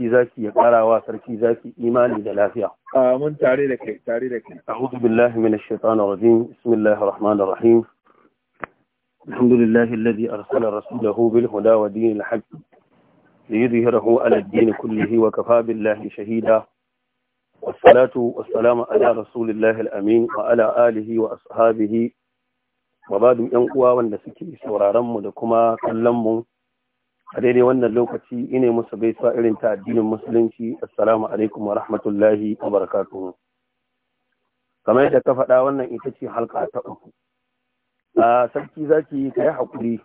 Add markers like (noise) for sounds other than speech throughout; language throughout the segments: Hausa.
sarki zaki ya wa sarki zaki imani da lafiya amin tare da kai tare da kai a'udhu billahi minash shaitanir rajim bismillahir rahmanir rahim alhamdulillahi alladhi arsala rasulahu bil huda wa dinil haqq liyudhhirahu ala ad-din kullihi wa kafa billahi shahida amin والصلاة والسلام على رسول الله الأمين وعلى آله وأصحابه وبعد أن أقوى وأن da kuma kallon mu. a daidai wannan lokaci ina musu gaisuwa irin ta addinin musulunci assalamu alaikum wa rahmatullahi wa barakatuhu kamar yadda ka faɗa wannan ita ce halka ta uku a sarki zaki ka yi haƙuri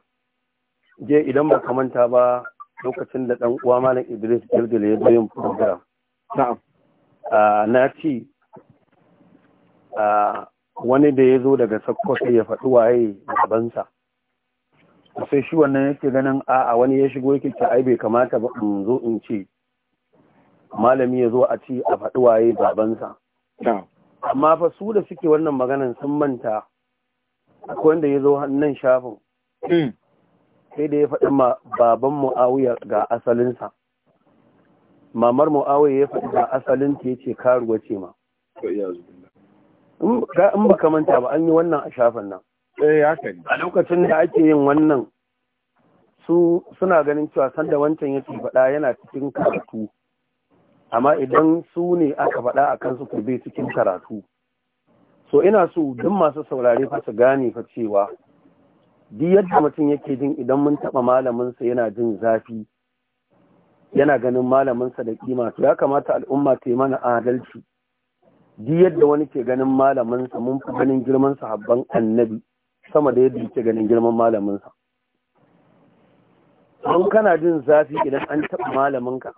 je idan ba manta ba lokacin da ɗan uwa malam idris jirgin ya zo yin program na ci wani da ya zo daga sakkwasa ya faɗi waye bansa sai shi wannan yake ganin a'a wani ya shigo yake ta aibe bai kamata ba in zo in ce malami ya zo a ci a faɗi waye babansa amma fa su da suke wannan maganan sun manta akwai wanda ya zo nan shafin hmm. sai da ya faɗi ma baban mu'awiya ga asalinsa mamar mu'awiya ya faɗi ga ta ya ce karuwa ce ma in ba kamanta manta ba an yi wannan a shafin nan Eh, a lokacin da ake yin wannan su suna ganin cewa sanda wancan yake faɗa yana cikin karatu amma idan su ne aka faɗa a kansu ku bai cikin karatu so ina so duk masu saurare fa su gane fa cewa duk yadda mutum yake jin idan mun taɓa malaminsa yana jin zafi yana ganin malaminsa da kima to ya kamata al'umma ta yi mana adalci duk yadda wani ke ganin malaminsa mun fi ganin girman sahabban annabi sama da yadda yake ganin girman malaminsa don kana jin zafi idan an taɓa malaminka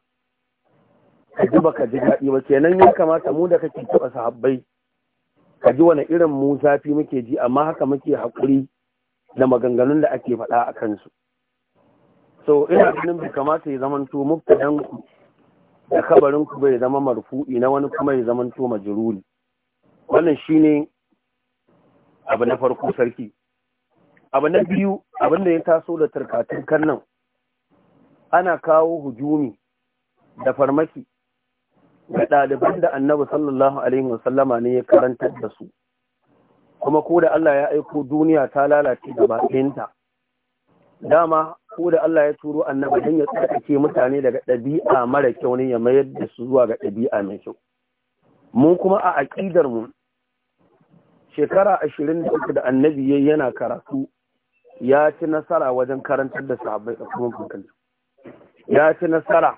ka ji baka ji daɗi ba kenan yin kamata mu da kake taɓa sahabbai ka ji wani irin mu zafi muke ji amma haka muke haƙuri da maganganun da ake faɗa a kansu so ina ganin bai kamata ya zamanto ku da kabarin ku bai zama marfu'i na wani kuma ya zamanto majiruri wannan shine abu na farko sarki abu na biyu abin da ya taso da turkatun kannan ana kawo hujumi da farmaki ga ɗaliban da annabi sallallahu alaihi wasallama ne ya karanta da su kuma ko da Allah ya aiko duniya ta lalace gaba dama ko da Allah ya turo annabi don ya tsarkake mutane daga ɗabi'a mara kyau ne ya mayar da su zuwa ga ɗabi'a mai kyau mu kuma a aƙidar mu shekara ashirin da uku da annabi yana karatu ya ci nasara wajen karantar da sahabbai da kuma ya ci nasara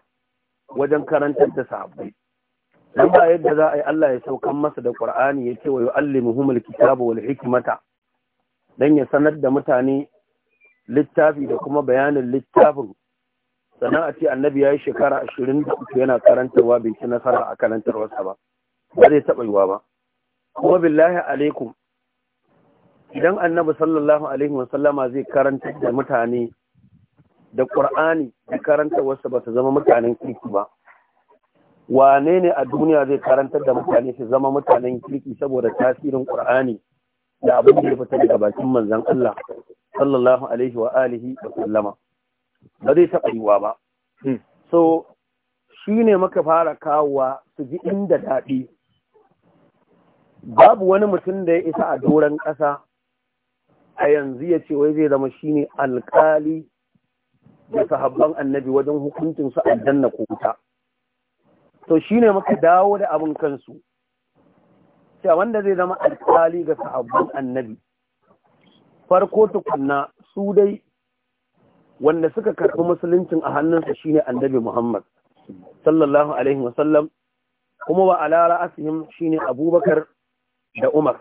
wajen karantar da sahabbai dan ba yadda za a yi Allah ya saukan masa da Qur'ani ya ce wa yu'allimuhumul kitaba wal hikmata dan ya sanar da mutane littafi da kuma bayanin littafin sannan a ce annabi ya yi shekara ashirin da uku yana karantarwa bai ci nasara a karantarwarsa ba ba zai taɓa yiwa ba kuma billahi alaikum idan annabi sallallahu alaihi wasallama zai karanta da mutane da ƙur'ani da karanta wasu ba su zama mutanen kirki ba wane ne a duniya zai karantar da mutane su zama mutanen kirki saboda tasirin ƙur'ani da abin da ya fita daga bakin manzon Allah sallallahu alaihi wa alihi wa sallama ba zai taɓa yiwa ba hmm. so shi ne maka fara kawowa su ji inda daɗi babu wani mutum da ya isa a doron ƙasa a yanzu ya ce wai zai zama shi ne alƙali da sahabban annabi wajen hukuncin su danna ko wuta to shi ne muka dawo da abin kansu cewa wanda zai zama alƙali ga sahabban annabi farko tukunna su dai wanda suka karɓi musuluncin a hannunsa ne annabi Muhammad sallallahu alaihi wasallam kuma ba lara ala shi ne Abubakar da Umar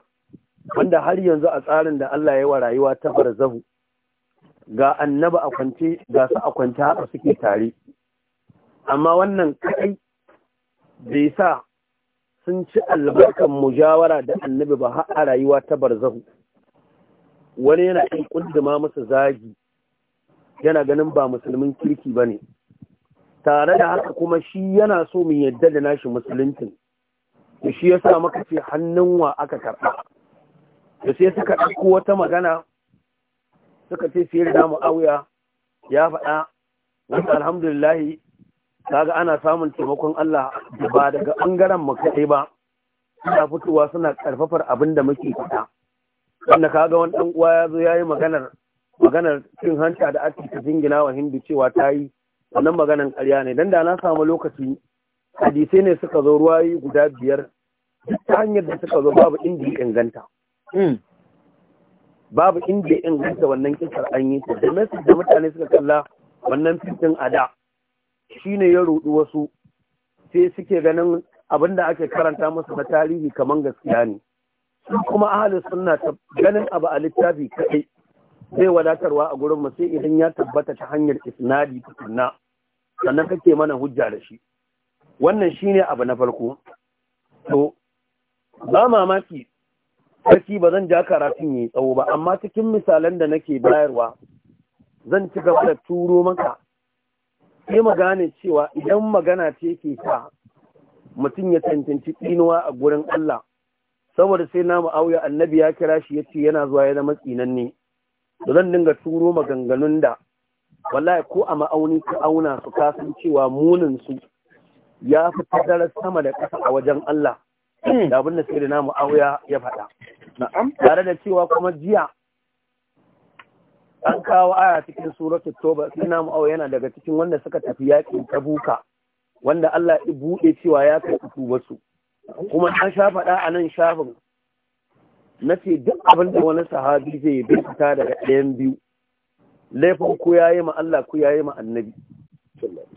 wanda har yanzu a tsarin da Allah ya wa rayuwa ta barzahu ga annaba a kwance ga su a kwance haka suke tare amma wannan kai bai sa sun ci albarkan mujawara da annabi ba har a rayuwa ta barzahu wani yana yin kunduma masa zagi yana ganin ba musulmin kirki ba ne tare da haka kuma shi yana so mu yadda da nashi musuluncin shi ya sa maka hannun wa aka karɓa da sai suka ɗauko wata magana suka ce sai da auya ya faɗa wanda alhamdulillahi kaga ana samun taimakon Allah ba daga ɓangaren mu kaɗai ba suna fitowa suna ƙarfafar abin da muke fita. wanda kaga wani ɗan uwa ya zo ya yi maganar maganar cin hanta da ake ta jingina wa hindu cewa ta yi wannan maganan ƙarya ne dan da na samu lokaci hadisai ne suka zo ruwayi guda biyar ta hanyar da suka zo babu inda ya inganta Hmm. babu inda in inganta wannan kisar an yi ta da message da mutane suka kalla wannan fitin a da Shi ne ya rudu wasu sai suke ganin abinda da ake karanta musu na tarihi kamar gaskiya ne kuma ahalin suna ta ganin abu a littafi kaɗai zai wadatarwa a gurin mu sai idan ya tabbata ta hanyar isnadi tukunna sannan kake mana hujja da shi wannan shine abu na farko to ba mamaki sarki ba zan ja karatun yi tsawo ba amma cikin misalan da nake bayarwa zan ci gaba da turo maka sai mu cewa idan magana ce ke sa mutum ya tantanci tsinuwa a gurin Allah saboda sai na auya annabi ya kira shi ya ce yana zuwa ya zama ne. da zan dinga turo maganganun da wallahi ko a ma'auni ka auna su kasancewa cewa munin su ya fi tazarar sama da ƙasa a wajen Allah da abin da sai da namu auya ya faɗa tare da cewa kuma jiya an kawo aya cikin surat toba sai namu auya yana daga cikin wanda suka tafi yakin buka wanda Allah ya buɗe cewa ya kai wasu kuma an sha faɗa a nan shafin na ce duk abin da wani sahabi zai bai fita daga ɗayan biyu laifin ku ya yi ma Allah ku ya yi ma annabi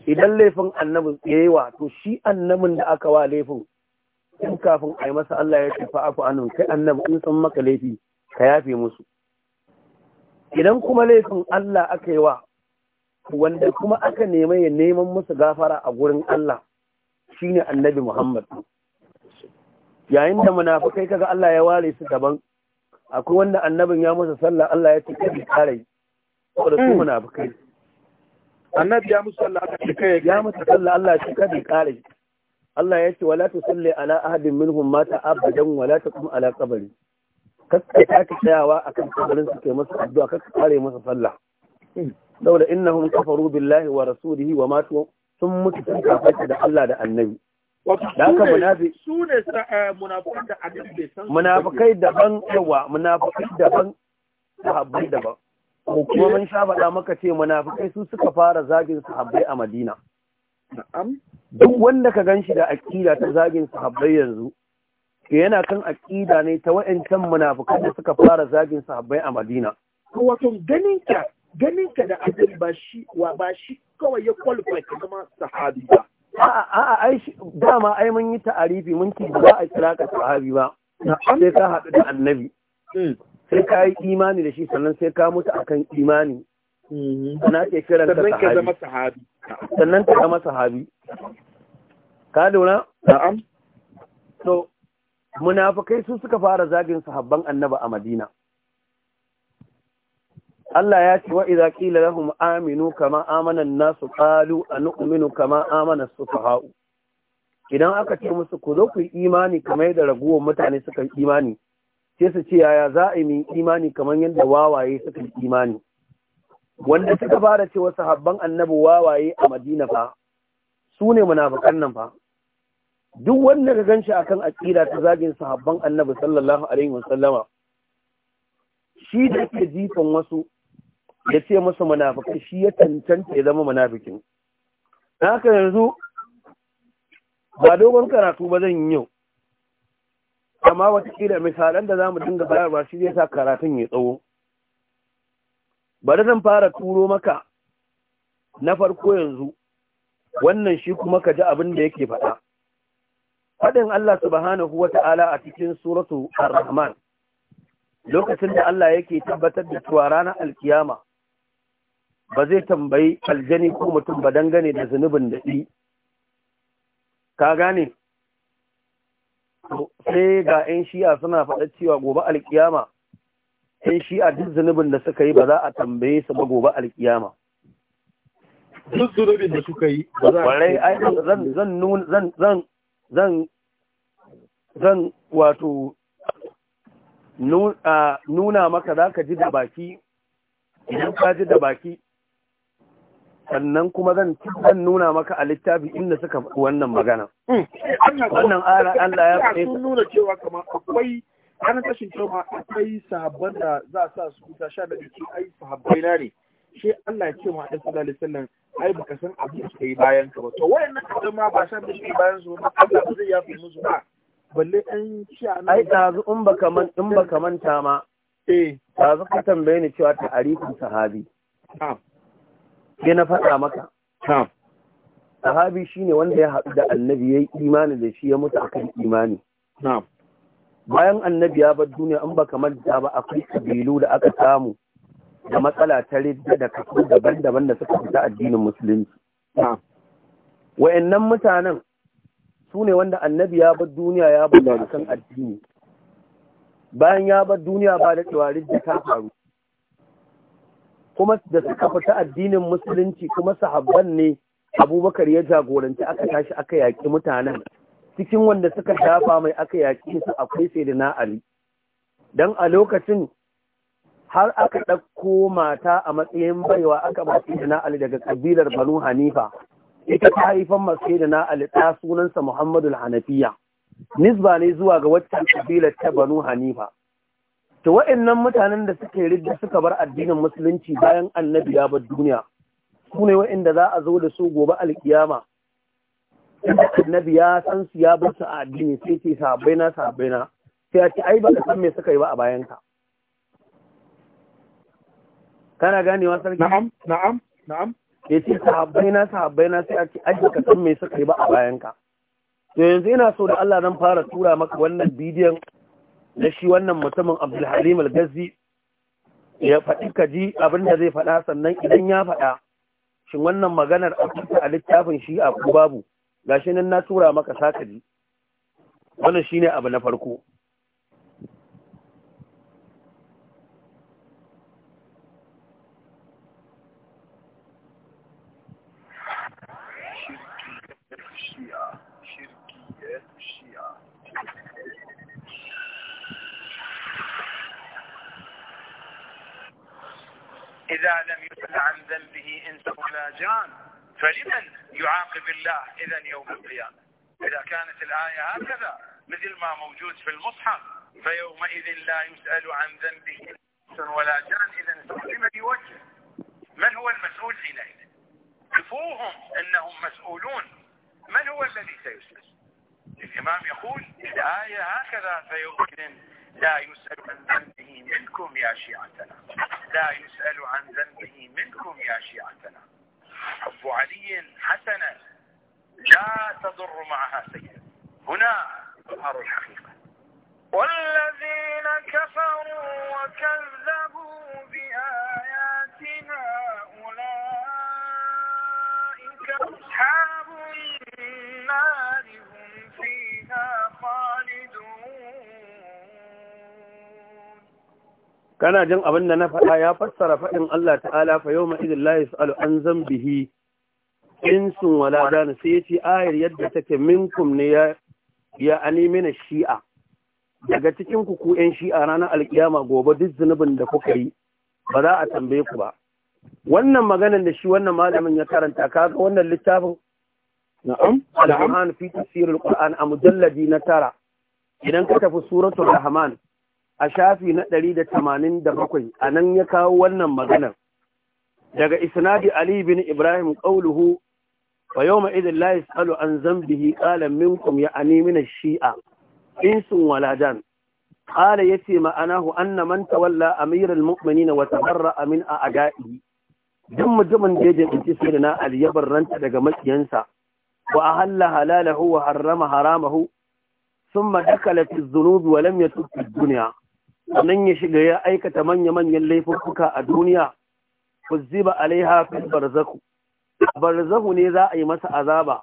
idan laifin annabi ya yi wa to shi annabin da aka wa laifin in kafin a yi masa Allah ya tafi afu anun kai annabi in sun maka laifi ka yafe musu idan kuma laifin Allah aka yi wa wanda kuma aka nema ya neman musu gafara a gurin Allah shine annabi Muhammad yayin da munafikai kaga Allah ya ware su daban akwai wanda annabin ya musu sallah Allah ya ce kai kare saboda su hmm. munafikai annabi ya musu sallah aka ce kai ya musu sallah Allah ya ce kai kare Allah ya ce wala tusalli ala ahadin minhum mata abadan wala taqum ala qabri ta ka tsayawa akan kabarin su kai masa addu'a kakka kare masa sallah saboda innahum kafaru billahi wa rasulihi wa matu sun mutu sun shi da Allah da Annabi da haka munafi sune eh, munafikan da annabi bai san munafikai daban yawa munafikai daban sahabbai daban ko kuma mun sha faɗa maka ce munafikai su suka fara zagin sahabbai a Madina duk wanda ka gan shi da aƙida ta zagin sahabbai yanzu ke yana kan aƙida ne ta wa'ancan munafukan da suka fara zagin sahabbai a madina wato ganinka ganinka da abin ba shi wa ba shi kawai ya kwalfa ka zama sahabi ba a'a ai dama ai mun yi ta'arifi mun ce ba a kira ka sahabi ba sai ka haɗu da annabi hmm. sai ka yi imani da shi sannan sai ka mutu akan imani hmm. sannan ke kiran ka sahabi sannan ta masa habi ka lura na'am to munafikai su suka fara zagin sahabban annaba a Madina Allah ya ce wa idza qila lahum aminu kama amana an-nasu qalu anu'minu kama amana as sufaha idan aka ce musu ku zo ku yi imani kamar da raguwar mutane suka imani sai su ce yaya za a yi imani kamar yadda wawaye suka imani wanda suka fara cewa sahabban annabi wawaye a madina fa su ne munafikan nan fa duk wanda ka ganshi akan aqida ta zagin sahabban annabi sallallahu alaihi wasallama shi da yake jifan wasu ya ce musu munafikai shi ya tantance ya zama munafikin haka yanzu ba dogon karatu ba zan yi yau wata kila misalan da za mu dinga bayarwa shi zai sa karatun ya tsawo bari zan fara turo maka na farko yanzu wannan shi kuma ka ji abin da yake faɗa faɗin Allah subhanahu ta'ala a cikin suratu ar-rahman lokacin da Allah yake tabbatar da cewa ranar alkiyama ba zai tambayi aljani ko mutum ba dangane da zunubin da ɗi ka gane sai ga 'yan shi'a suna faɗa cewa gobe alkiyama sai shi a duk zunubin da suka yi ba za a tambaye su ba gobe alkiyama duk zunubin da suka yi ba za a zan zan zan zan zan zan wato nuna maka za ka ji da baki idan ka ji da baki sannan kuma zan zan nuna maka a littafi inda suka wannan magana hmm. wannan ara Allah ya fi nuna cewa kamar akwai ranar tashin kyau akwai sabon da za a sa su kuta sha da ce ai sahabbai na ne shi Allah ya ce wa ɗan sallallahu alaihi wasallam ai baka san abin da suka yi bayan ka ba to wayannan kuma ma ba san da suka yi bayan su ba Allah ba zai yafi musu ba balle an ci a ai zu in baka man in baka manta ma eh zu ka tambaye ni cewa ta arifin sahabi ha na faɗa maka ha sahabi shine wanda ya haɗu da annabi yayi imani da shi ya mutu akan imani na'am bayan annabi ya bar duniya an kamar da ba akwai kabilu da aka samu da matsala ta ridda da kafu daban-daban da suka fita addinin musulunci wa'annan mutanen su ne wanda annabi ya bar duniya ya bar da kan addini bayan ya bar duniya ba da cewa ridda ta faru kuma da suka fita addinin musulunci kuma sahabban ne abubakar ya jagoranci aka tashi aka yaƙi mutanen cikin wanda suka shafa mai aka yaƙi su akwai sai na Ali. Don a lokacin har aka ɗauko mata a matsayin baiwa aka ba sai na Ali daga ƙabilar Banu Hanifa. Ita ta haifan masu da na Ali sunansa Muhammadu Hanafiya. Nisba ne zuwa ga waccan ƙabilar ta Banu Hanifa. To wa'annan mutanen da suke ridda suka bar addinin musulunci bayan annabi ya bar duniya. Su ne wa'inda za a zo da su gobe alkiyama annabi ya san su ya bar su a addini sai ce sahabbai na na sai a ce ai ba ka san me suka yi ba a bayan ka kana wa sarki na'am na'am na'am ke ce sahabbai na na sai a ce ai ba ka san me suka yi ba a bayan ka to yanzu ina so da Allah zan fara tura maka wannan bidiyon na shi wannan mutumin Halim Al-Gazzi ya faɗi ka ji abin da zai faɗa sannan idan ya faɗa shin wannan maganar a a littafin shi a babu gashi nan na tura maka sakali wannan shine abu na farko إذا لم يسأل عن ذنبه إنسان ولا جان فلمن يعاقب الله إذا يوم القيامة إذا كانت الآية هكذا مثل ما موجود في المصحف فيومئذ لا يسأل عن ذنبه ولا جان إذا لمن يوجه من هو المسؤول حينئذ كفوهم أنهم مسؤولون من هو الذي سيسأل الإمام يقول الآية هكذا فيومئذ لا يسأل عن ذنبه منكم يا شيعتنا لا يسأل عن ذنبه منكم يا شيعتنا حب علي حسنة لا تضر معها سيئة هنا تظهر الحقيقة والذين كفروا وكذبوا بآياتنا أولئك أصحاب النار هم فيها خالدون kana jin abin da na faɗa ya fassara faɗin Allah ta'ala fa yau ma'idin la yas'alu an zambihi sun wala dana sai ya yace ayar yadda take minkum ne ya ya na shi'a daga cikin ku ku yan shi'a ranar alkiyama gobe duk zunubin da kuka yi ba za a tambaye ku ba wannan maganar da shi wannan malamin ya karanta kaga wannan littafin na'am al-Qur'an fi tafsir al a mujalladi na tara idan ka tafi suratul Rahman a shafi na ɗari da tamanin da bakwai a nan ya kawo wannan maganar daga isnadi ali bin ibrahim ƙauluhu wa yau ma'idin la yasalu an zambihi qala minkum ya ani min shia insun waladan qala yace ma'anahu anna man tawalla amiral mu'minin wa tabarra'a min a'da'ihi duk mutumin da ya jabinci sirrina ali ya barranta daga makiyansa wa ahalla halalahu wa harrama haramahu ثم دخل في الذنوب ولم يتب في الدنيا nan ya shiga ya aikata manya-manyan laifuka a duniya kuzziba alaiha fil barzaku barzahu ne za a yi masa azaba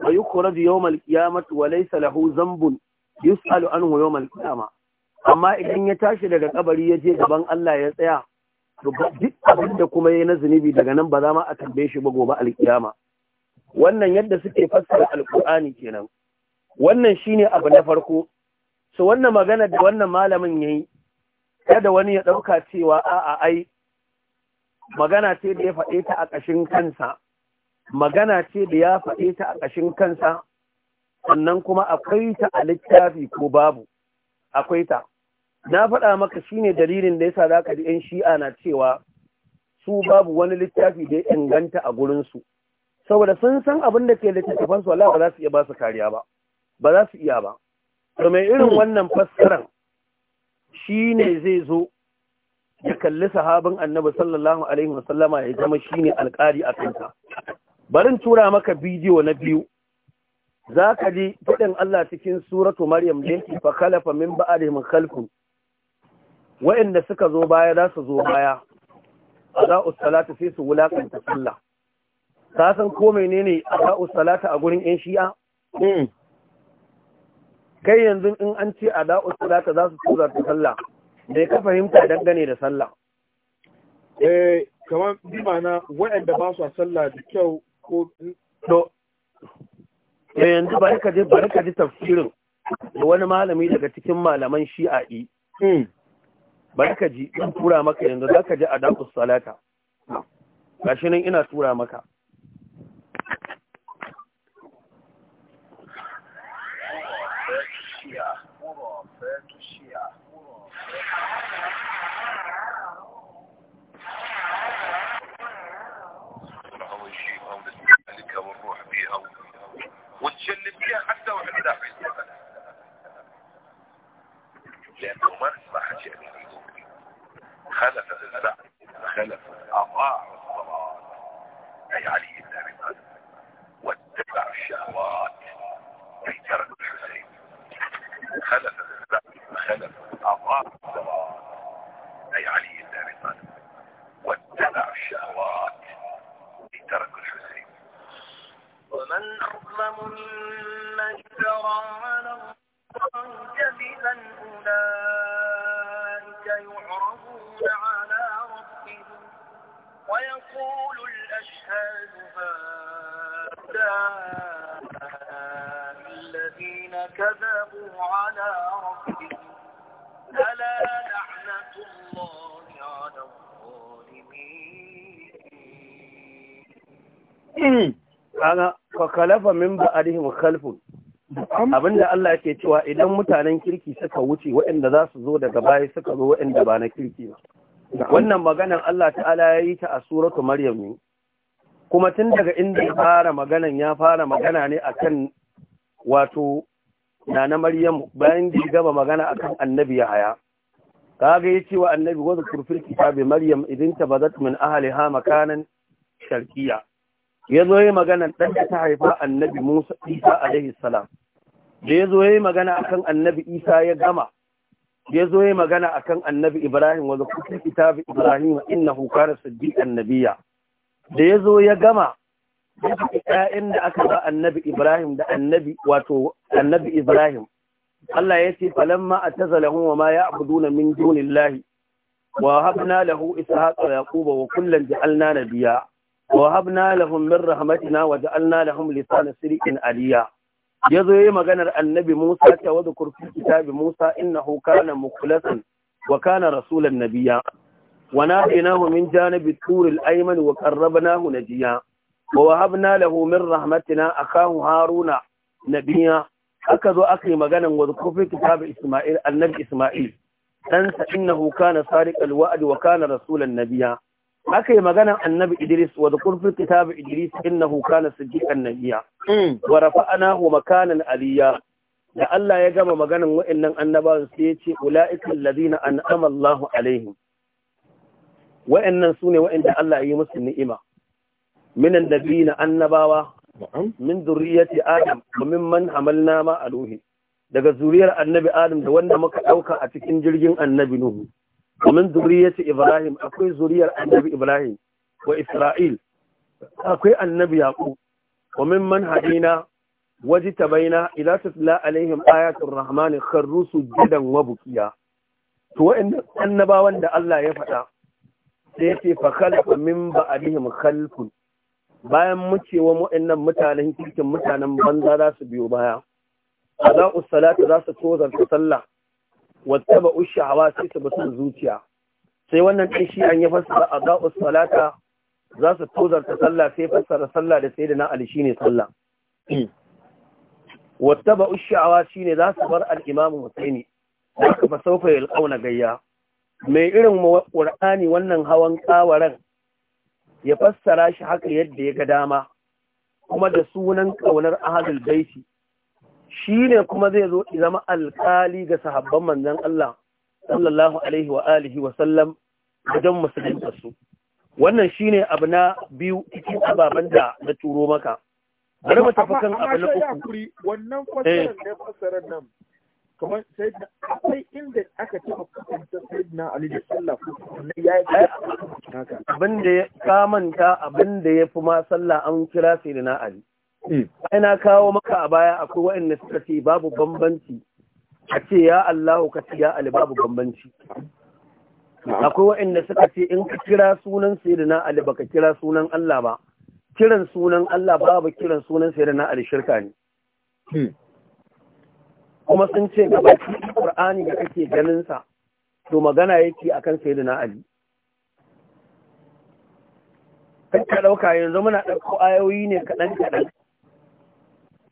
wa yau yawmal qiyamati wa laysa lahu dhanbun yus'alu anhu yawmal qiyamah amma idan ya tashi daga kabari ya je gaban Allah ya tsaya to duk abin da kuma yayi na zunubi daga nan ba za ma a tambaye shi ba gobe alkiyama wannan yadda suke fassara alqur'ani kenan wannan shine abu na farko so wannan magana da wannan malamin ya yi, kada wani ya ɗauka cewa a'a ai magana ce da ya faɗe ta a ƙashin kansa magana ce da ya faɗe ta a ƙashin kansa sannan kuma akwai ta a littafi ko babu akwai ta na faɗa maka shine dalilin da ya yasa zaka ji 'yan shi'a na cewa su babu wani littafi da ya inganta a gurinsu saboda sun san abin da ke littattafansu wala ba za su iya ba su kariya ba ba za su iya ba to mai irin hmm. wannan fassaran shi ne zai zo ya kalli sahabin annabi sallallahu alaihi wasallama ya zama shi ne alƙari a kanta. barin tura maka bidiyo na biyu za ka ji faɗin Allah cikin suratu Maryam da yake fa khalafa min ba'dihim khalqun wa'inda suka zo baya za su zo baya aza'u salatu sai su wulakanta sallah ka san ko menene aza'u salata a gurin yan shi'a hmm. kai yanzu in an ce a da'u salata za su tura ta sallah da ka fahimta dangane da sallah eh kamar bi ma'ana waɗanda ba su a sallah da kyau ko to eh, yanzu bari ka je bari ka ji tafsirin da wani malami daga cikin malaman shi'a'i hmm. bari ka ji in tura maka yanzu za ka ji a da'u salata gashi nan ina tura maka خلع خلف أضاع الصلاة أي علي بن أبي طالب واتبع الشهوات أي ترك الحسين خلف خلف أضاع الصلاة أي علي بن أبي طالب واتبع الشهوات أي ترك الحسين ومن أظلم من kaga fa kalafa min ba'dihim khalfun abinda Allah ke cewa idan mutanen kirki suka wuce waɗanda za su zo daga baya suka zo waɗanda ba na kirki ba wannan maganar Allah ta'ala ya yi ta a suratu Maryam ne kuma tun daga inda ya fara maganan ya fara magana ne akan wato nana Maryam bayan da gaba magana akan annabi Yahaya kaga ce wa annabi wa zikr kitabi Maryam idin bazat min ahalihama makanan sharkiya ya zo yi magana ɗan da ta haifa annabi Musa Isa alaihi salam da ya zo yi magana akan annabi Isa ya gama ya zo yi magana akan annabi Ibrahim wa zakku kitabi Ibrahim innahu kana siddiqan annabiya. da ya zo ya gama ‘ya'yan da aka ba annabi Ibrahim da annabi wato annabi Ibrahim, Allah ya ce, falamma a ta zalahun wa ma ya abudu na min junin lahi, wa haɓna lahu isa haƙa yaƙuba wa kullum ji alna biya. وهبنا لهم من رحمتنا وجعلنا لهم لسان سريع عليا yazo yayi maganar annabi Musa ta wada kurfi kitabi Musa innahu kana mukhlasan wa kana rasulan nabiyya wa nadinahu min janibi tur al-ayman wa qarrabnahu najiya wa wahabna lahu min rahmatina akahu haruna nabiyya aka zo aka yi maganar wa kurfi kitabi Isma'il annabi Isma'il dan sa innahu kana sariqal wa'd wa kana rasulan nabiyya aka yi maganar annabi Idris wa zukur fil kitab Idris innahu kana siddiqan nabiyya hmm. wa rafa'nahu makanan aliyya da Allah ya gama maganan wa'annan annabawan sai ya ce ulaika alladhina an'ama Allahu alaihim wa'annan sune wa'anda Allah ya yi musu ni'ima min annabiyina annabawa min zurriyyati adam wa mimman hamalna ma aluhi daga zuriyar annabi adam da wanda muka dauka a cikin jirgin annabi nuhu ومن ذرية إبراهيم أكوي ذرية النبي إبراهيم وإسرائيل أكوي النبي يعقوب ومن من هدينا وجتبينا إلى تتلى عليهم آيات الرحمن خروا سجدا وبكيا تو إن النبا وند الله يفتح سيتي فخلف من بعدهم خلف bayan mucewa waɗannan mutanen kirkin mutanen banza za su biyo baya a za'u salatu za su tozarta sallah wata ba ushe hawa sai su basu zuciya sai wannan ɗin shi an yi fassara a za'us salata za su tozarta sallah sai fassara sallah da sai da na ali shine sallah wata ba hawa shine za su bar al'imamu husaini da aka fa saufa ya alƙauna gayya mai irin ƙur'ani wannan hawan ƙawaran ya fassara shi haka yadda ya ga dama kuma da sunan ƙaunar ahadul baiti shi ne kuma zai zo zama alkali ga sahabban manzan Allah sallallahu alaihi wa alihi wa sallam wajen musulun su wannan shi ne abu na biyu cikin ababen da na turo maka bari mu tafi kan abu na uku wannan fasarar da eh. fasarar nan kamar sai akwai inda aka ci hukunta sayyidina Ali da sallah ko ne yayi eh. abin da ya kamanta abin da ya fi ma sallah an kira sayyidina Ali Mm. ai na kawo maka a baya akwai waɗanda suka ce babu bambanci a ce ya Allahu ka ce ya Ali babu bambanci akwai waɗanda suka ce in ka kira sunan sayyidina Ali baka kira sunan Allah ba kiran sunan Allah babu kiran sunan sayyidina Ali shirka ne mm. kuma sun ce ga baki Qur'ani da kake ganin sa to magana yake akan sayyidina Ali kai ka dauka yanzu muna dauko ayoyi ne kaɗan kaɗan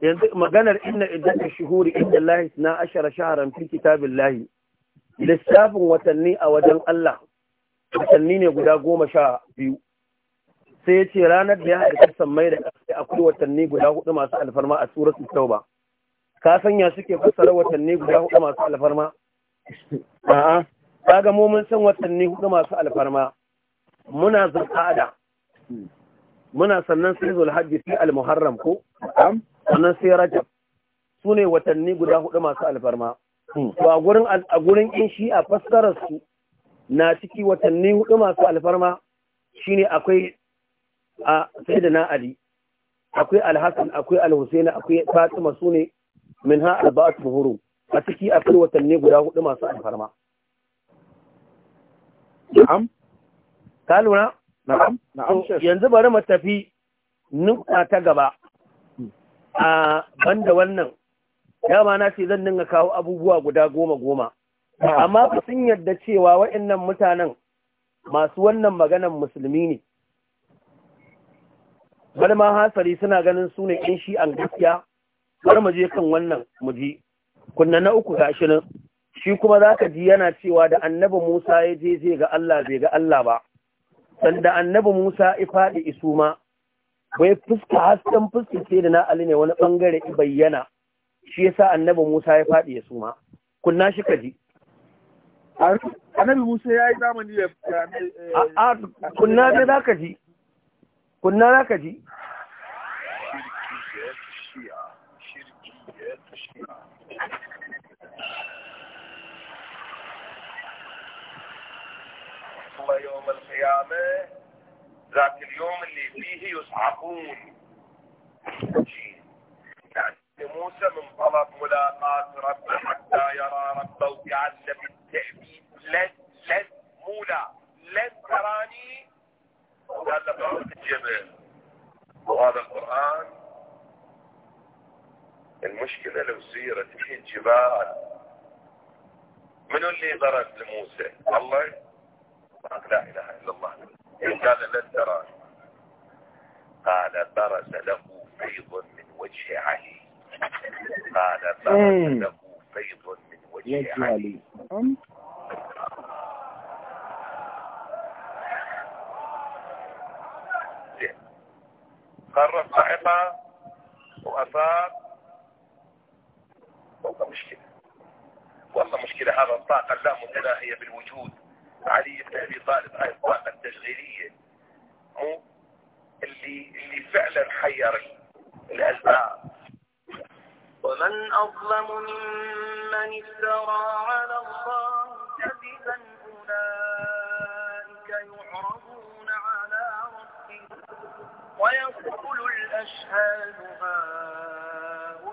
yanzu maganar inna iddatu shuhuri inda Allah na ashara shaharan fi kitabillahi lissafin watanni a wajen Allah watanni ne guda goma sha biyu sai ya ce ranar da ya haɗa sammai da ƙasa akwai watanni guda hudu masu alfarma a su tauba ka sanya suke fassara watanni guda hudu masu alfarma a'a ka ga momin san watanni hudu masu alfarma muna zulqa'ada muna sannan sai zulhajji sai al-muharram ko sannan sai rajab su ne watanni guda hudu masu alfarma to a gurin a gurin in shi a fassarar su na ciki watanni hudu masu alfarma shine akwai a sayyidina ali akwai alhassan akwai alhusaini akwai fatima su ne ha arba'at buhuru a ciki akwai watanni guda hudu masu alfarma na'am ka lura na'am na'am yanzu bari mu tafi nuka ta gaba a banda wannan dama na ce zan dinga kawo abubuwa guda goma goma amma ba sun yarda cewa waɗannan mutanen masu wannan maganan musulmi ne bari ma hasari suna ganin su ne shi shi'an gaskiya bari mu je kan wannan mu ji kunna na uku gashi nan shi kuma zaka ji yana cewa da annabi Musa ya je je ga Allah bai ga Allah ba sanda annabi Musa ya faɗi isu ma wai fuska hasken fuska sai da na ali ne wani bangare bayyana shi yasa annabi Musa ya faɗi ya suma kunna shi kaji annabi Musa ya yi zamani da eh, a kunna za ka ji kunna ka ji يوم القيامه ذاك اليوم اللي فيه يصعقون يعني موسى من طلب ملاقاة ربه حتى يرى ربه وتعلم التأبيد لن لن مولا لن تراني قال له بعض الجبل وهذا القرآن المشكلة لو سيرت في الجبال منو اللي ضرب لموسى الله لا اله الا الله قال لا تراني قال برز له فيض من وجه علي قال برز إيه. له فيض من وجه علي قرر صاحبها وأفاق والله مشكلة والله مشكلة هذا الطاقة لا متناهية بالوجود علي بن ابي طالب الطاقه التشغيليه مو اللي اللي فعلا حير الالباب ومن اظلم ممن افترى على الله كذبا اولئك يعرضون على ربهم ويقول الاشهاد هؤلاء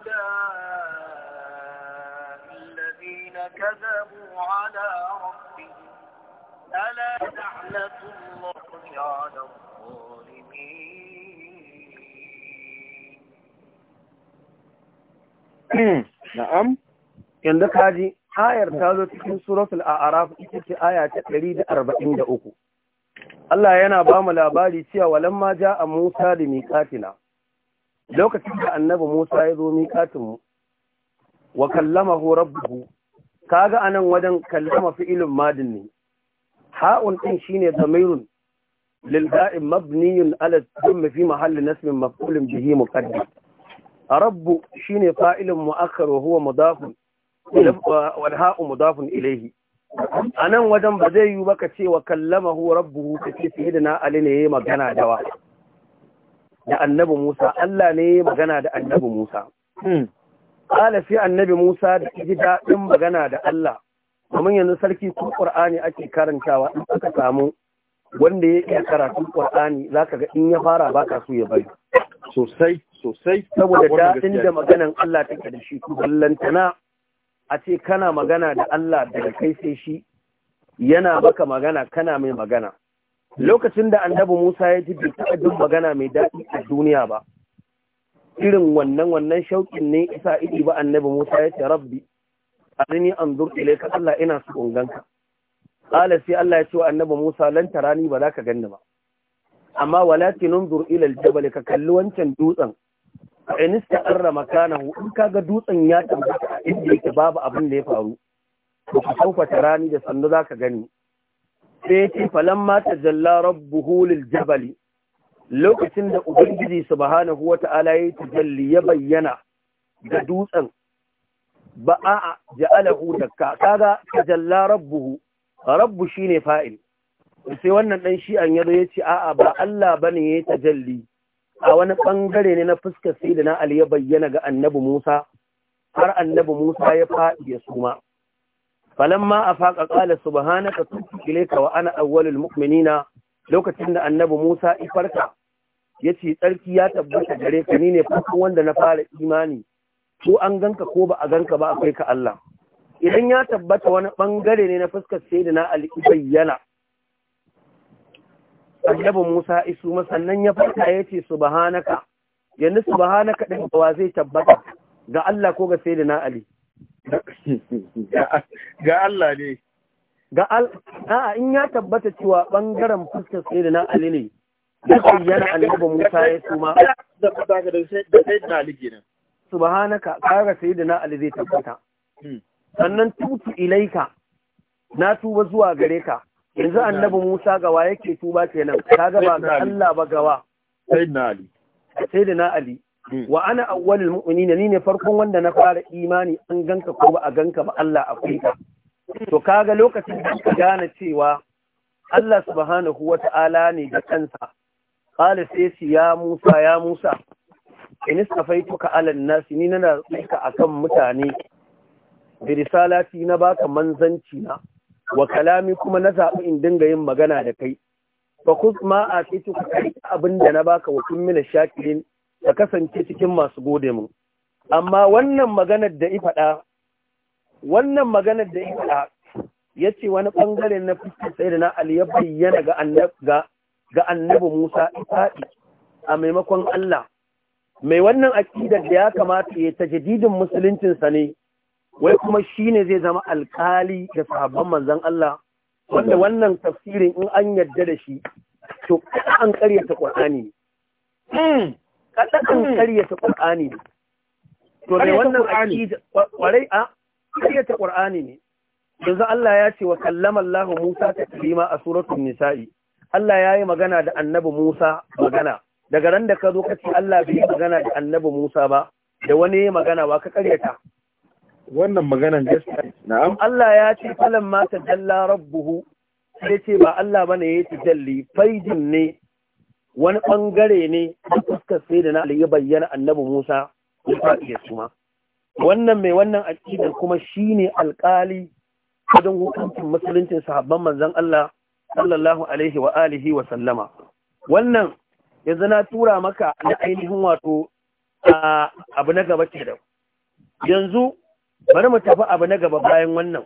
الذين كذبوا على ألا لعنة الله على الظالمين (clears throat) نعم yanzu kaji ayar ta zo cikin suratul a'raf ita ce aya ta 143 Allah yana ba mu labari cewa walamma ja'a Musa da miqatina lokacin da annabi Musa ya zo miqatin mu wa kallamahu rabbuhu kaga anan wajen kallama fi'ilun madin ne ha'un ɗin shine damirun للباء مبني على الذم في محل نسب مفعول به مقدم رب شين فاعل مؤخر وهو مضاف والهاء ilaihi. A anan wajen ba zai yi baka ce wa kallama hu fiye da na ali ne yi magana da wa da annabi Musa Allah ne yi magana da annabi Musa hmm. qala fi annabi Musa da ji daɗin magana da Allah kamar yanzu sarki ko ƙur'ani ake karantawa in aka samu wanda ya iya karatun za ka ga in ya fara baka so ya bari sosai sosai saboda daɗin da maganan Allah ta da shi ballantana a ce kana magana da Allah daga kai sai shi yana baka magana kana mai magana lokacin da annabi Musa ya ji bai duk magana mai daɗi a duniya ba irin wannan wannan shauƙin ne isa idi ba annabi Musa ya ce rabbi arini anzur ka Allah ina su ganka qala sai Allah ya ce wa annabi Musa lan tarani ba za ka ganni ba amma walakin unzur ila aljabal ka kalli wancan dutsen in istaqarra makanahu in kaga dutsen ya tabbata inda yake babu abin da ya faru to ka saufa tarani da sannu za ka gani sai ce falamma tajalla rabbuhu liljabal lokacin da ubangiji subhanahu wata'ala ya tajalli ya bayyana ga dutsen ba a ja'alahu dakka kaga tajalla rabbuhu rabbu shine fa'il sai wannan dan shi an yazo yace a'a ba Allah bane ya tajalli a wani bangare ne na fuskar na Ali ya bayyana ga annabi Musa har annabi Musa ya faɗi ya suma falamma afaqa qala subhanaka tubtu ilayka wa ana awwalul mu'minina lokacin da annabi Musa ifarka yace tsarki ya tabbata gare ka ni ne farkon wanda na fara imani ko an ganka ko ba a ganka ba akwai ka Allah idan ya tabbata wani bangare ne na fuskar sai da na bayyana annabi Musa isu sannan ya fata ya ce subhanaka yanzu subhanaka din ba zai tabbata ga Allah ko ga sai da na Ali ga Allah ne ga a'a in ya tabbata cewa bangaren fuskar sai da na Ali ne ya bayyana annabi Musa ya suma da da sai da Ali kenan subhanaka kara sayyidina ali zai tabbata hmm. sannan tutu ilaika na tuba zuwa gare ka yanzu annabi Musa gawa yake tuba kenan kaga ba ga Allah ba gawa sayyidina ali sayyidina ali hmm. wa ana awwalul mu'minina ni ne farkon wanda na fara imani an ganka ko ba a ganka ba Allah akwai ka to kaga lokacin da ka gane cewa Allah subhanahu wata'ala ne da kansa qala sai ya Musa ya Musa in tuka ala nasi ni nana tsika akan mutane da risalati na baka manzanci na wa kalami kuma na zaɓi in dinga yin magana da kai fa kusma a cikin kai abin da na baka wa kun mina shakirin ka kasance cikin masu gode mu amma wannan maganar da ifada wannan maganar da ifada ya ce wani ɓangare na fuskar sai da na Ali ya bayyana ga annabi Musa Isa'i a maimakon Allah mai wannan aƙidar da ya kamata ya ta jadidin musuluncinsa ne wai kuma shi ne zai zama alkali da sahabban manzan Allah wanda wannan tafsirin in an yarda da shi to kada an karyata Qur'ani hmm, kada an hmm. Qur'ani to mai wannan aqida a ne yanzu Allah ya ce wa kallama Allah Musa kalima a suratul nisa'i Allah yayi magana da annabi Musa magana daga ran da ka zo kace Allah bai magana da annabi Musa ba da wani magana ba ka karyata wannan maganan gaskiya na'am Allah ya ce falan ma tajalla rabbuhu sai ce ba Allah bane ya jalli. faidin ne wani bangare ne da fuskar sai da na ya bayyana annabi Musa ya faɗi ya suma wannan mai wannan aqidar kuma shine alƙali wajen hukuncin musuluncin sahabban manzon Allah sallallahu alaihi wa alihi wa sallama wannan yanzu na tura maka na ainihin wato abu na gaba ke da yanzu bari mu tafi abu na gaba bayan wannan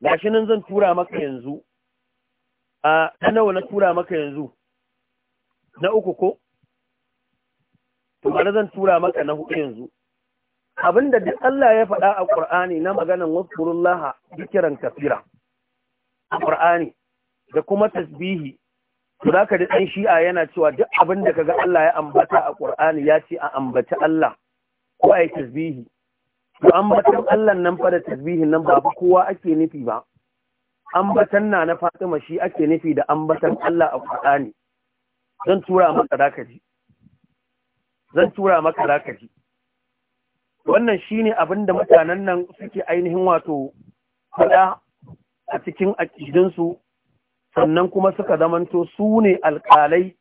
gashi nan zan tura maka yanzu a nawa na tura maka yanzu na uku ko to bari zan tura maka na huɗu yanzu abinda duk Allah ya faɗa a Qur'ani na maganan wasfurullaha bikiran kafira a ƙur'ani, da kuma tasbihi to za ka ji ɗan shi'a yana cewa duk abin da kaga Allah ya ambata a Ƙur'ani ya ce a ambaci Allah ko a yi tasbihi to ambatan Allah nan fa da tasbihin nan ba fa kowa ake nufi ba ambatan na na Fatima shi ake nufi da ambatan Allah a Ƙur'ani zan tura maka ka ji zan tura maka ka ji wannan shine abin da mutanen nan suke ainihin wato faɗa a cikin aƙidinsu sannan kuma suka zamanto su ne alƙalai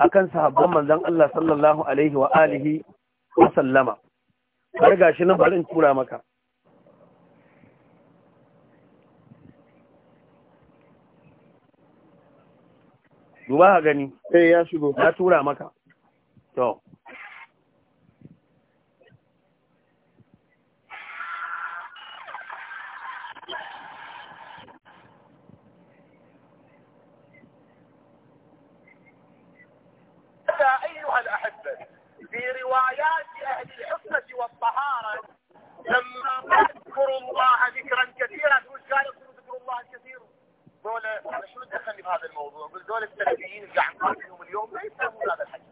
a kan sahabban manzan Allah sallallahu alaihi wa alihi wa sallama har gashi nan bari in tura maka duba ha gani eh ya shigo tura maka to روايات أهل الحفظة والطهارة لما اذكروا الله ذكرا كثيرا تقول قال ذكر الله كثيرا دول انا شو دخلني بهذا الموضوع؟ قلت دول السلفيين اللي عم قاتلهم اليوم ما يفهمون هذا الحكي.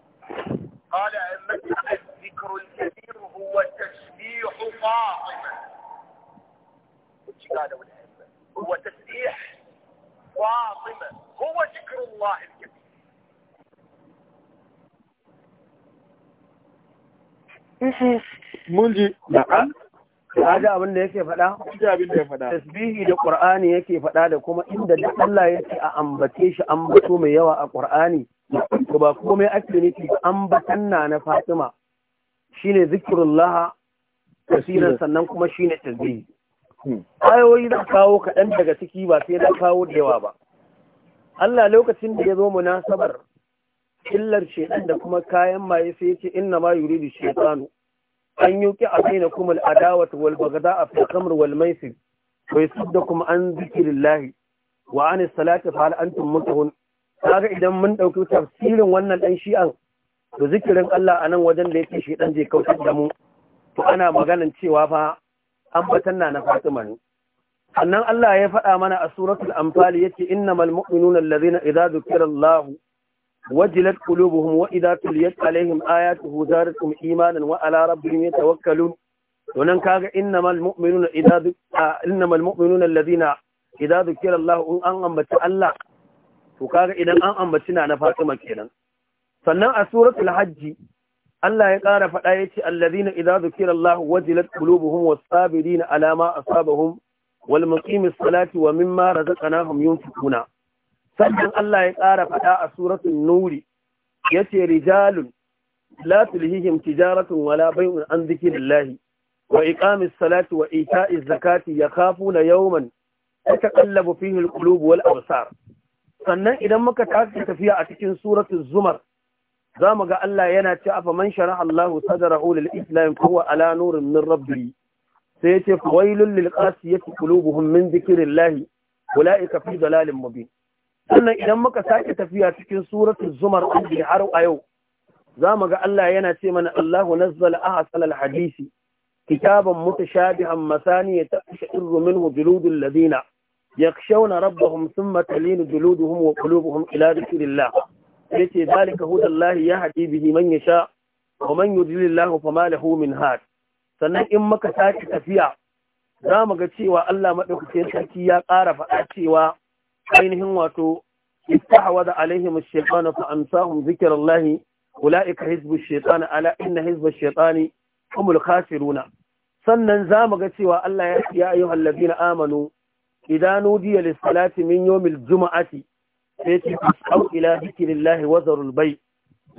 قال أئمتنا الذكر الكثير هو تسبيح فاطمة. قالوا الأئمة؟ هو تسبيح فاطمة هو ذكر الله الكثير. mun ji ji abin da yake faɗa tasbihi da qur'ani yake faɗa da kuma inda da Allah ya ce a ambace shi ambato mai yawa a Kur'ani, to ba komai ake nufi ambatan na na Fatima shine zikirullah kasiran sannan kuma shine tasbihi hmm. ayoyi zan kawo kaɗan daga ciki ba sai na kawo da yawa ba Allah lokacin da ya zo munasabar illar shedan da kuma kayan maye sai yace inna ma yuridu shaytanu an yuqi bainakum kumul adawata wal baghda'a fil khamr wal maisir wa yasuddakum an dhikrillah wa an as-salati fa hal antum muntahun kaga idan mun dauki tafsirin wannan dan shi'an to zikirin Allah anan wajen da yake shedan je kautar da mu to ana maganan cewa fa an na na Fatima ne annan Allah ya faɗa mana a suratul anfal yace innamal mu'minuna allazina idza dhukira Allahu wajilat qulubuhum wa idza tuliyat alaihim ayatuhu zadatuhum imanan wa ala rabbihim yatawakkalun to nan kaga innamal mu'minuna idza innamal mu'minuna alladhina idza dhukira Allah in an ambaci Allah to kaga idan an ambaci na na Fatima kenan sannan a suratul hajji Allah ya ƙara faɗa ya ce allazina idza zukira Allah wajilat qulubuhum was-sabirina ala ma wa mimma razaqnahum yunfiquna sannan Allah ya ƙara faɗa a suratul nuri yace rijalun la tulhihim tijaratun wala bai'un an zikrillahi wa iqamis salati wa ita'iz zakati yakhafuna yawman tataqallabu fihi alqulub wal absar sannan idan muka tashi tafiya a cikin suratul zumar zamu ga Allah yana ce afa man sharaha Allahu sadrahu lil islam huwa ala nurin min rabbih sai yace fawailul lil qasiyati qulubuhum min dhikrillahi ulaika fi dalalin mubin sannan idan muka sake tafiya cikin suratu zumar ɗin har a yau za mu ga Allah yana ce mana Allahu nazzala ahsan al-hadisi kitaban mutashabihan masani tashirru minhu juludul ladina yakshawna rabbahum thumma talinu juluduhum wa qulubuhum ila dhikrillah yace zalika hudallahi ya bihi man yasha wa man yudlilillahu fama lahu min had sannan in muka sake tafiya za mu ga cewa Allah madaukakin sarki ya ƙara faɗa cewa ainihin wato istahwada alaihim ash-shaytan fa amsahum zikrallahi ulaika hizbu ash-shaytan ala inna hizba ash-shaytani humul khasiruna sannan zamu ga cewa Allah ya ya ayyuhal ladina amanu idan nudiya lis-salati min yawmil juma'ati sai ce au ila dhikrillahi wa zarul bay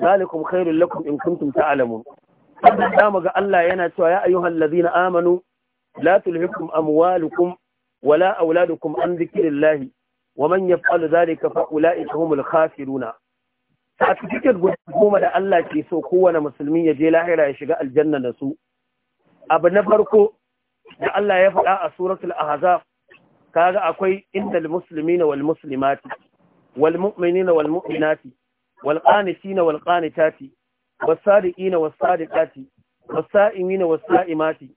zalikum khairul lakum in kuntum ta'lamun sannan zamu ga Allah yana cewa ya ayyuhal ladina amanu la tulhikum amwalukum wala auladukum an dhikrillahi wa man yaf'alu dhalika fa ulaika humul khasiruna certificate guda goma da Allah ke so kowane musulmi ya je lahira ya shiga aljanna da su abu na farko da Allah ya faɗa a suratul ahzab kaga akwai innal muslimina wal muslimati wal mu'minina wal mu'minati wal qanitina wal qanitati was sadiqina was sadiqati was sa'imina was sa'imati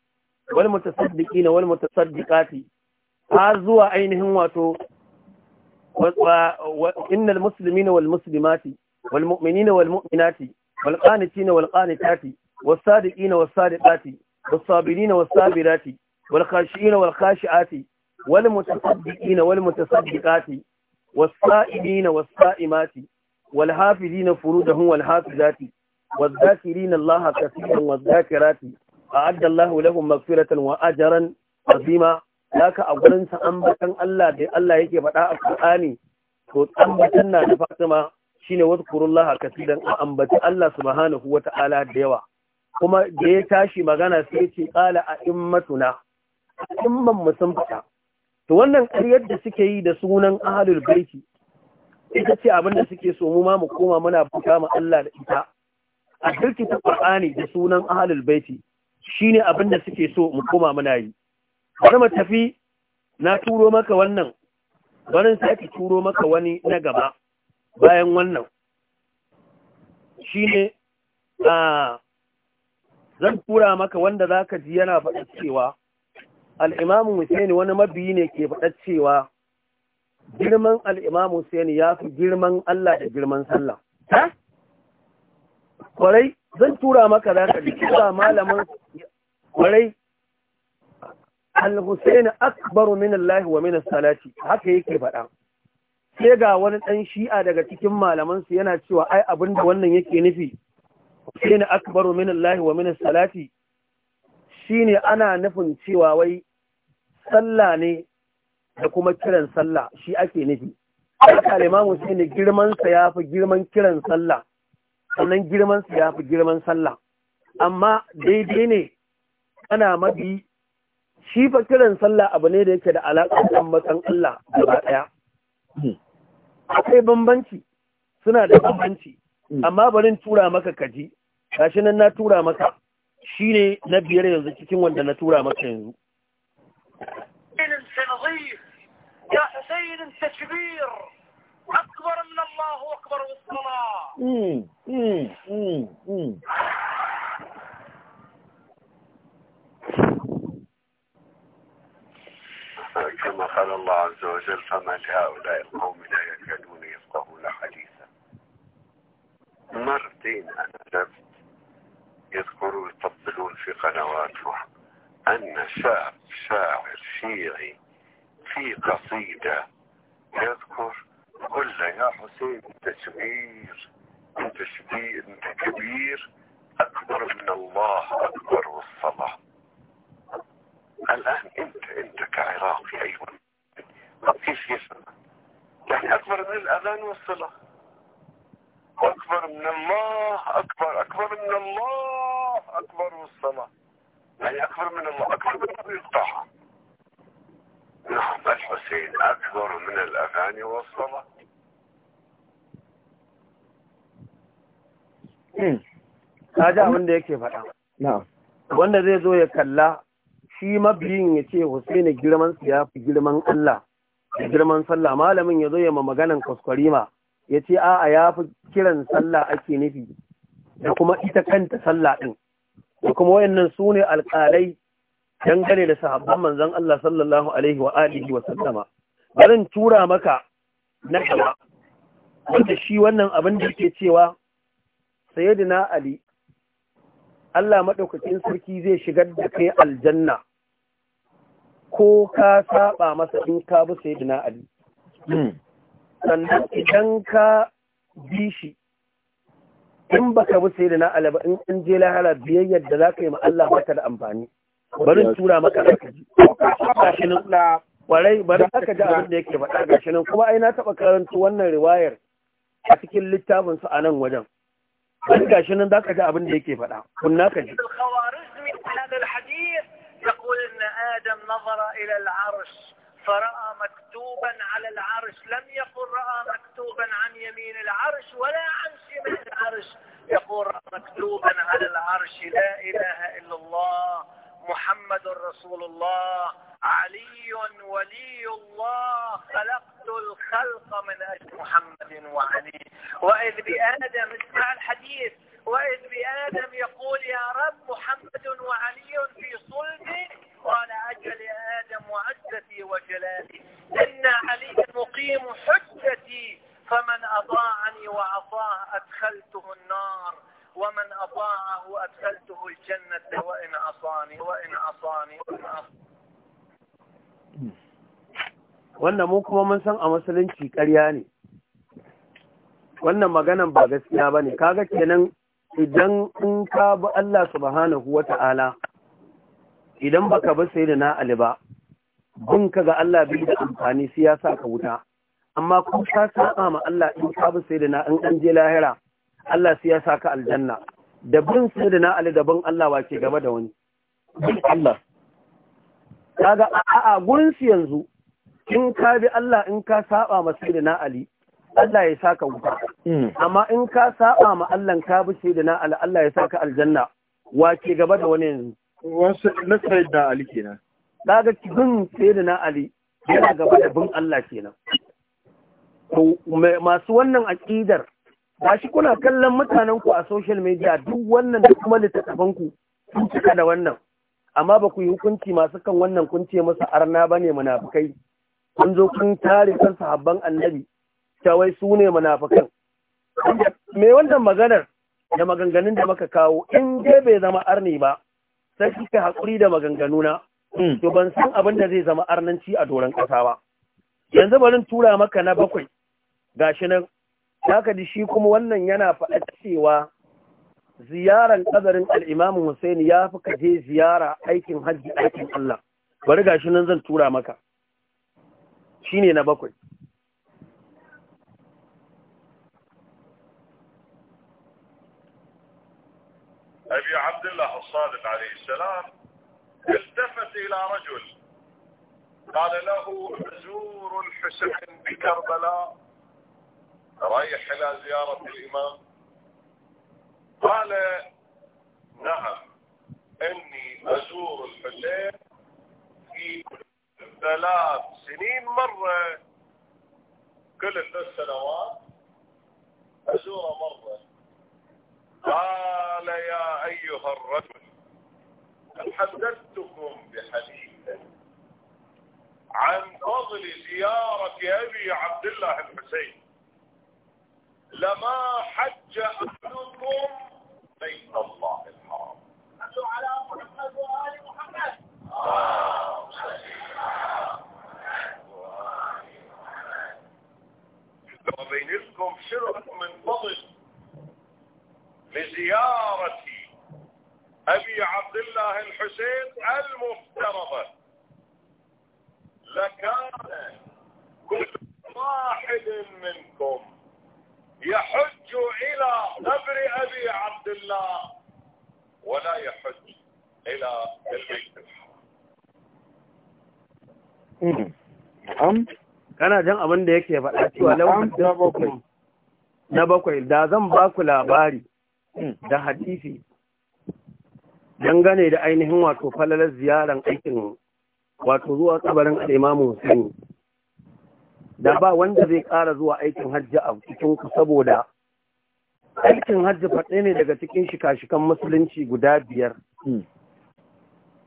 wal mutasaddiqina wal mutasaddiqati har zuwa ainihin wato إن المسلمين والمسلمات والمؤمنين والمؤمنات والقانتين والقانتات والصادقين والصادقات والصابرين والصابرات والخاشعين والخاشعات والمتصدقين والمتصدقات والصائمين والصائمات والحافظين فروجهم والحافظات والذاكرين الله كثيرا والذاكرات أعد الله لهم مغفرة وأجرا عظيما haka a gurinsa ambatan Allah da Allah yake faɗa a Qur'ani to ambatan na da Fatima shine wazkurullaha kasidan a ambaci Allah subhanahu ta'ala da yawa kuma da ya tashi magana sai ya ce qala a immatuna imman mu sun fita. to wannan ƙaryar da suke yi da sunan ahlul baiti ita ce abin da suke so mu ma mu koma muna buka ma Allah da ita a kirkita Qur'ani da sunan ahlul baiti shine abin da suke so mu koma muna yi bari mu tafi na turo maka wannan barin sake turo maka wani na gaba bayan wannan shine a zan tura maka wanda zaka ji yana faɗa cewa al-Imam Hussein wani mabiyi ne ke faɗa cewa girman al-Imam Hussein yafi girman Allah da girman sallah ha kwarai zan tura maka zaka ji tura malamin kwarai al-husaini akbaru min Allah wa min salati haka yake faɗa sai ga wani ɗan shi'a daga cikin malaman su yana cewa ai abinda wannan yake nufi husaini akbaru min Allah wa min salati shine ana nufin cewa wai sallah ne da kuma kiran sallah shi ake nufi haka imam Husaini girman sa yafi girman kiran sallah sannan girman sa yafi girman sallah amma daidai ne ana mabi shi fa kiran sallah abu ne da yake da alaƙa da matsan Allah gaba ɗaya akwai bambanci suna da bambanci amma barin tura maka kaji gashi nan na tura maka shi ne na biyar yanzu cikin wanda na tura maka yanzu يا حسين انت كما قال الله عز وجل فما لهؤلاء القوم لا يكادون يفقهون حديثا مرتين أنا يذكروا يطبلون في قنواتهم أن شاعر شاعر شيعي في قصيدة يذكر قل له يا حسين انت صغير انت شبير انت كبير اكبر من الله اكبر والصلاه الآن أنت أنت كعراقي أيضا ما فيش يسمع يعني أكبر من الأذان والصلاة أكبر من الله أكبر أكبر من الله أكبر والصلاة يعني أكبر من الله أكبر من الطاعة نعم الحسين أكبر من الأغاني والصلاة هذا من ذيك يا نعم وانا زي زوية كلا shi mabiyin ya ce Hussaini girman su ya fi girman Allah da girman sallah malamin ya zo ya ma maganan kwaskwarima ya ce a'a ya fi kiran sallah ake nufi da kuma ita kanta sallah ɗin da kuma wayannan su ne alƙalai dangane da sahabban manzon Allah sallallahu alaihi wa alihi wa sallama barin tura maka na gaba wanda shi wannan abin da yake cewa sayyidina Ali Allah maɗaukakin sarki zai shigar da kai aljanna ko ka saba masa in ka bi sai dina Ali. Hmm. Sannan idan ka bi shi in baka bi sai dina Ali ba in an je lahara biyayyar da za ka yi ma Allah maka da amfani. Bari tura maka aka ji. Warai bari aka ji abin da yake faɗa gashi nan kuma ai na taɓa karanta wannan riwayar a cikin littafinsu a nan wajen. an gashi nan zaka ji abin da yake faɗa kunna ka ji يقول ان ادم نظر الى العرش فراى مكتوبا على العرش لم يقل راى مكتوبا عن يمين العرش ولا عن شمال العرش يقول رأى مكتوبا على العرش لا اله الا الله محمد رسول الله علي ولي الله خلقت الخلق من أجل محمد وعلي وإذ بآدم اسمع الحديث وإذ بآدم يقول يا رب محمد وعلي في صلبي قال أجل يا آدم وعزتي وجلالي إن علي مقيم حجتي فمن أطاعني وعصاه أدخلته النار ومن أطاعه أدخلته الجنة وإن عصاني وإن عصاني wannan kuma mun san a musulunci ƙarya ne wannan maganan ba gaskiya ba ne kaga kenan idan in ka bi Allah subhanahu wa ta'ala idan baka bi sai da na Ali ba bin ka ga Allah biyu da amfani siyasa ka wuta amma kuma ka sa'a ma Allah in ka bi sai da na in an je lahira Allah su ya sa ka aljanna da bin da Ali da bin Allah ke gaba da wani bin Allah kaga a'a gurin su yanzu in ka bi Allah in ka saba ma da Ali Allah ya sa ka wuta hmm. amma in ka saba ma Allah ka bi da Ali Allah ya sa ka aljanna Wa ke gaba da wani yanzu wasu na da Ali kenan kaga bin da Ali yana gaba da bin Allah kenan masu wannan aƙidar ba shi kuna kallon mutanenku a social media duk wannan da kuma littattafanku sun cika da wannan amma ba ku yi hukunci masu kan wannan kun ce masa arna ba ne munafukai kun zo kun tare kan sahabban annabi wai su ne munafukan me wannan maganar da maganganun da muka kawo in dai bai zama arni ba sai kika hakuri da maganganu na. Hmm. to ban san abin da zai zama arnanci a doron kasa ba yanzu barin tura maka na bakwai gashi nan haka da shi kuma wannan yana faɗa cewa ziyarar ƙadarin al'imamu Hussein ya fi kaje ziyara aikin hajji aikin Allah. Bari ga shi nan zan tura maka. Shi ne na bakwai. أبي عبد الله الصادق عليه السلام التفت إلى رجل قال له زور الحسين بكربلاء رايح إلى زيارة الإمام قال نعم إني أزور الحسين في ثلاث سنين مرة كل ثلاث سنوات أزوره مرة قال يا أيها الرجل حدثتكم بحديث عن فضل زيارة أبي عبد الله الحسين لما حج أهلكم بيت الله الحرام صلوا على محمد وآل محمد لو بينكم شرف من فضل لزيارة أبي عبد الله الحسين المفترضة لكان كل واحد منكم يحج إلى قبر أبي عبد الله ولا يحج إلى البيت الحرام hmm. kana jan abin da yake faɗa cewa lauhan na bakwai da zan ba ku labari hmm. da hadisi dangane da ainihin wato falalar ziyaran aikin wato zuwa kabarin al-Imam Hussein da ba wanda zai ƙara zuwa aikin hajji a cikin saboda aikin hajji faɗe ne daga cikin shika-shikan musulunci guda biyar. Hmm.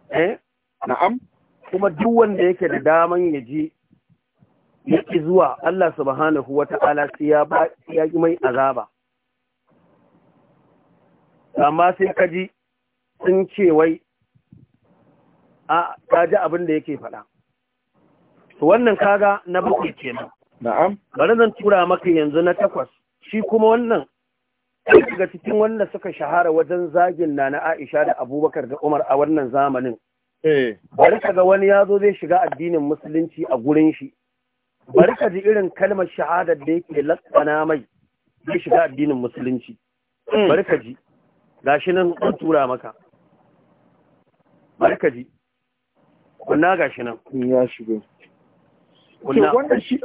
Eh? Na'am. Kuma duk wanda yake da daman ya ji yake zuwa Allah subhanahu wa ta'ala sai ya yi mai azaba. Amma sai ka ji sun ce wai a ka ji abin da yake faɗa. to wannan kaga na bakwai kenan na'am bari zan tura maka yanzu na takwas shi kuma wannan daga cikin wanda suka shahara wajen zagin na na Aisha da Abubakar da Umar a wannan zamanin eh bari kaga wani yazo zai shiga addinin musulunci a gurin shi bari ka ji irin kalmar shahada da yake lakkana mai zai shiga addinin musulunci hmm. bari ka ji gashi nan an tura maka bari ka ji wannan gashi nan ya shigo wannan shi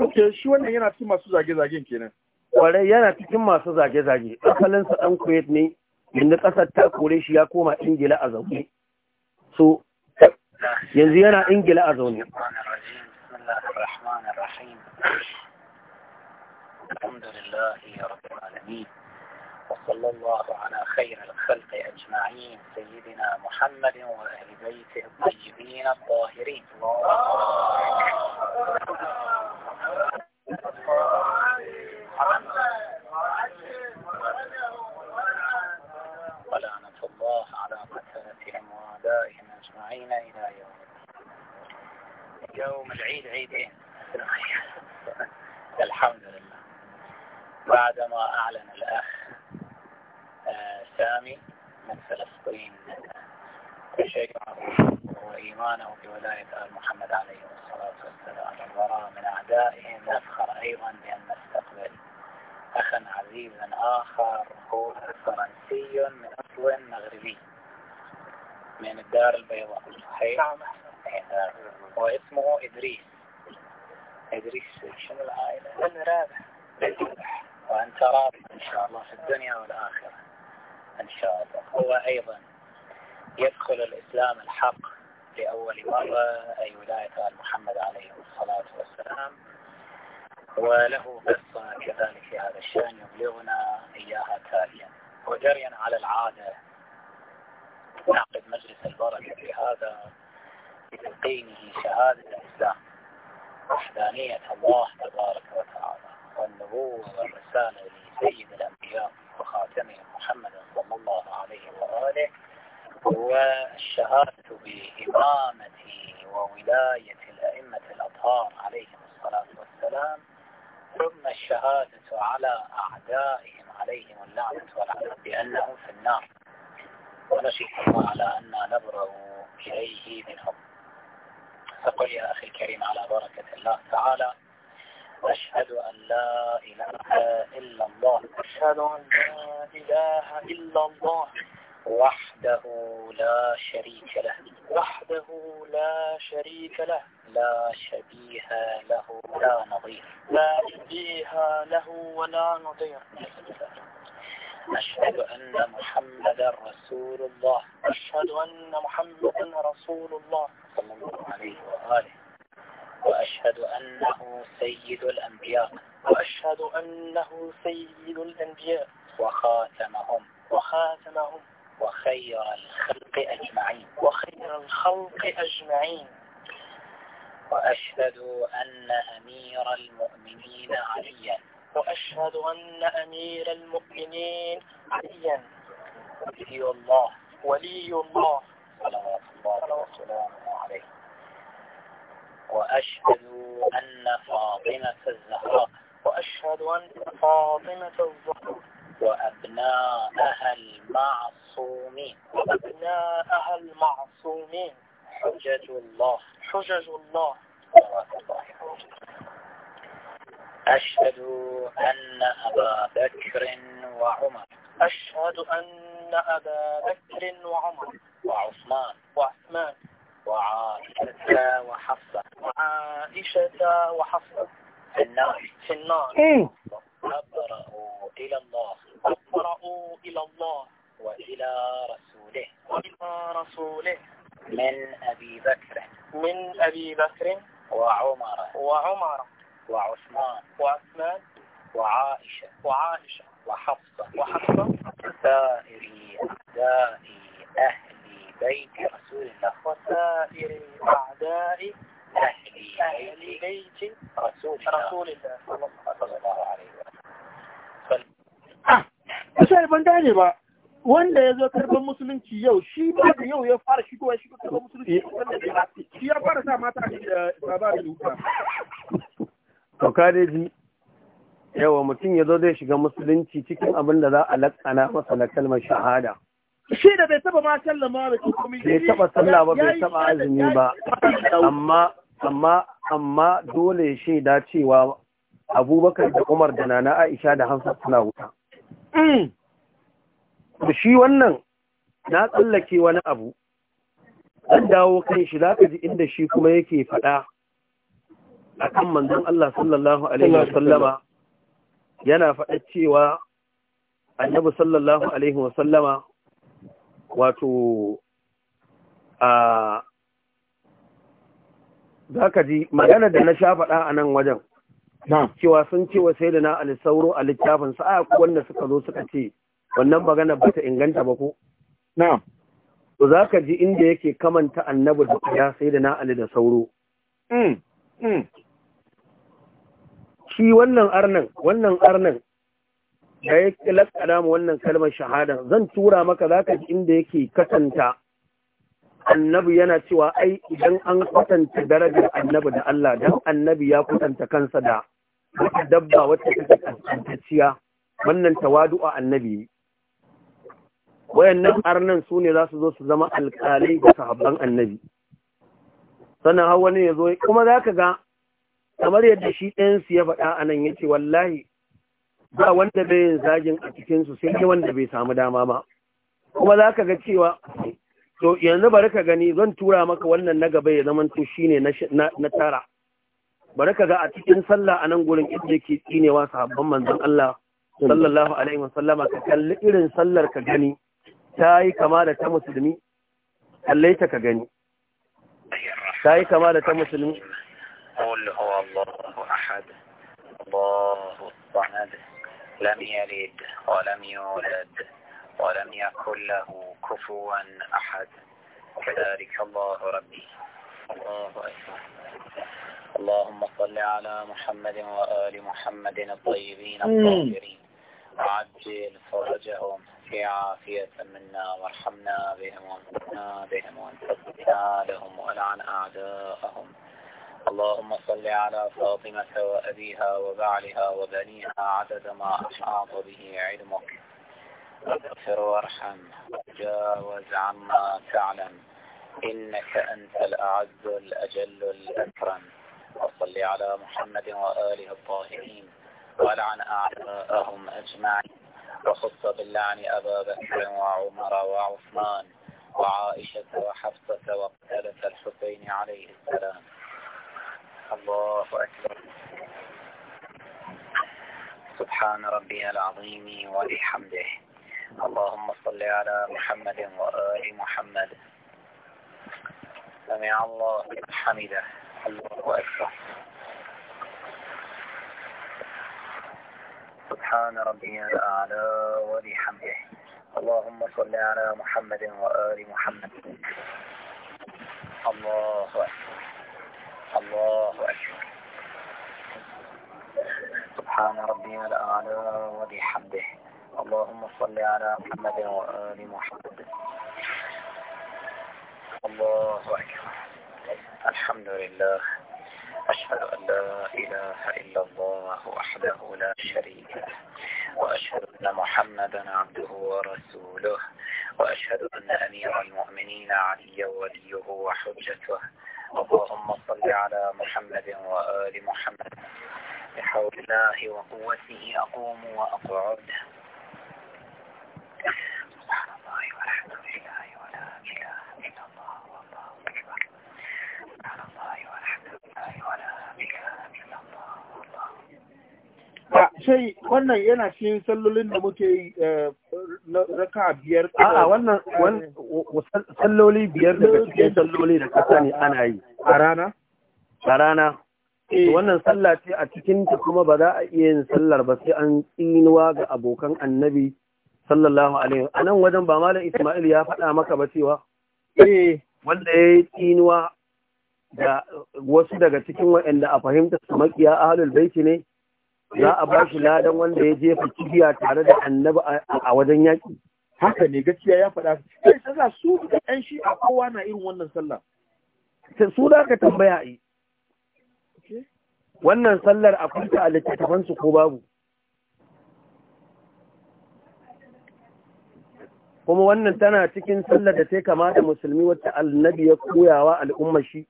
wannan yana cikin masu zage zage kenan kwarai yana cikin masu zage-zage asalin sa dan Kuwait ne yanzu ƙasar ta kore shi ya koma Ingila a zaune so yanzu yana Ingila a zaune الحمد لله رب العالمين وصلى الله على خير الخلق أجمعين سيدنا محمد وأهل بيته الطيبين الطاهرين ولعنة الله على قتلتهم وأعدائهم أجمعين إلى يوم يوم العيد عيدين إيه؟ الحمد لله بعدما أعلن الأخ سامي من فلسطين تشيعه وإيمانه بولاية آل محمد عليه الصلاة والسلام البراء من أعدائهم نفخر أيضا بأن نستقبل أخا عزيزا آخر هو فرنسي من أصل مغربي من الدار البيضاء صحيح؟ نعم. إيه، نعم. واسمه إدريس إدريس شنو العائلة؟ أنا رابح وأنت رابح إن شاء الله في الدنيا والآخرة إن شاء الله هو أيضا يدخل الإسلام الحق لأول مرة أي ولاية آل محمد عليه الصلاة والسلام وله قصة كذلك في هذا الشأن يبلغنا إياها تاليا وجريا على العادة نعقد مجلس البركة في هذا بتلقينه شهادة الإسلام وحدانية الله تبارك وتعالى والنبوة والرسالة لسيد الأنبياء وخاتمه محمد صلى الله عليه وآله والشهادة بإمامة وولاية الأئمة الأطهار عليهم الصلاة والسلام ثم الشهادة على أعدائهم عليهم اللعنة والعنة بأنهم في النار ونشهد الله على أن نبرأ إليه منهم فقل يا أخي الكريم على بركة الله تعالى أشهد أن لا إله إلا الله أشهد أن لا إله إلا الله وحده لا شريك له وحده لا شريك له لا شبيه له ولا نظير لا شبيه له ولا نظير أشهد أن محمدا رسول الله أشهد أن محمدا رسول الله صلى الله عليه وآله وأشهد أنه سيد الأنبياء وأشهد أنه سيد الأنبياء وخاتمهم وخاتمهم وخير الخلق أجمعين وخير الخلق أجمعين وأشهد أن أمير المؤمنين عليا وأشهد أن أمير المؤمنين عليا ولي الله ولي الله صلوات الله وسلامه عليه وأشهد أن فاطمة الزهراء وأشهد أن فاطمة الزهراء وأبناءها المعصومين وأبناءها المعصومين حجج الله حجج الله أشهد أن أبا بكر وعمر أشهد أن أبا بكر وعمر وعثمان وعثمان وعائشة وحفصة وعائشة وحفصة في النار في النار إيه. أبرأ إلى الله أبرأ إلى الله وإلى رسوله وإلى رسوله من أبي بكر من أبي بكر وعمر وعمر وعثمان وعثمان وعائشة وعائشة وحفصة وحفصة سائر أعداء أهل بيت رسول الله وسائر الأعداء أهل بيت رسول الله رسول صلى الله عليه وسلم Ashe ban gane ba wanda ya zo karban musulunci yau shi ba da yau ya fara shigo ya shigo karban musulunci shi ya fara sa mata da da wuta. To ka ji yawa mutum ya zo zai shiga musulunci cikin abin da za a lakana masa na kalmar shahada. shi da bai taba ma sallama ba bai taba sallah ba bai taba azumi ba amma amma dole shi shaida cewa abubakar da umar da nana aisha da hamsa suna wuta da mm. shi wannan na tsallake wani abu an dawo kan shi za ka ji inda shi kuma yake faɗa a kan manzon Allah sallallahu alaihi wasallama yana faɗa cewa annabi sallallahu alaihi wasallama wato a za ka ji magana da na sha faɗa a nan wajen cewa sun ce wa sai da na alisauro a littafin sa'a wanda suka zo suka ce wannan magana ba ta inganta ba ko to za ka ji inda yake kamanta annabi da ya sai da na ali da sauro mm, mm. shi wannan arnan wannan arnan da ya lakana mu wannan kalmar shahada zan tura maka zaka ji inda yake kasanta annabi yana cewa ai idan an kwatanta darajar annabi da Allah dan annabi ya kwatanta kansa da dabba wacce take kasantacciya wannan tawadu'a annabi wayannan arnan su ne za su zo su zama alƙalai ga sahabban annabi sannan har wani ya zo kuma za ka ga kamar yadda shi ɗayansu ya faɗa a nan ya ce wallahi ba wanda bai yin zagin a cikinsu sai ke wanda bai samu dama ba kuma za ka ga cewa to yanzu bari ka gani zan tura maka wannan na gaba ya zamanto shine na tara bari ka ga a cikin sallah a nan gurin inda yake tsinewa sahabban manzon Allah sallallahu alaihi wasallama ka kalli irin sallar ka gani ta yi kama da ta musulmi kalle ta ka gani ta yi kama da ta musulmi قل هو الله أحد الله الصمد لم يلد ولم يولد ولم يكن له كفوا أحد كذلك الله ربي الله أكبر اللهم صل على محمد وآل محمد الطيبين الطاهرين وعجل فرجهم في عافية منا وارحمنا بهم وانصرنا بهم وانفقنا لهم ولعن أعداءهم اللهم صل على فاطمة وأبيها وبعلها وبنيها عدد ما أحاط به علمك اغفر وارحم وتجاوز عما تعلم إنك أنت الأعز الأجل الأكرم وصل على محمد وآله الطاهرين ولعن أعداءهم أجمعين وخص باللعن أبا بكر وعمر وعثمان وعائشة وحفصة وقتلة الحسين عليه السلام الله أكبر سبحان ربي العظيم وبحمده اللهم صل على محمد وآل محمد سمع الله حمده الله أكبر سبحان ربي الأعلى وبحمده اللهم صل على محمد وآل محمد الله أكبر الله أكبر سبحان ربي الأعلى وبحمده اللهم صل على محمد وآل محمد الله أكبر الحمد لله أشهد أن لا إله إلا الله وحده لا شريك له وأشهد أن محمدا عبده ورسوله وأشهد أن أمير المؤمنين علي وليه وحجته اللهم صل على محمد وآل محمد بحول الله وقوته أقوم وأقعد shai wannan yana cikin sallolin da muke yi eh, raka biyar a'a wannan salloli biyar daga cikin salloli da kasa ne ana yi a rana a rana eh. wannan sallah ce a cikin ta kuma ba za a iya yin sallar ba sai an tsinuwa ga abokan annabi sallallahu alaihi a nan wajen ba malam isma'il ya faɗa maka ba cewa eh. wanda ya yi tsinuwa da wasu daga cikin waɗanda a fahimta su makiya ahlul baiki ne za a ba shi ladan wanda ya jefa kibiya tare da annabi a wajen yaƙi haka ne gaskiya ya faɗa su. sai sa su da ɗan shi a kowa na irin wannan sallah sai su da ka tambaya a yi wannan sallar a kunta a littattafansu ko babu kuma wannan tana cikin sallar da ta kamata musulmi wacce annabi ya koyawa al'ummar shi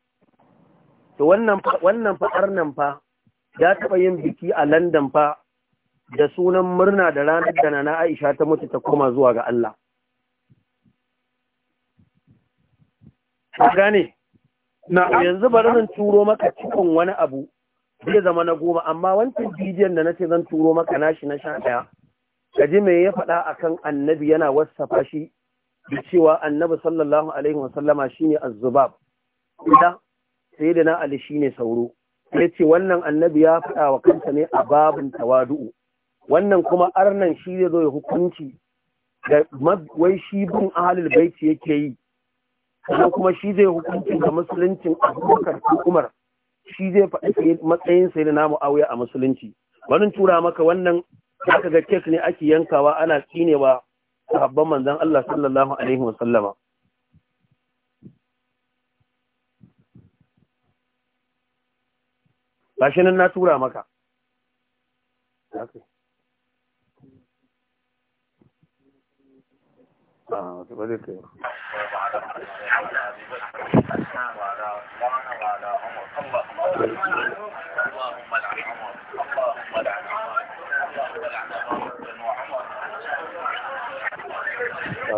to wannan fa'ar nan fa ya taɓa yin biki a Landan fa da sunan murna da ranar da Nana Aisha ta mutu ta koma zuwa ga Allah. Ka gane? Yanzu bari zan turo maka cikin wani abu zai zama na goma, amma wancan bidiyon da na ce zan turo maka nashi na sha ɗaya. Ka ji me ya faɗa kan annabi yana wasafa shi da cewa annabi sallallahu alaihi wasallama shine Azubab. Ina sai da na Ali shine sauro. ya ce wannan annabi ya faɗa wa kanta ne a babin tawadu'u wannan kuma arnan shi zai zo ya hukunci da wai shi bin ahalul baiti yake yi sannan kuma shi zai hukunci ga musuluncin abubakar umar shi zai faɗi matsayin sai da namu auya a musulunci wani tura maka wannan zaka ga kek ne ake yankawa ana tsinewa sahabban manzon Allah sallallahu alaihi wasallama gashi nan na tura maka ah,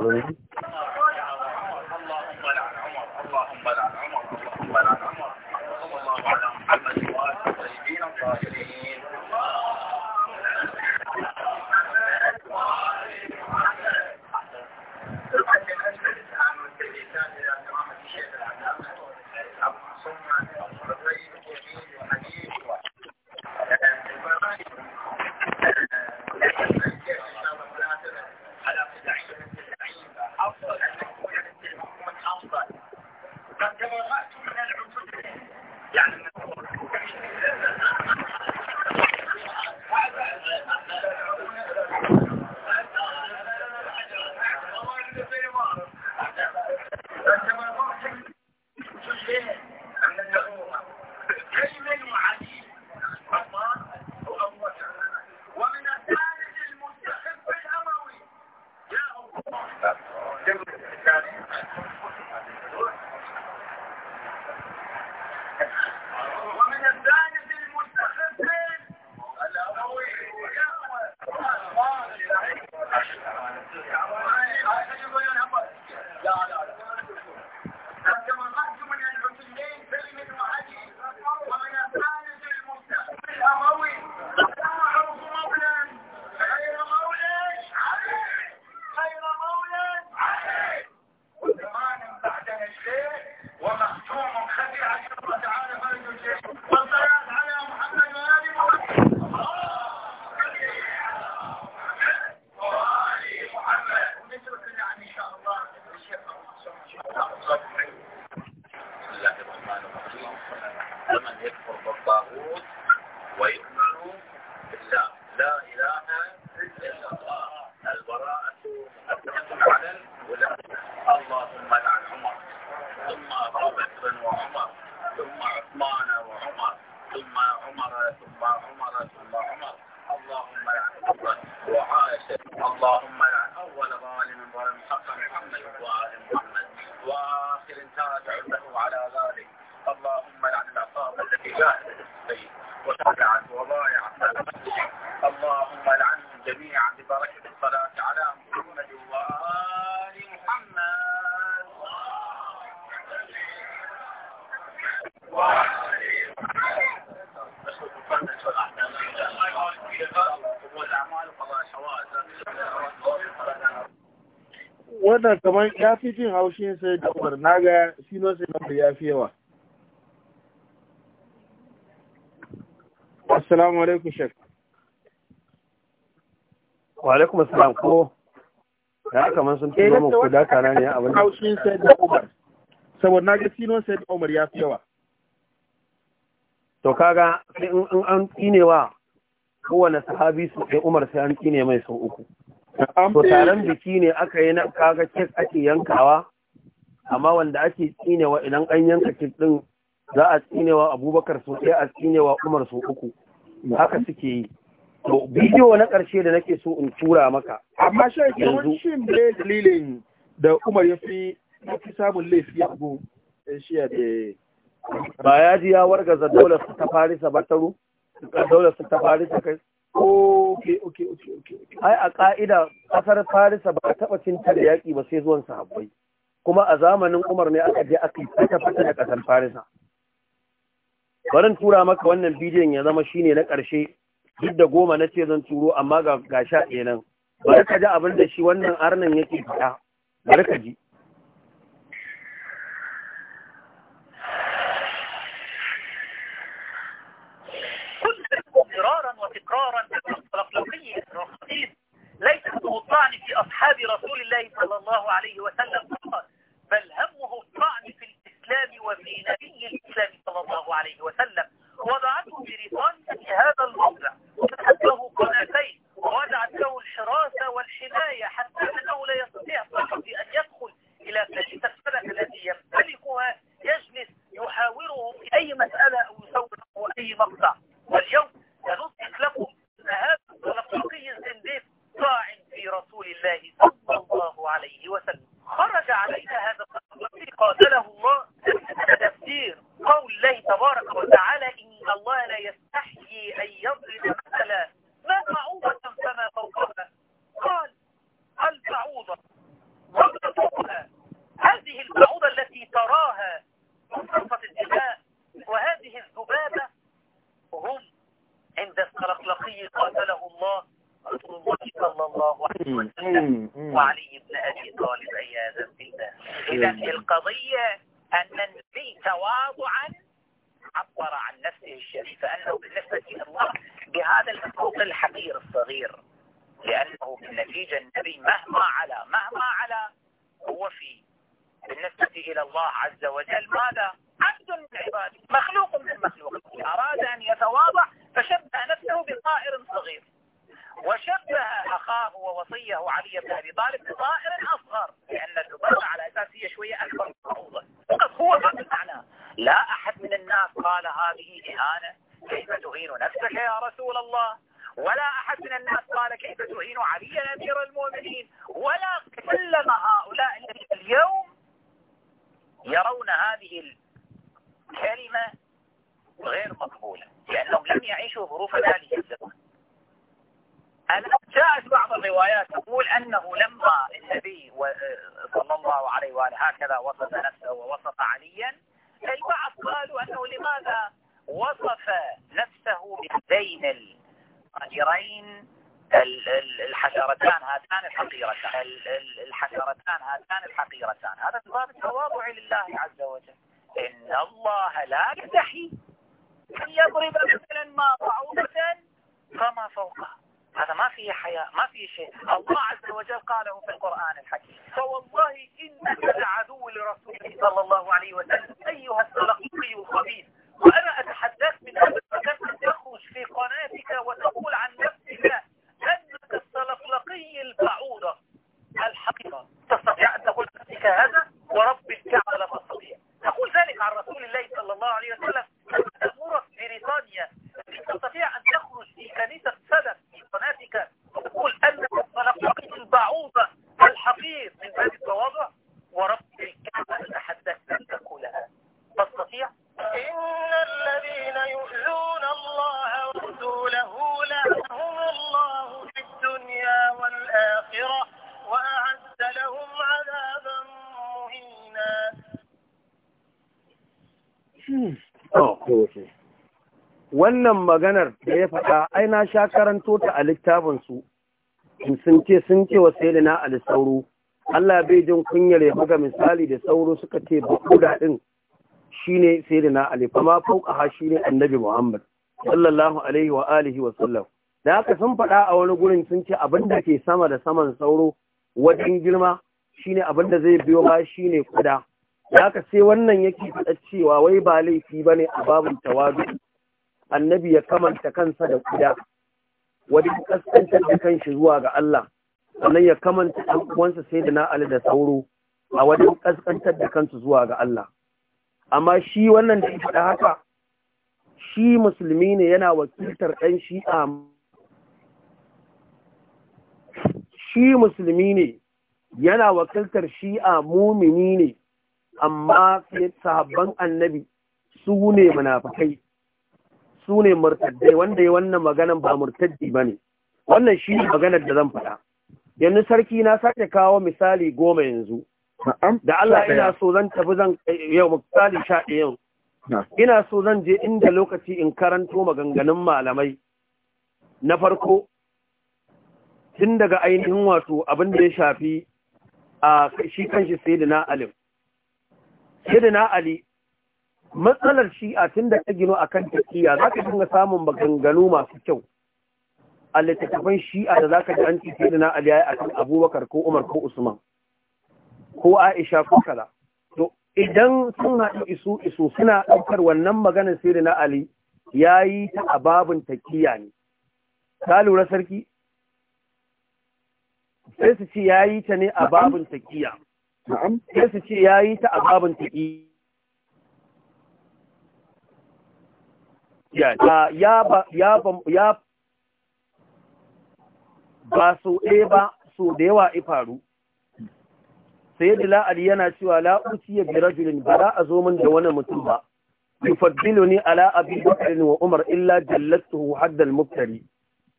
Thank you. الظالمين wannan kamar ya fi jin haushin sai da umar na ga sino sai na ya fi yawa assalamu alaikum shek wa alaikum assalam ko ya kamar sun fi mu ko da kana ne abin eh, haushin sai da umar saboda na ga sino sai da umar ya fi yawa to kaga in an kinewa kowane sahabi su sai umar sai an kine mai sau uku To taron biki ne aka yi na kaga kek ake yankawa, amma wanda ake tsinewa idan an yanka kek ɗin za a tsinewa abubakar so ɗaya a tsinewa umar so uku. Haka suke yi. To bidiyo na ƙarshe da nake so in tura maka. Amma shi ake wani shi ne dalilin da umar ya fi samun laifi a go. Ba ya ji ya wargaza daular su ta Farisa ba ta ru? Daular su ta Farisa kai? Okay, Ai, a ƙa'ida, ƙasar Farisa ba a taɓa cinta da yaƙi ba sai zuwan sahabbai. Kuma a zamanin Umar ne aka je aka yi fata da ƙasar Farisa. Barin tura maka wannan bidiyon ya zama shine na ƙarshe, duk da goma na ce zan turo amma ga sha ɗaya nan. Bari ka ji abin da shi wannan arnan yake fita. Bari ka ji. ليس همه الطعن في أصحاب رسول الله صلى الله عليه وسلم فقط بل همه الطعن في الإسلام وفي نبي الإسلام صلى الله عليه وسلم وضعته wannan maganar da ya faɗa ai na sha karanto ta a littafin su sun ce sun ce wa sayyidina sauro Allah bai jin kunyar ya buga misali da sauro suka ce Shi ne sai shine na alifa ma fauka ha ne annabi Muhammad sallallahu alaihi wa alihi wa sallam da haka sun faɗa a wani gurin sun ce abin da ke sama da saman sauro wajen girma shine abin da zai biyo ba shine kuda da haka sai wannan yake faɗa cewa wai ba laifi bane a babin tawadu annabi ya kamanta kansa da kuda wajen kaskantar da kanshi zuwa ga Allah sannan ya kamanta ɗan uwansa sai da na'ali da sauro a wajen kaskantar da kansu zuwa ga Allah amma shi wannan da ya haka shi musulmi ne yana wakiltar ɗan shi'a shi musulmi ne yana wakiltar shi'a mumini ne amma sahabban annabi su ne munafikai su ne murtaddai wanda ya wannan maganan ba murtaddi ba ne wannan shi ne maganar da zan faɗa yanzu sarki na sake kawo misali goma yanzu da Allah ina so zan tafi zan yau misali sha yau ina so zan je inda lokaci in karanto maganganun malamai na farko tun daga ainihin wato abin da ya shafi a shi kanshi sai da na alim sai na ali matsalar shi'a tun da ta gino a kan tafiya za ka dinga samun maganganu masu kyau a littattafan shi'a da za ka ji an cikin da na aliyayi a kan abubakar ko umar ko usman ko aisha ko kala to idan sun haɗu isu isu suna ɗaukar wannan maganar sirri na ali ya yi ta a babin takiya ne ta lura sarki sai su ce ya yi ta ne a babin takiya sai su ce ya yi ta a babin takiya ya ba so ɗaya ba so da yawa ifaru sai da la'ali yana cewa la'uci ya bi ba za a zo min da wani mutum ba yufaddilu ni ala abi ne wa umar illa jallatuhu haddal muftari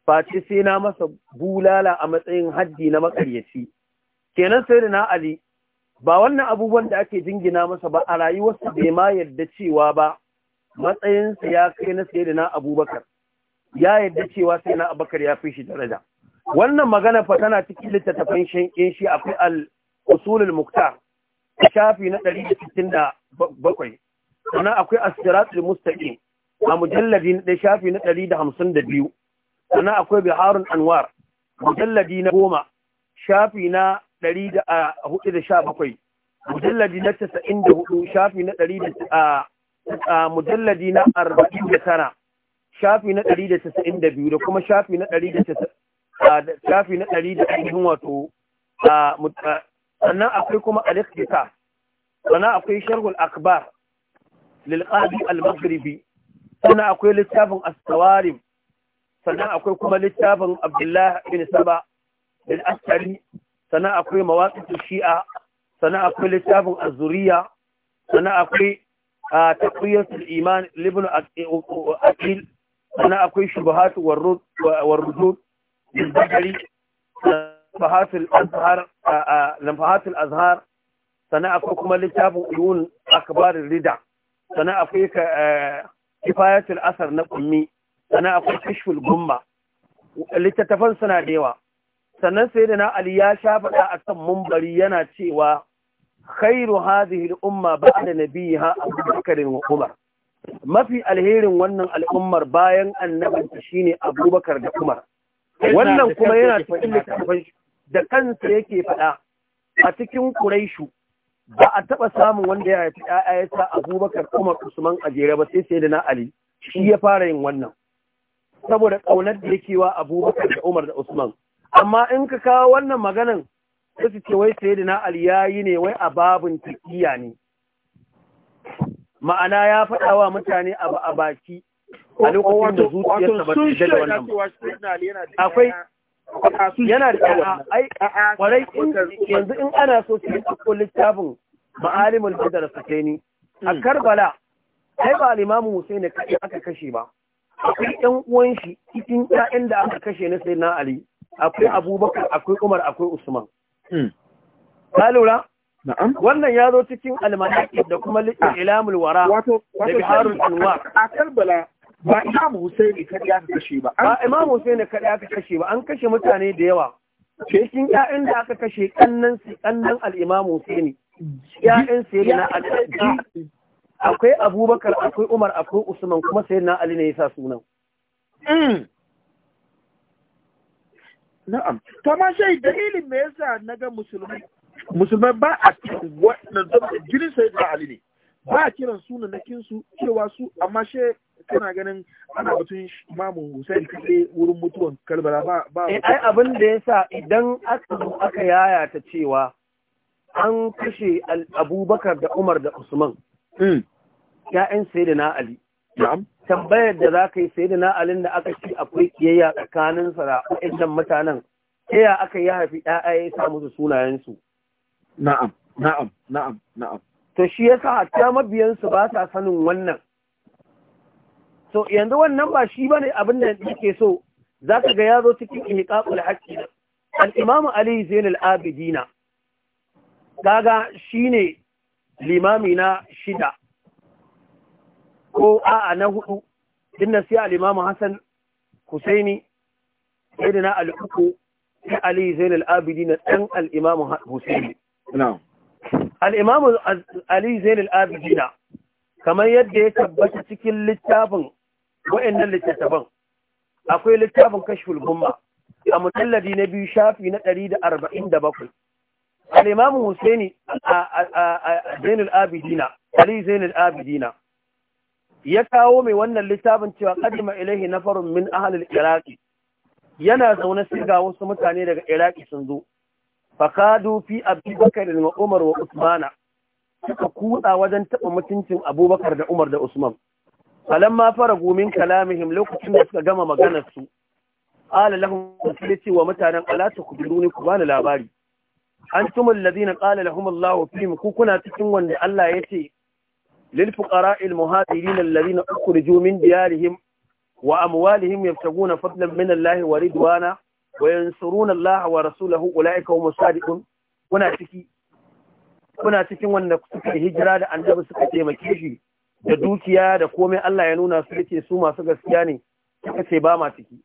face sai na masa bulala a matsayin haddi na makaryaci kenan sai da na ali ba wannan abubuwan da ake jingina masa ba a rayuwarsa bai ma yarda cewa ba matsayinsa ya kai na sai da na abubakar ya yadda cewa sai na abubakar ya fi shi daraja wannan magana fa tana cikin littattafan shankin shi a fi'al usulul muktar shafi na 167 sannan akwai as-siratul mustaqim a mujalladi na shafi na 152 sannan akwai biharun anwar mujalladi na goma shafi na bakwai, mujalladi na 94 shafi na mujalladi na arba'in da tara shafi na ɗari da casa'in da biyu da kuma shafi na ɗari da shafi na ɗari wato sannan akwai kuma al-ikhtisas sannan akwai sharhul akbar lil qadi al-maghribi sannan akwai littafin as-sawarim sannan akwai kuma littafin abdullah bin saba lil askari sannan akwai mawaqitu shi'a sannan akwai littafin az-zuriya sannan akwai تقوية الإيمان لابن أكيل أنا أقوي شبهات والردود للبشري نفحات الأزهار نفحات الأزهار سنة أقوي كما لتابع يقول أكبار الردع سنة أقوي كفاية الأثر نقمي سنة أقوي كشف الجمة اللي suna da yawa sannan sai da na ali ya sha faɗa a yana cewa khairu hadhihi al-umma ba'da nabiha Abu Bakr wa Umar mafi alherin wannan al'ummar bayan annabinta shine Abubakar da Umar wannan kuma yana cikin littafin da kansa yake faɗa a cikin Quraishu ba a taɓa samun wanda ya haifi ‘ya'ya ya sa abubakar umar usman a jere ba sai sai da na ali shi ya fara yin wannan saboda ƙaunar da yake wa abubakar da umar da usman amma in ka kawo wannan maganar. sai su ce wai sai Ali aliyayi ne wai a babin tafiya ne ma'ana ya faɗa wa mutane abu a baki a lokacin da zuciyarsa ba ta da wannan akwai yana da ai kwarai yanzu in ana so su yi littafin ma'alimul badar sakeni a hmm. Karbala ai ba al-Imam ne kaɗai aka kashe ba akwai ɗan uwan shi cikin ƴaƴan da aka kashe na na Ali akwai Abubakar akwai Umar akwai Usman Hmm. Ka lura? Na'am. Wannan ya zo cikin almanaki da kuma ah. ilamul wara da biharul Sunwa. A kalbala ba Imam Hussein kadai aka kashe ba. Ba Imam Hussein kadai aka kashe ba, an kashe mutane da yawa. Cikin ƴaƴan da aka kashe kannan su kannan al-Imam Hussein. Ƴaƴan Sayyidina Ali. Akwai Abubakar, akwai Umar, akwai Usman, kuma Sayyidina Ali ne ya sa sunan. Hmm. Na'am. To ma shai dalilin me yasa na ga musulmai musulmai ba a wannan jirin sai da Ali ne. Ba a kiran sunan na kinsu cewa su amma she kana ganin ana batun Imamu Hussein kace wurin mutuwan Karbala ba ba. Eh, ai abin da yasa idan aka aka yaya ta cewa an kashe Abubakar da Umar da Usman. Mm. Ya'yan Sayyidina Ali. Na'am. tambayar da za ka yi sai da na'alin da aka ci akwai kiyayya tsakanin sa da mutanen ta ya aka yi haifi ɗaya ya sa musu sunayensu. Na'am, na'am, na'am, na'am. To shi ya sa hatta mabiyansu ba sa sanin wannan. To yanzu wannan ba shi ba ne abin da yake so za ka ga ya zo cikin ihqaqul haqqi al-imamu ali zainul abidina kaga shine limami na shida ko a'a na hudu din na siya al'imamu hassan husaini sai da na sai ali zain al'abidi na ɗan al'imamu husaini al'imamu ali zain al'abidi na kamar yadda ya tabbata cikin littafin wa'annan littattafan akwai littafin kashful gumma a mutalladi na biyu shafi na ɗari da da bakwai. al'imamu husaini a zain al'abidi na ali zain al'abidi na ya kawo mai wannan littafin cewa kadima ilaihi farin min ahlil iraqi yana zaune sai ga wasu mutane daga iraqi sun zo fakadu fi abubakar da umar wa usmana suka kuda wajen taɓa mutuncin abubakar da umar da usman falamma fara gomin kalamihim lokacin da suka gama maganar su qala lahum ce wa mutanen ala tukbiruni ku bani labari antum alladhina qala lahum allah fihim ku kuna cikin wanda allah yace للفقراء المهاجرين الذين أخرجوا من ديارهم وأموالهم يبتغون فضلا من الله ورضوانا وينصرون الله ورسوله أولئك هم الصادقون kuna ciki kuna cikin wanda suka hijira da annabi suka taimake shi da dukiya da komai Allah ya nuna su yake su masu gaskiya ne suka ce ba ma ciki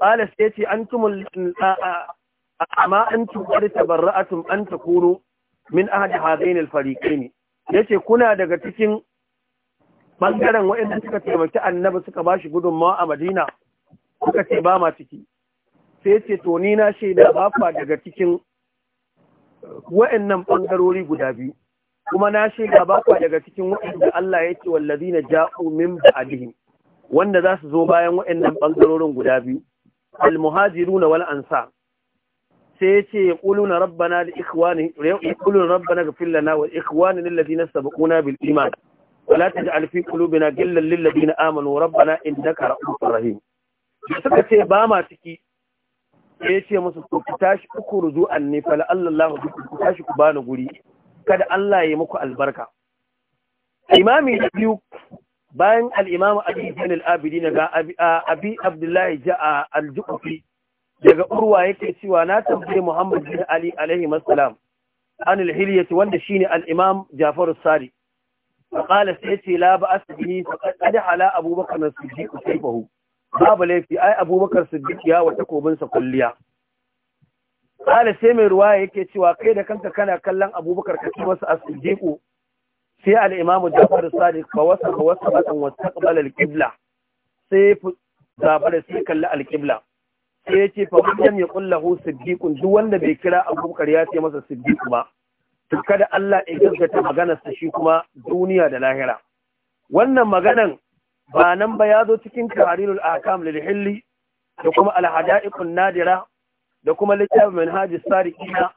qala sai ce antumul amma antum qad tabarra'atum an takunu min ahadi hadain al-fariqain yace kuna daga cikin bangaren waɗanda suka taimaki annabi suka ba shi gudunmawa a Madina suka ce ba ma ciki sai ce to ni na shaida ba kwa daga cikin wa'annan bangarori guda biyu kuma na shaida ba kwa daga cikin waɗanda Allah ya ce na ja'u min ba'dihim wanda za su zo bayan wa'annan bangarorin guda biyu al-muhajiruna wal ansar sai yace yaquluna rabbana li ikhwani na rabbana ighfir lana wa ikhwanina alladhina sabaquna bil iman wa la taj'al fi qulubina ghillan lil ladina amanu rabbana innaka ra'ufur rahim suka ce ba ma ciki sai yace musu ku tashi ku ruzu anni fa la Allah ku tashi ku bani guri kada Allah ya muku albarka imami da biyu bayan al-imam abi Abidi al-abidin ga abi abdullahi ja'a al-juqfi daga urwa yake cewa na tambaye Muhammad bin Ali alaihi masalam an alhiliyati wanda shine al-Imam Ja'far as-Sari fa qala sayti la ba'as bihi faqad qadha ala Abu Bakr as-Siddiq sayfahu babu laifi ai Abu Bakr as-Siddiq ya wata kobin sa kulliya qala sai mai ruwaya yake cewa kai da kanka kana kallon Abu Bakr kace masa as-Siddiq sai al-Imam Ja'far as-Sari fa wasa wasa an wastaqbala al-qibla sai fa da bare sai kalla al-qibla sai ya ce fa wannan ya hu siddiqun duk wanda bai kira abubakar ya ce masa siddiq ba to kada Allah ya gaskata maganar sa shi kuma duniya da lahira wannan maganan ba nan ba ya zo cikin tahrirul akam lil hilli da kuma al hadaiqun nadira da kuma littafin manhajis sariqina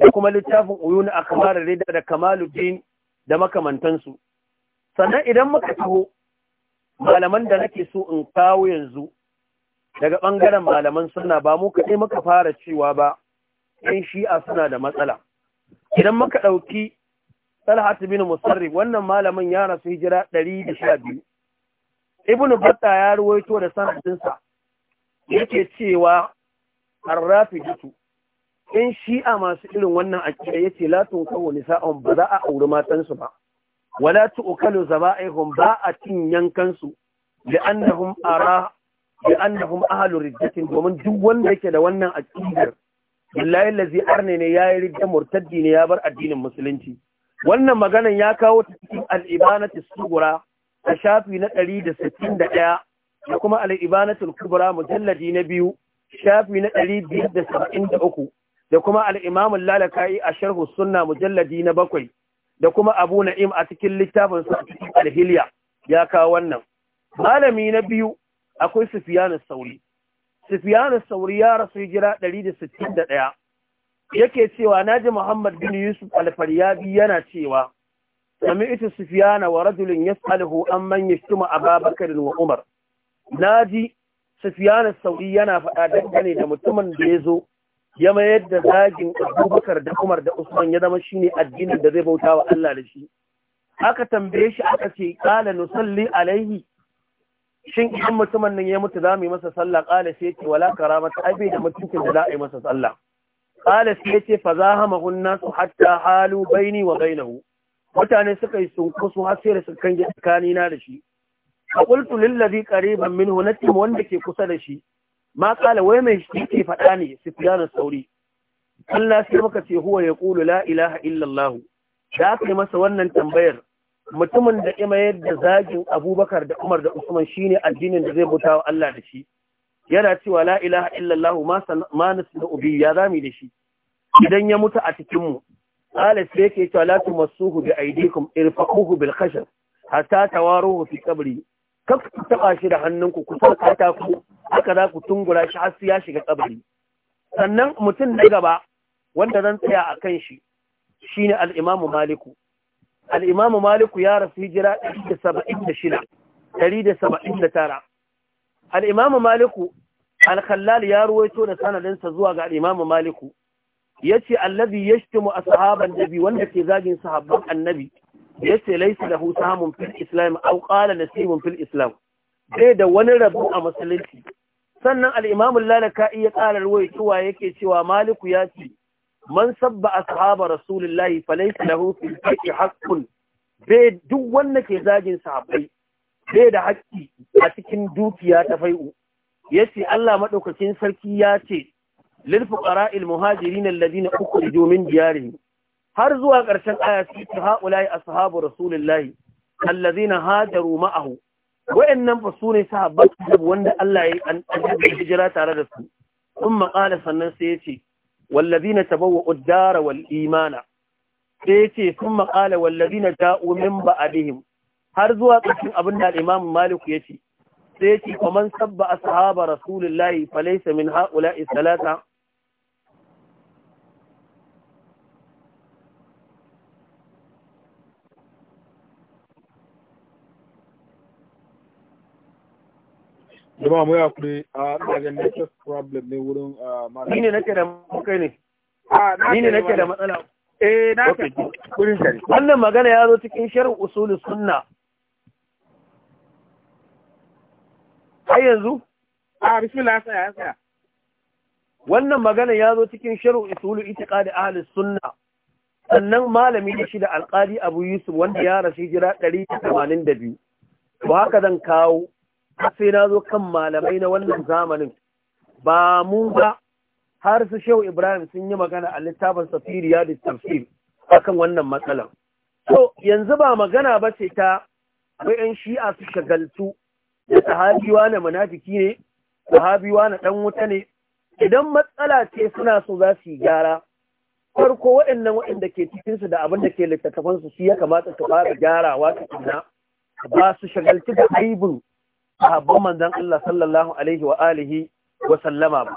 da kuma littafin uyun akmar rida da kamaluddin da makamantansu sannan idan muka taho malaman da nake so in kawo yanzu daga ɓangaren malaman suna ba mu kaɗai muka fara cewa ba ‘yan shi'a suna da matsala idan muka ɗauki talhatu bin musarrif wannan malamin ya rasu hijira ɗari da sha biyu ibnu batta ya ruwaito da sanadinsa yake cewa rafi dutu in shi'a masu irin wannan akida yace la tunkahu nisa'un ba za a auri matansu ba wala tu'kalu zaba'ihum ba a cin yankansu li'annahum ara bi annahum ahlu riddatin domin duk wanda yake da wannan aqidar billahi allazi arne ne yayi ridda murtaddi ne ya bar addinin musulunci wannan maganan ya kawo ta cikin al-ibanatu sugura a shafi na 161 da kuma al-ibanatu kubra mujalladi na biyu shafi na 273 da kuma al-imam al-lalakai a sharhu sunna mujalladi na bakwai da kuma abu na'im a cikin littafin sa cikin al-hilya ya kawo wannan malami na biyu akwai Sufiyanu sauri Sufiyanu sauri ya rasu ɗari hijira 161 yake cewa naji Muhammad bin Yusuf alfaryabi, yana cewa sami'tu Sufiyanu wa rajulun yas'aluhu amman yashtuma Abubakar wa Umar naji Sufiyanu sauri yana faɗa dangane da mutumin da ya zo ya mayar da zagin Abubakar da Umar da Usman ya zama shine addinin da zai bauta wa Allah da shi aka tambaye shi aka ce qala nusalli alaihi shin idan mutumin nan ya mutu za mu yi masa sallah ƙala sai ce wala karama ta da mutuncin da za a yi masa sallah ƙala sai ce fa za hama hunna su hatta halu baini wa bainahu mutane suka yi sunkusu har sai da suka tsakani na da shi a kare ban qariban minhu natim wanda ke kusa da shi ma wai mai shi ke faɗa ne sufyan sauri Allah sai muka ce huwa yaqulu la ilaha illa Allah da aka yi masa wannan tambayar mutumin da mayar da zagin abubakar da umar da usman shine addinin da zai buta wa Allah da shi yana cewa la ilaha illallah ma ma ubi ya zami da shi idan ya mutu a cikin mu qala sai yake cewa la tumassuhu bi aydikum irfaquhu bil khashab hatta tawaruhu fi qabri kaf ku taba shi da hannunku ku sarka ta ku haka za ku tungura shi har sai ya shiga kabari sannan mutum na gaba wanda zan tsaya akan shi shine al-imamu maliku al'imamu maliku ya rasu hijira 179 al'imamu maliku alkhallal ya ruwaito da sanadinsa zuwa ga al'imamu maliku ya ce "Allabi ya shitimu a sahaban nabi wanda ke zagin sahabban annabi ya ce laisa da husa hamun fil islam au da nasibun fil islam bai da wani rabu a musulunci sannan al'imamun lalaka iya ƙarar wai cewa yake cewa maliku ya ce man sabba ashaba rasulullahi falaysa lahu fil fiqhi haqqun bai duk wanda ke zagin sahabbai bai da haƙƙi a cikin dukiya ta fai'u yace Allah madaukakin sarki ya ce lil fuqara'il muhajirin alladhina ukhriju min diyarihim har zuwa ƙarshen aya su ce haulai ashabu rasulillahi alladhina hajaru ma'ahu wa'annan fa sune sahabbai wanda Allah ya yi an hijira tare da su kuma qala sannan sai yace wallazina tabawwa'u ad-dara wal imana sai yace sun maqala wallazina ja'u min ba'dihim har zuwa ƙarshen abin da al-Imam Malik yace sai yace kaman sabba ashaba rasulullahi falaysa min ha'ula'i salata a ah, ne ah, ni ne nake da ah, da matsala eh na ka Kuri wannan magana ya zo cikin shirin usulun sunna har yanzu a bismillah ya wannan magana ya zo cikin sharh itika da ahli sunna sannan malami da shi da alƙali Abu Yusuf wanda ya rasu jira ɗari biyu. Ba haka zan kawo sai na zo kan malamai na wannan zamanin ba mu ba har su shehu ibrahim sun yi magana a littafin safiriya da tafsir akan wannan matsalar to yanzu ba magana ba ce ta wai yan shi'a su shagaltu da sahabiwa na munafiki ne sahabiwa na ɗan wuta ne idan matsala ce suna so za su yi gyara farko waɗannan waɗanda ke cikinsu da abin da ke littattafansu shi ya kamata su fara gyarawa tukuna ba su shagaltu da aibin sahabban manzon Allah sallallahu alaihi wa alihi wa sallama ba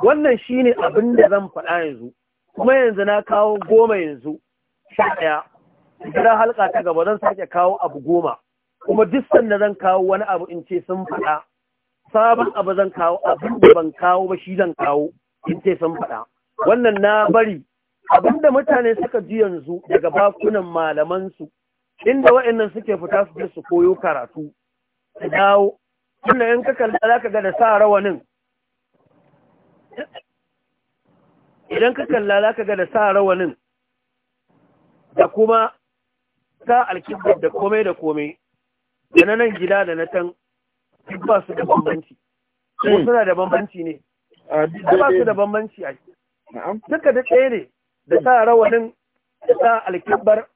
wannan shine abin da zan faɗa yanzu kuma yanzu na kawo goma yanzu sha ɗaya idan halka ta gaba zan sake kawo abu goma kuma duk sanda zan kawo wani abu in ce sun faɗa sabon abu zan kawo abin da ban kawo ba shi zan kawo in ce sun faɗa wannan na bari abin da mutane suka ji yanzu daga bakunan malamansu inda wa'annan suke fita su je su koyo karatu su dawo wannan in ka kalla za ka ga da sa rawanin idan ka kalla za ka ga da sa rawanin da kuma ta alkibar da komai da komai da na nan gida da na tan ba su da bambanci ko hmm. suna da bambanci ne ba su da bambanci a duka da ɗaya ne da sa rawanin da sa alkibar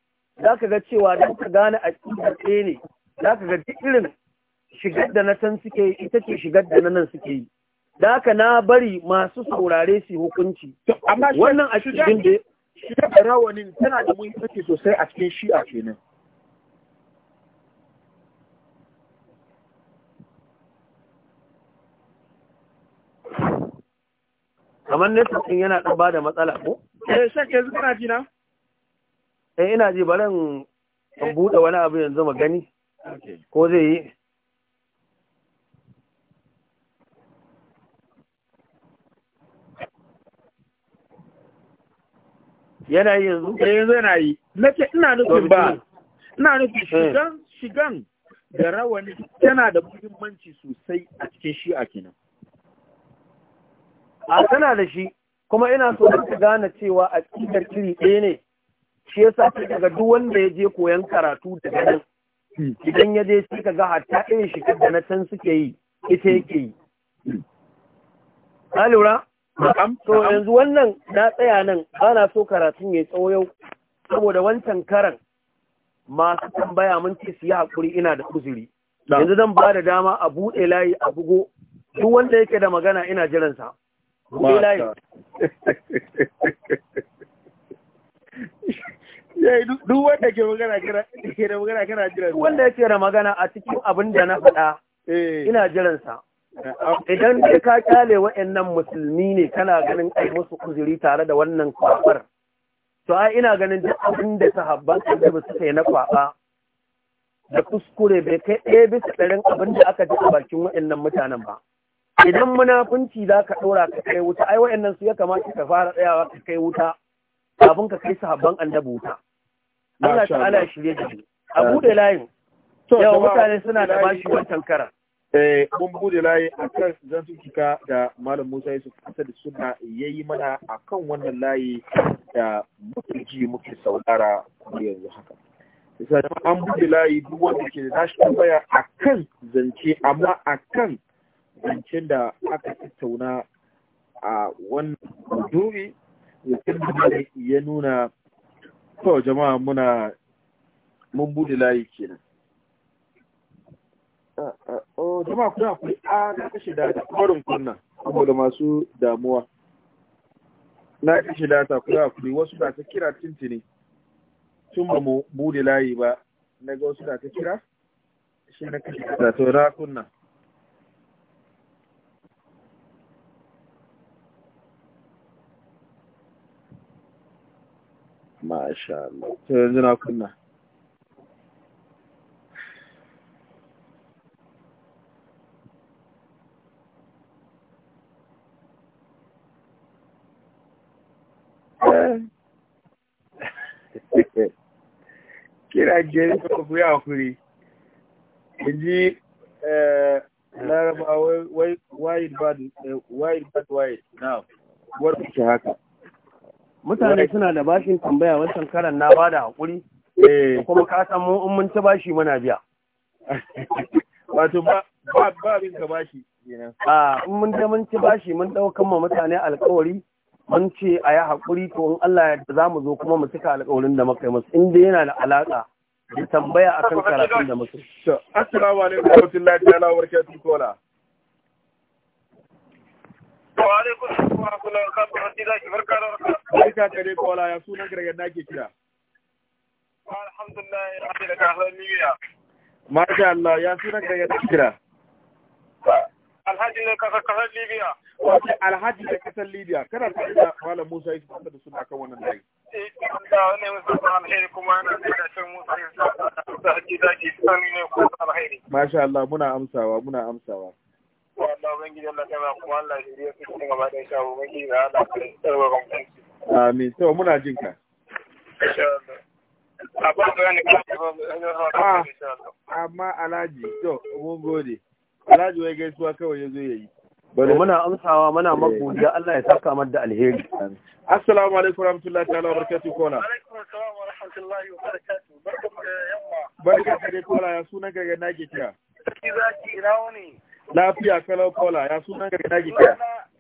za ka ga cewa don ka gane a ɗaya ne za ka ga duk irin shigar da na can suke yi ita ce shigar da na nan suke yi da haka na bari masu saurare su hukunci wannan a cikin da shigar da rawanin tana da muhimmanci sosai a cikin shi'a kenan kamar ne ɗin yana ɗan ba da matsala ko? Eh, shan yanzu kana ji na? Eh, ina ji baran in buɗe wani abu yanzu mu gani. Ko zai yi? yana yi yanzu da eh, yanzu yana yi nake ina nufin ba ina nufin eh. shigan shigan da rawani tana da muhimmanci sosai a cikin shi a kenan a tana da shi kuma ina so ka gane cewa a cikin kiri ɗaya ne shi yasa ta daga duk wanda ya je koyan karatu da nan idan ya je sai kaga hatta irin shi da na can suke yi ita yake yi ka lura To yanzu wannan na tsaya nan ba na so karatun ya tsawo yau saboda wancan karan masu tambaya mun ce su yi haƙuri ina da uzuri. Yanzu zan ba da dama a buɗe layi a bugo duk wanda yake da magana ina jiransa. Buɗe layi. (laughs) Duk wanda ke magana kana jiransa. Duk wanda yake da magana a cikin abin da na faɗa eh. ina jiransa. idan dai ka kyale wa'annan musulmi ne kana ganin ai musu uzuri tare da wannan kwabar. to ai ina ganin duk abin da sahabban annabi suka yi na kwaɓa da kuskure bai kai ɗaya bisa ɗarin abin da aka ji a bakin wa'annan mutanen ba idan munafunci za ka ɗora ka kai wuta ai wa'annan su ya kamata ka fara tsayawa ka kai wuta kafin ka kai su sahabban annabi wuta Allah ta'ala shirye da mu a buɗe layin yawa mutane suna da bashi wancan karan Eh, mun bude layi a kan kika da malam musa yusuf da suna ya yi mana a kan wannan layi da muke ji muke saurara kuma yanzu haka isa da an bude layi duk wanda ke da shi tambaya a kan zance amma a kan zancen da aka tattauna a wannan duri yakin da ya nuna kawai jama'a muna mun bude layi kenan jama'a kuna akwai a na kashe data. kwarin kunna saboda masu damuwa na kashe data ta kuna akwai wasu da ta kira tintini tun ba mu bude layi ba na ga wasu da ta kira shi na kashe data ta na kunna Masha Allah, sai yanzu na kunna. kira gari da ku ya kuri inji eh, laraba wai wide bad eh, wide bad wide now wanda ke haka mutane suna da bashin tambaya wancan karan na da hakuri eh. kuma ka samu mu in mun ci bashi muna biya (laughs) wato ba bin ka bashi kenan a ah, in mun ci bashi mun ɗaukan ma mutane alkawari mun ce a yi haƙuri to in Allah ya za mu zo kuma mu cika alƙawarin da muka yi musu in dai yana da alaƙa da tambaya akan karatun da muka yi. Assalamu alaikum wa rahmatullahi ta'ala wa barakatuhu Wa alaikum assalam wa rahmatullahi wa barakatuhu barka da ka dai kola ya sunan ka daga nake kira. Alhamdulillah ya daga Haniya. Masha Allah ya sunan ka ake kira. alhaji ne kasar kasar libya Wace alhaji ne kasar libya kana ta ina malam musa yake fada da suna kan wannan dai eh, da wannan musa ta alheri kuma yana da cin musa ya da haji daji sani ne ko alheri masha Allah muna amsawa muna amsawa wallahi ubangiji Allah kai ma kuma Allah shi ya fice gaba da shawo ubangiji da Allah kai tsarwa kan amin to muna jin ka insha Allah ah, amma alhaji to mun gode alhaji wai gaisuwa kawai ya zo ya yi bari muna amsawa muna eh. magodiya Allah ya saka mar da alheri assalamu alaikum warahmatullahi ta'ala barakatuh kona alaikum wa rahmatullahi wa barakatuh barka barka ka dai kola ya sunan ka ga nake za ki zaki ina lafiya kalau kola ya sunan ka ga nake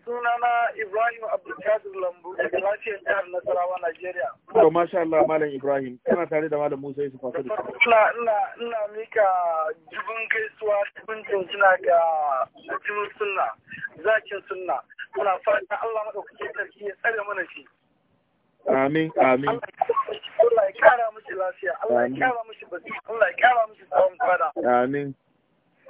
sunana Ibrahim Abdulkadir Lambu daga lafiyar jihar Nasarawa Najeriya. To masha Allah Malam Ibrahim kana tare da Malam Musa Yusuf Fasudu. Ina ina ina mika jibin gaisuwa jibin tuntuna ga jibin sunna zakin sunna. Muna fata Allah madaukakin sarki ya tsare mana shi. Amin amin. Allah ya kara mishi lafiya, Allah ya kara mishi basira, Allah ya kara mishi tsawon fada. Amin.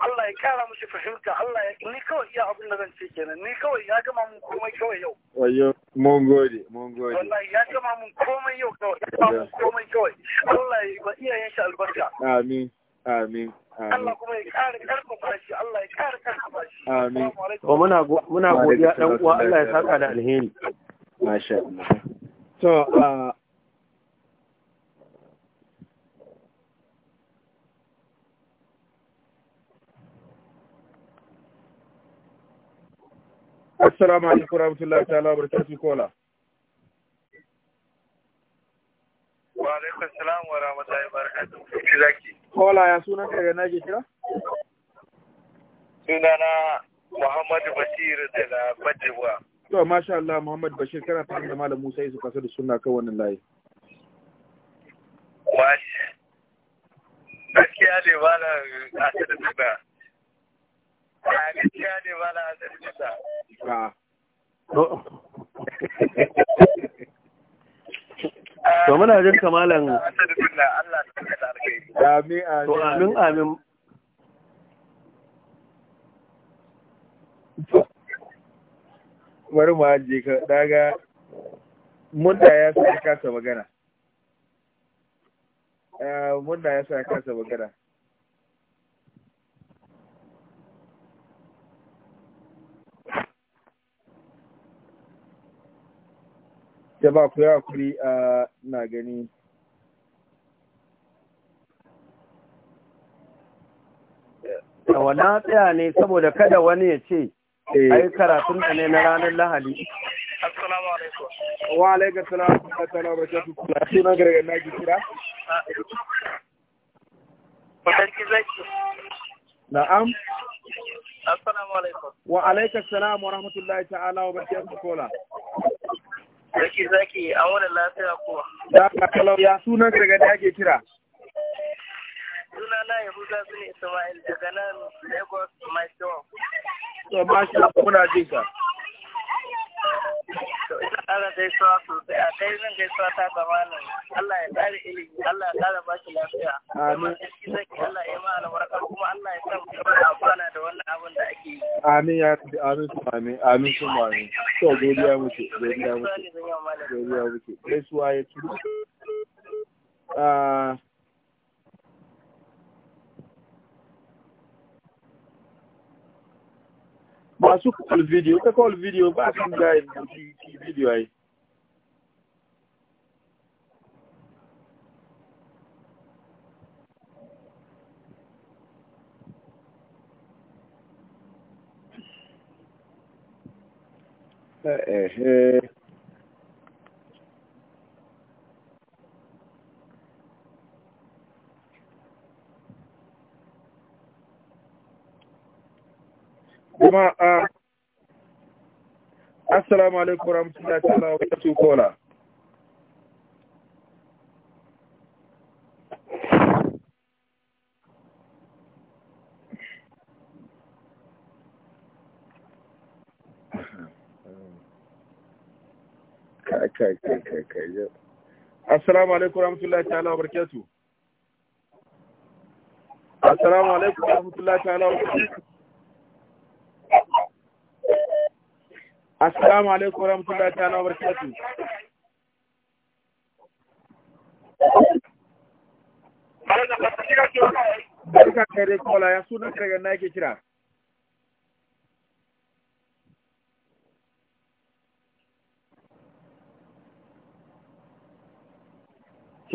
Allah ya kara musu fahimta Allah ya ni kawai iya abin da zan ce kenan ni kawai ya gama mun komai kawai yau wayo mun gode mun gode wallahi ya gama mun komai yau kawai ya gama mun komai kawai Allah ya ba yin shi albarka amin amin Allah kuma ya kara karfafa shi Allah ya kara karfafa shi amin to muna muna godiya dan uwa Allah ya saka da alheri masha Allah to uh, assalamu alaikum rahmatullahi ta'ala wa barakatuh kola wa alaikum salam wa rahmatullahi wa barakatuh zaki kola ya sunan ka na ke kira sunana muhammadu bashir daga bajewa to masha Allah Muhammad Bashir kana ta da Malam Musa su kasa da suna kan wannan layi Wash Gaskiya ne malam kasa da a ba na to muna jin kamalan amin amin amin bari mu ka daga munda ya sa kasa magana eh, ya sa kasa magana ba ku yawa kuri a na gani na tsaya ne saboda kada wani ya ce eh. ai karatun da ne na ranar lahali wa alaikum wa da salam wa rahmatullahi wa barakatuh shi na gare na ki Na'am. Assalamu alaikum. Wa alaikum salam wa rahmatullahi ta'ala wa barakatuh kola. Sarki zaki an wani lafiya ko. Ya kalau ya sunan daga ake kira. Suna na Yahuda su ne Ismail daga nan Lagos Mysore. Masha Allah muna jin ka. ina ƙara gaisuwa sosai a kai zan gaisuwa ta ga malam Allah ya ƙara ilimi Allah ya ƙara ba shi lafiya amin Allah ya ma albarka kuma Allah ya san kuma amfana da wannan abin da ake yi amin ya tafi amin kuma amin amin kuma amin to godiya muke godiya muke godiya muke gaisuwa ya ci ah, masu O video ka call o vídeo kan gayin ki que ai é eh, eh, eh. kuma a assalamu alaikum rahmatullahi ta'ala wa barakatuh kola Asalamu assalamu alaikum rahmatullahi ta'ala wa barakatuh assalamu alaikum rahmatullahi ta'ala wa barakatuh Assalamu alaikum wa rahmatullahi ta'ala wa barakatuh. ya sunan na yake kira.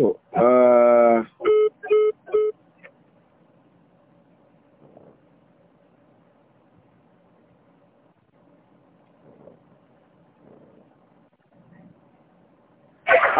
Uh,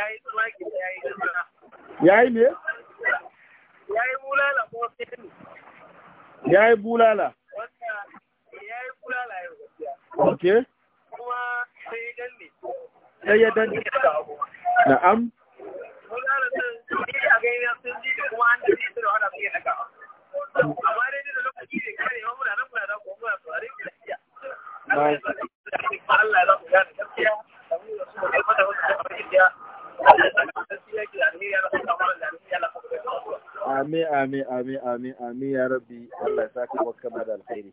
ya yi me? ya yi bulala ko ya yi bulala ya yi bulala yau ok kuma sai ya danne sai ya danne na'am bulala sun ji a gaina sun ji da kuma an da ne su da su yi daga amma dai da lokaci ne kare nan da Allah ya zaɓi ya da gaskiya da mu da su da wasu da Amin, amin, amin, amin, amin, ya rabbi Allah ya saka maka kama da alkhairi.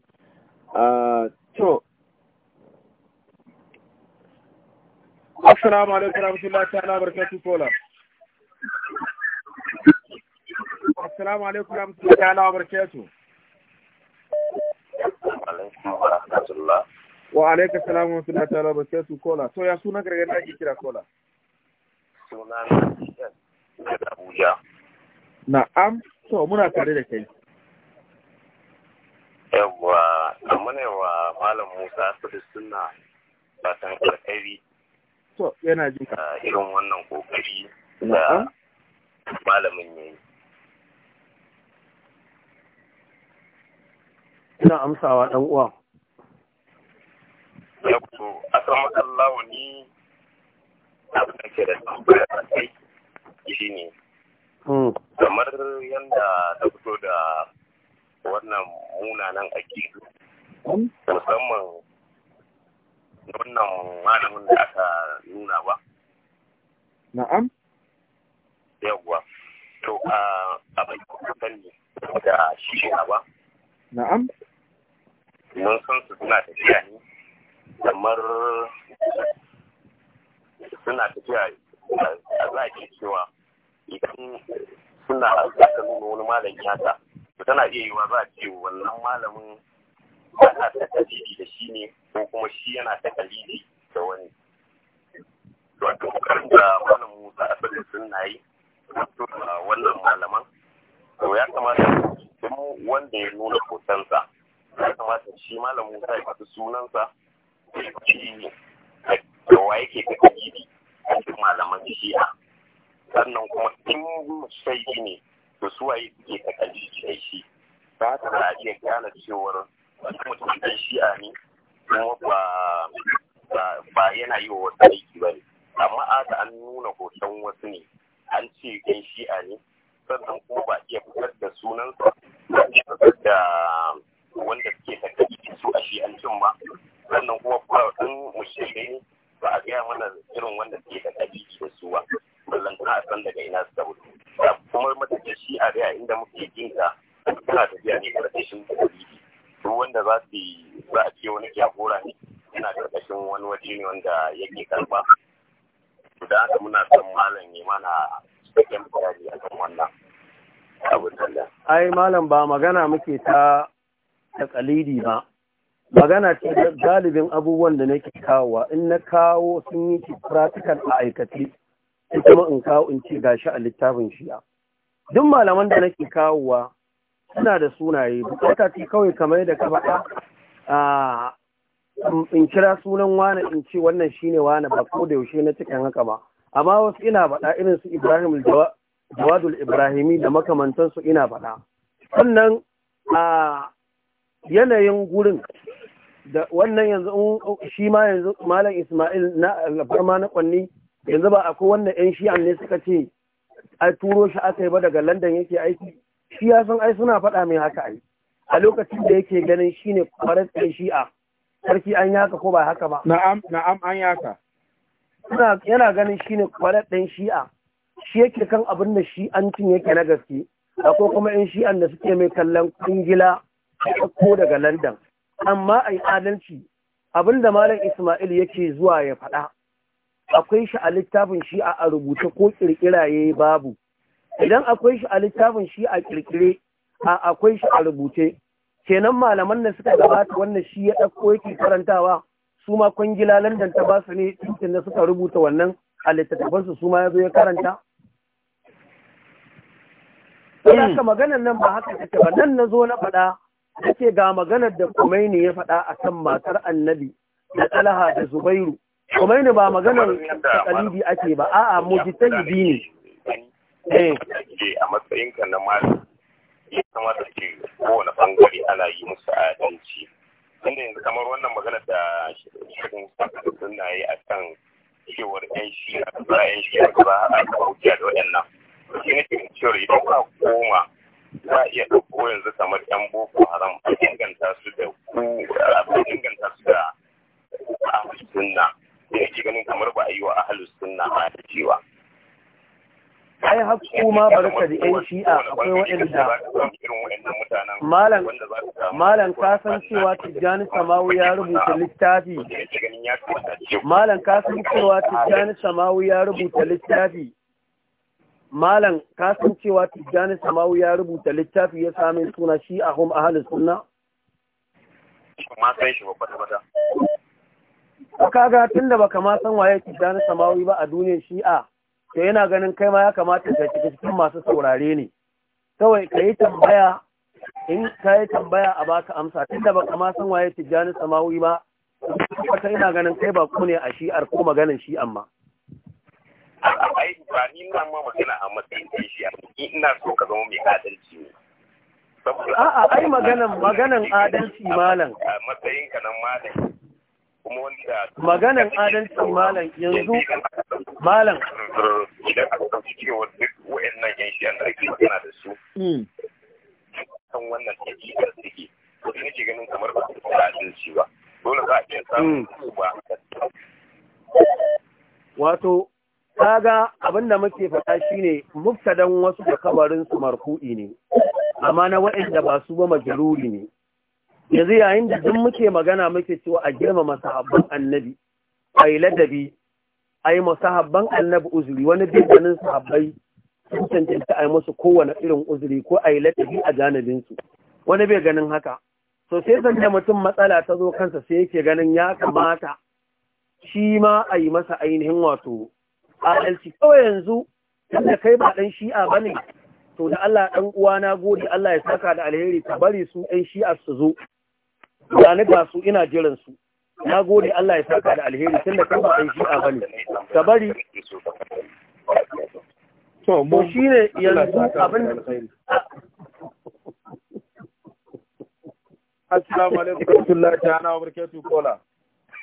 Ah, to, Assalamu alaikum warahmatullahi ta'ala barakatuh kola. Assalamu alaikum warahmatullahi ta'ala Wa alaikum salam wa rahmatullahi ta'ala barakatuh kola. To ya suna gargaɗa ake kira kola. suna na Abuja. Na'am, to muna tare da kai. Yawwa, amana wa Malam Musa Asadu suna fatan alkhairi. To, yana jin ka. Irin wannan kokari da malamin yayi. Ina amsawa ɗan uwa. Yawwa, a kan Allah wani. abin da ke da tambaya a kai shi ne hmm. kamar yadda ta fito da wannan munanan akidu hmm. musamman wannan malamin da aka nuna ba na'am yawwa to a bai kusan ne da shi ba na'am mun san su suna tafiya ne kamar suna tafiya a za a cewa idan suna zaka nuna wani malam yata tana iya yiwa za a ce wannan malamin yana ta kalidi da shi ne ko kuma shi yana ta kalidi da wani wato karanta malam musa asalin suna yi wannan malaman to ya kamata tun wanda ya nuna hotonsa ya kamata shi malam musa ya faɗi sunansa ya faɗi da wa yake da tauhidi a cikin malaman shi'a sannan kuma in sai ne da su waye suke da kalli da shi ba haka za iya gane cewar wani mutum da shi'a ne kuma ba ba yana yi wa wasu aiki ba ne amma aka an nuna hoton wasu ne an ce gan shi'a ne sannan kuma ba iya fitar da sunansa ba iya fitar da wanda suke da su a cin ba sannan kuma ba ɗan mushe ne ba a gaya mana irin wanda ke da ɗabi'i da suwa wannan ta san daga ina suka fito da kuma matakin shi a gaya inda muke jinka tana tafiya ne ƙarƙashin ɗabi'i duk wanda za su yi za a ce wani jagora ne yana ƙarƙashin wani waje ne wanda yake karɓa da haka muna son malam ne mana cikakken bayani a kan wannan abin da ai malam ba magana muke ta ta kalidi ba magana ce da galibin abubuwan da nake kawowa in na kawo sun yi practical a aikace in kuma in kawo in ce gashi a littafin shi'a duk malaman da nake kawowa suna da sunaye bukata ce kawai kamar da ka faɗa in kira sunan wani in ce wannan shine wani ba ko da yaushe na cikin haka ba amma wasu ina faɗa irin su Ibrahim Jawadul Ibrahimi da makamantansu ina faɗa sannan a yanayin gurin da wannan yanzu shi ma yanzu malam Ismail na alfarma na kwanni yanzu ba akwai wannan yan shi'an ne suka ce ai turo shi aka yi ba daga London yake aiki shi ya san ai suna faɗa mai haka ai a lokacin da yake ganin shi ne kwarar ɗan shi'a sarki an yaka ko ba haka ba na'am na'am an yaka yana ganin shi ne kwarar ɗan shi'a shi yake kan abin da shi'ancin yake na gaske akwai kuma yan shi'an da suke mai kallon kungila ko daga London amma a yi adalci abinda malam Ismail yake zuwa ya faɗa akwai shi a littafin shi a rubuce ko ya yi babu idan akwai shi a littafin shi a ƙirƙire a akwai shi a rubuce kenan malaman da suka gabata wannan shi ya ɗauko yake karantawa su ma kwangila Landan ta ba su ne cikin da suka rubuta wannan a littattafansu su ma ya zo ya karanta Ina ka maganan nan ba haka take ba nan na zo na faɗa Ake ga maganar da Kumaini ya faɗa a akan matar Annabi da Talha da Zubairu Kumaini ba maganar takalidi ake ba a'a mujtahidi ne eh. a matsayin matsayinka na malam ya kamata ke kowane bangare ana yi musu adalci inda yanzu kamar wannan maganar da shirin suna yi a kan cewar yan shi a kasa yan shi a kasa a kasa da waɗannan shi ne cewar idan ka koma za a iya ɗauko yanzu kamar 'yan boko haram a inganta su da ku a inganta su da ahlus sunna da yake ganin kamar ba a yi wa ahlus sunna ba da cewa ai hakku ma barka da yan shi'a akwai waɗanda malam malam ka san cewa tijjani samawu ya rubuta littafi malam ka san cewa tijjani samawu ya rubuta littafi malam cewa tijjani samawu ya rubuta littafi ya sami suna shi a hum a halin suna? kuma ga tun da baka ma san waye tijjani Samawu ba a duniyar shi'a to yana ganin kai ma ya kamata ka shiga cikin masu saurare ne kawai ka yi tambaya in ka yi tambaya a baka amsa tun da baka ma san waye tijjani Samawu ba kuma yana ganin kai ba ku ne a shi'ar ko maganin shi'an ma a ai ba ni na ma magana a matsayin kishiya ni ina so ka zama mai adalci ne a'a ai maganan maganan adalci malam a matsayin ka nan malam kuma wanda maganan adalci malam yanzu malam idan aka ɗauki cewa duk wa'annan yan shi da ake magana da su hmm. kan wannan ɗabi'ar suke to ne ke ganin kamar ba su da adalci ba dole za a iya samun ba hmm. wato kaga abinda muke faɗa shine muftadan wasu da kabarin su marfu'i ne amma na waɗanda ba su ba majruri ne yanzu yayin da duk muke magana muke cewa a girmama sahabban annabi ai ladabi ai musahabban annabi uzuri wani biddanin sahabbai sun cancanta ai musu kowane irin uzuri ko ai ladabi a janabinsu. wani bai ganin haka so sai sanda mutum matsala ta zo kansa sai yake ganin ya kamata shi ma a yi masa ainihin wato adalci kawai yanzu tunda kai ba ɗan shi'a ba ne to da Allah ɗan uwana gode Allah ya saka da alheri ka bari su ɗan shi'a su zo ga ni ba su ina jiran su na gode Allah ya saka da alheri tunda kai ba ɗan shi'a ba ne ka bari to mu shine yanzu abin Assalamu alaikum wa rahmatullahi wa barakatuh kola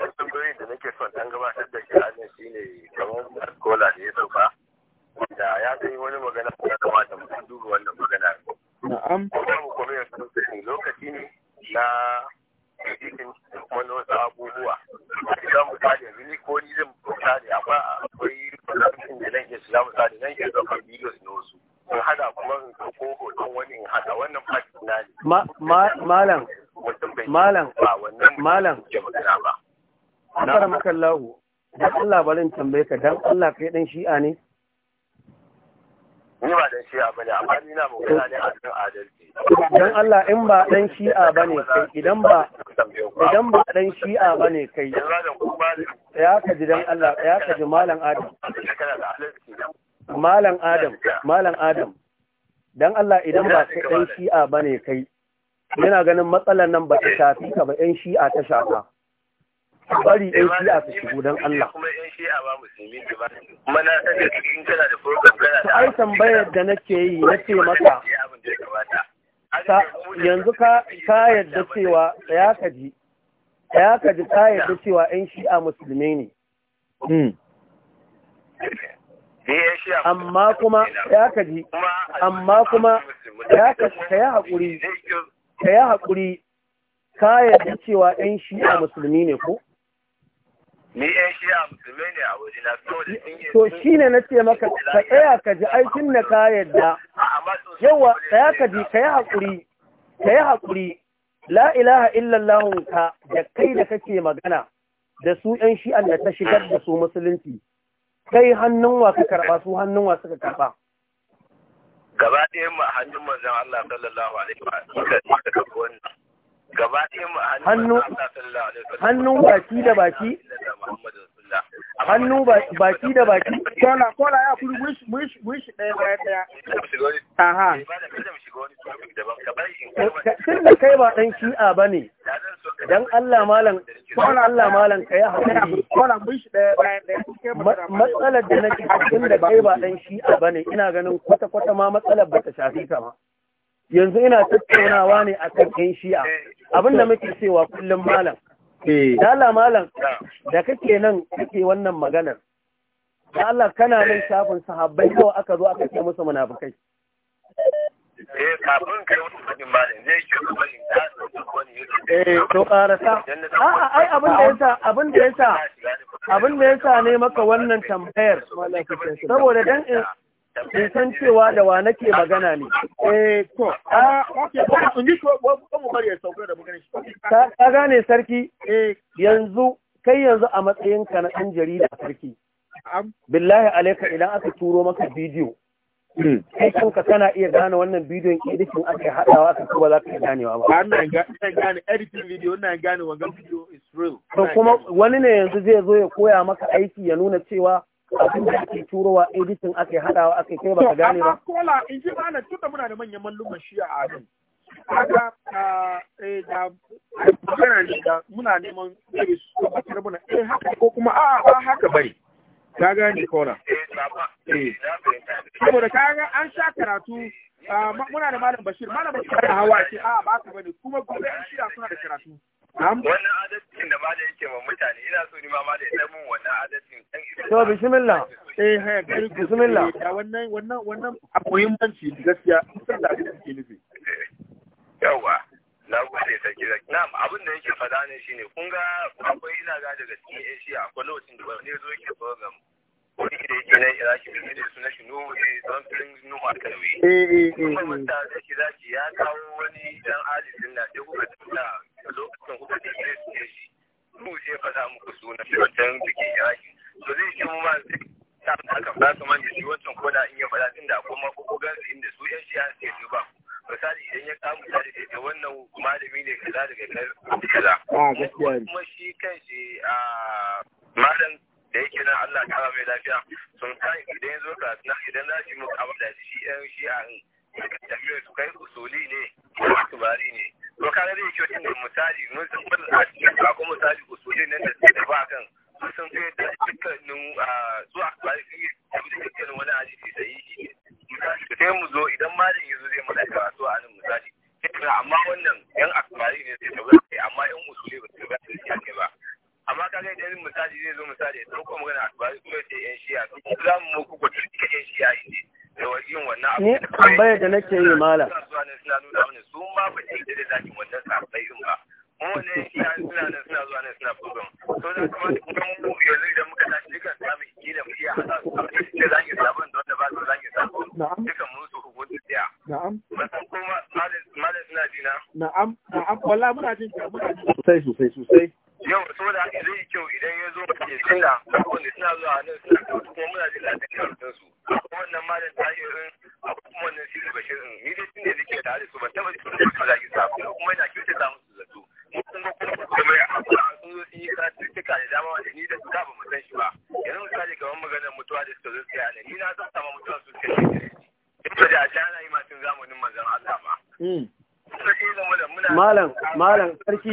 Yan tambayoyin da nake son ɗan gabatar da shi a nan shi ne kamar kola da ya sauka. Da ya san wani magana ko ya kamata mu duba wannan magana. Na'am. Kuma mu kuma yanzu lokaci ne na editing da kuma na wasu abubuwa. Za mu tsari yanzu ni ko ni zan tsari akwai akwai fasahin da nan ke su za mu tsari nan ke zaɓar videos ne wasu. In hada kuma in ko hoton wani in hada wannan fasahin na ne. Malam. Malam. Malam. akara makallahu dan Allah barin tambaye ka Allah kai shi'a ne ni ba shi'a amma ni na ne a cikin adalci Allah in ba ɗan shi'a kai idan ba idan ba shi'a kai ya ka ji dan Allah ya ka ji malam Adam malam Adam malam Adam dan Allah idan ba kai ɗan shi'a ne kai yana ganin matsalar nan ba ta shafi ka ba yan shi'a ta shafa bari ɗan shi a shigo don Allah. Ai tambayar da nake yi na ce maka yanzu ka yadda cewa ya kaji ya kaji ka yadda cewa ‘yan shi'a musulmi ne. Amma kuma ya kaji, amma kuma ya kaji ka yi haƙuri, ka yi haƙuri ka yadda cewa ‘yan shi'a musulmi ne ko? ni yan shi a Musulmi ne a waje na to shi ne na ce maka ka tsaya ka ji aikin na ka yadda yawa tsaya ka ji ka yi haƙuri ka yi haƙuri la ilaha illallahun ka da kai da kake magana da su yan an da ta shigar da su musulunci kai hannun wa ka karɓa su hannun wa suka karɓa gaba ɗaya ma hannun manzon Allah sallallahu alaihi wa sallam ka karɓi wannan hannu baki da baki hannu baki da baki kola kola ya kuri mun shi ɗaya bayan ɗaya aha eh, eh, tun da kai ba ɗan shi'a ba ne don Allah malam kola Allah malam ka hannu kola wish shi ɗaya ɗaya matsalar da na tun da kai ba ɗan shi'a ba ne ina ganin kwata-kwata ma matsalar ba ta shafi ta ma yanzu ina tattaunawa ne a kan ƴan shi'a eh, abin da muke cewa kullum malam dala eh. malam da kake nan kake wannan maganar da Allah kana nan shafin sahabbai kawai aka zo aka ce musu munafukai eh, eh to karasa a'a ai abin da yasa abin da yasa abin da yasa ne maka wannan tambayar saboda dan in san cewa da wa nake magana ne eh to a ko mu bari ya sauka da magana shi ka gane sarki eh. yanzu kai yanzu a matsayinka na ɗan jarida sarki billahi alaika idan aka turo maka bidiyo kai kanka kana iya gane wannan bidiyon editing aka yi haɗawa ka kuma za ka iya ganewa ba. Ina gane editing video ina gane wannan video is real. To kuma wani ne yanzu zai zo ya koya maka aiki ya nuna cewa abin da ake turowa editing ake hadawa ake kai ba ka gane ba. To kola in ji malam tun da muna da manyan mallumar shi a abin. Haka ah, eh, da magana ne da muna neman zai su tabbatar muna eh haka ko kuma a ba haka bane. Ka gane kola. Eh. Saboda ka ga an sha karatu ah, muna da malam Bashir malam Bashir da hawa ce a ba ka bane kuma gobe an shirya suna da karatu. Wannan adalcin da ma da yake wa mutane ina so ni ma ma da ya mun wannan adalcin kan ita. To bismillah. Eh haya eh, eh, bismillah. Ya eh, wannan wannan wannan muhimmanci gaskiya bismillah da yake nufi. Yawa. Na gode sarki zaki. Na'am abin da yake fada ne shine kun ga akwai ina ga daga cikin Asia akwai lokacin da wani zo yake program wani da yake na iraki da da suna shi nuhu ne don tun nuhu a kalwi kuma mutta da shi zaki ya kawo wani dan alisin na sai kuka tuna lokacin kuka da ke su ne shi nuhu sai faɗa muku suna shi wancan da ke iraki to zai ce mu ma sai da haka ba su man da shi wancan ko da in ya faɗa tun da kuma ko gan su inda su yan shi ya ce su ba misali idan ya kamu ta da da wannan malami ne kaza daga kaza ah, kuma shi kan shi a ah, malam da yake nan Allah ya kara mai lafiya sun kai idan zo ka na idan za shi muka da shi ɗan shi a tambayar su kai usuli ne ko bari ne to kaga zai kyau tun da misali mun san ban a ba ko misali usuli nan da su ba kan sun san kai da dukkanin zuwa bari sun yi dukkanin wani hadisi da yi misali sai mu zo idan malin ya zo zai mana su a nan misali amma wannan yan akbari ne sai ta amma yan usuli ba su ba su ba amma ka ga idan misali zai zo misali ya ko magana a tuba kuma ce yan shiya su za mu muku ku turke yan shiya ne da wajin wannan abu ne tambaya da nake yi mala suna nuna mana su ma ba ce da zakin wannan sabai din ba mu ne shiya suna nan suna zuwa nan suna bugun to da kuma mun mu yanzu da muka tashi dukan samu ki da mu iya hada da zakin sabon da wanda ba su zakin sabon dukan mun su hukunta tsaya na'am kuma malam malam suna jina na'am na'am wallahi muna jin ka muna jin sosai sosai sosai saboda zai yi kyau idan ya zo ya suna wanda suna zuwa nan suna kyautu kuma muna jin daɗin kyautun su wannan malam a kuma wannan sirri bashirin ni dai tun nake tare su ban da zaki kuma zato ga kuma sun zo sun yi karatuttuka da dama wanda ni da su ba mu san shi ba yanzu misali kamar maganar mutuwa da suka zo yana ni na sama mutuwa su da a cana yi masu zamanin manzan Allah ba. Hmm. Malam, malam, sarki,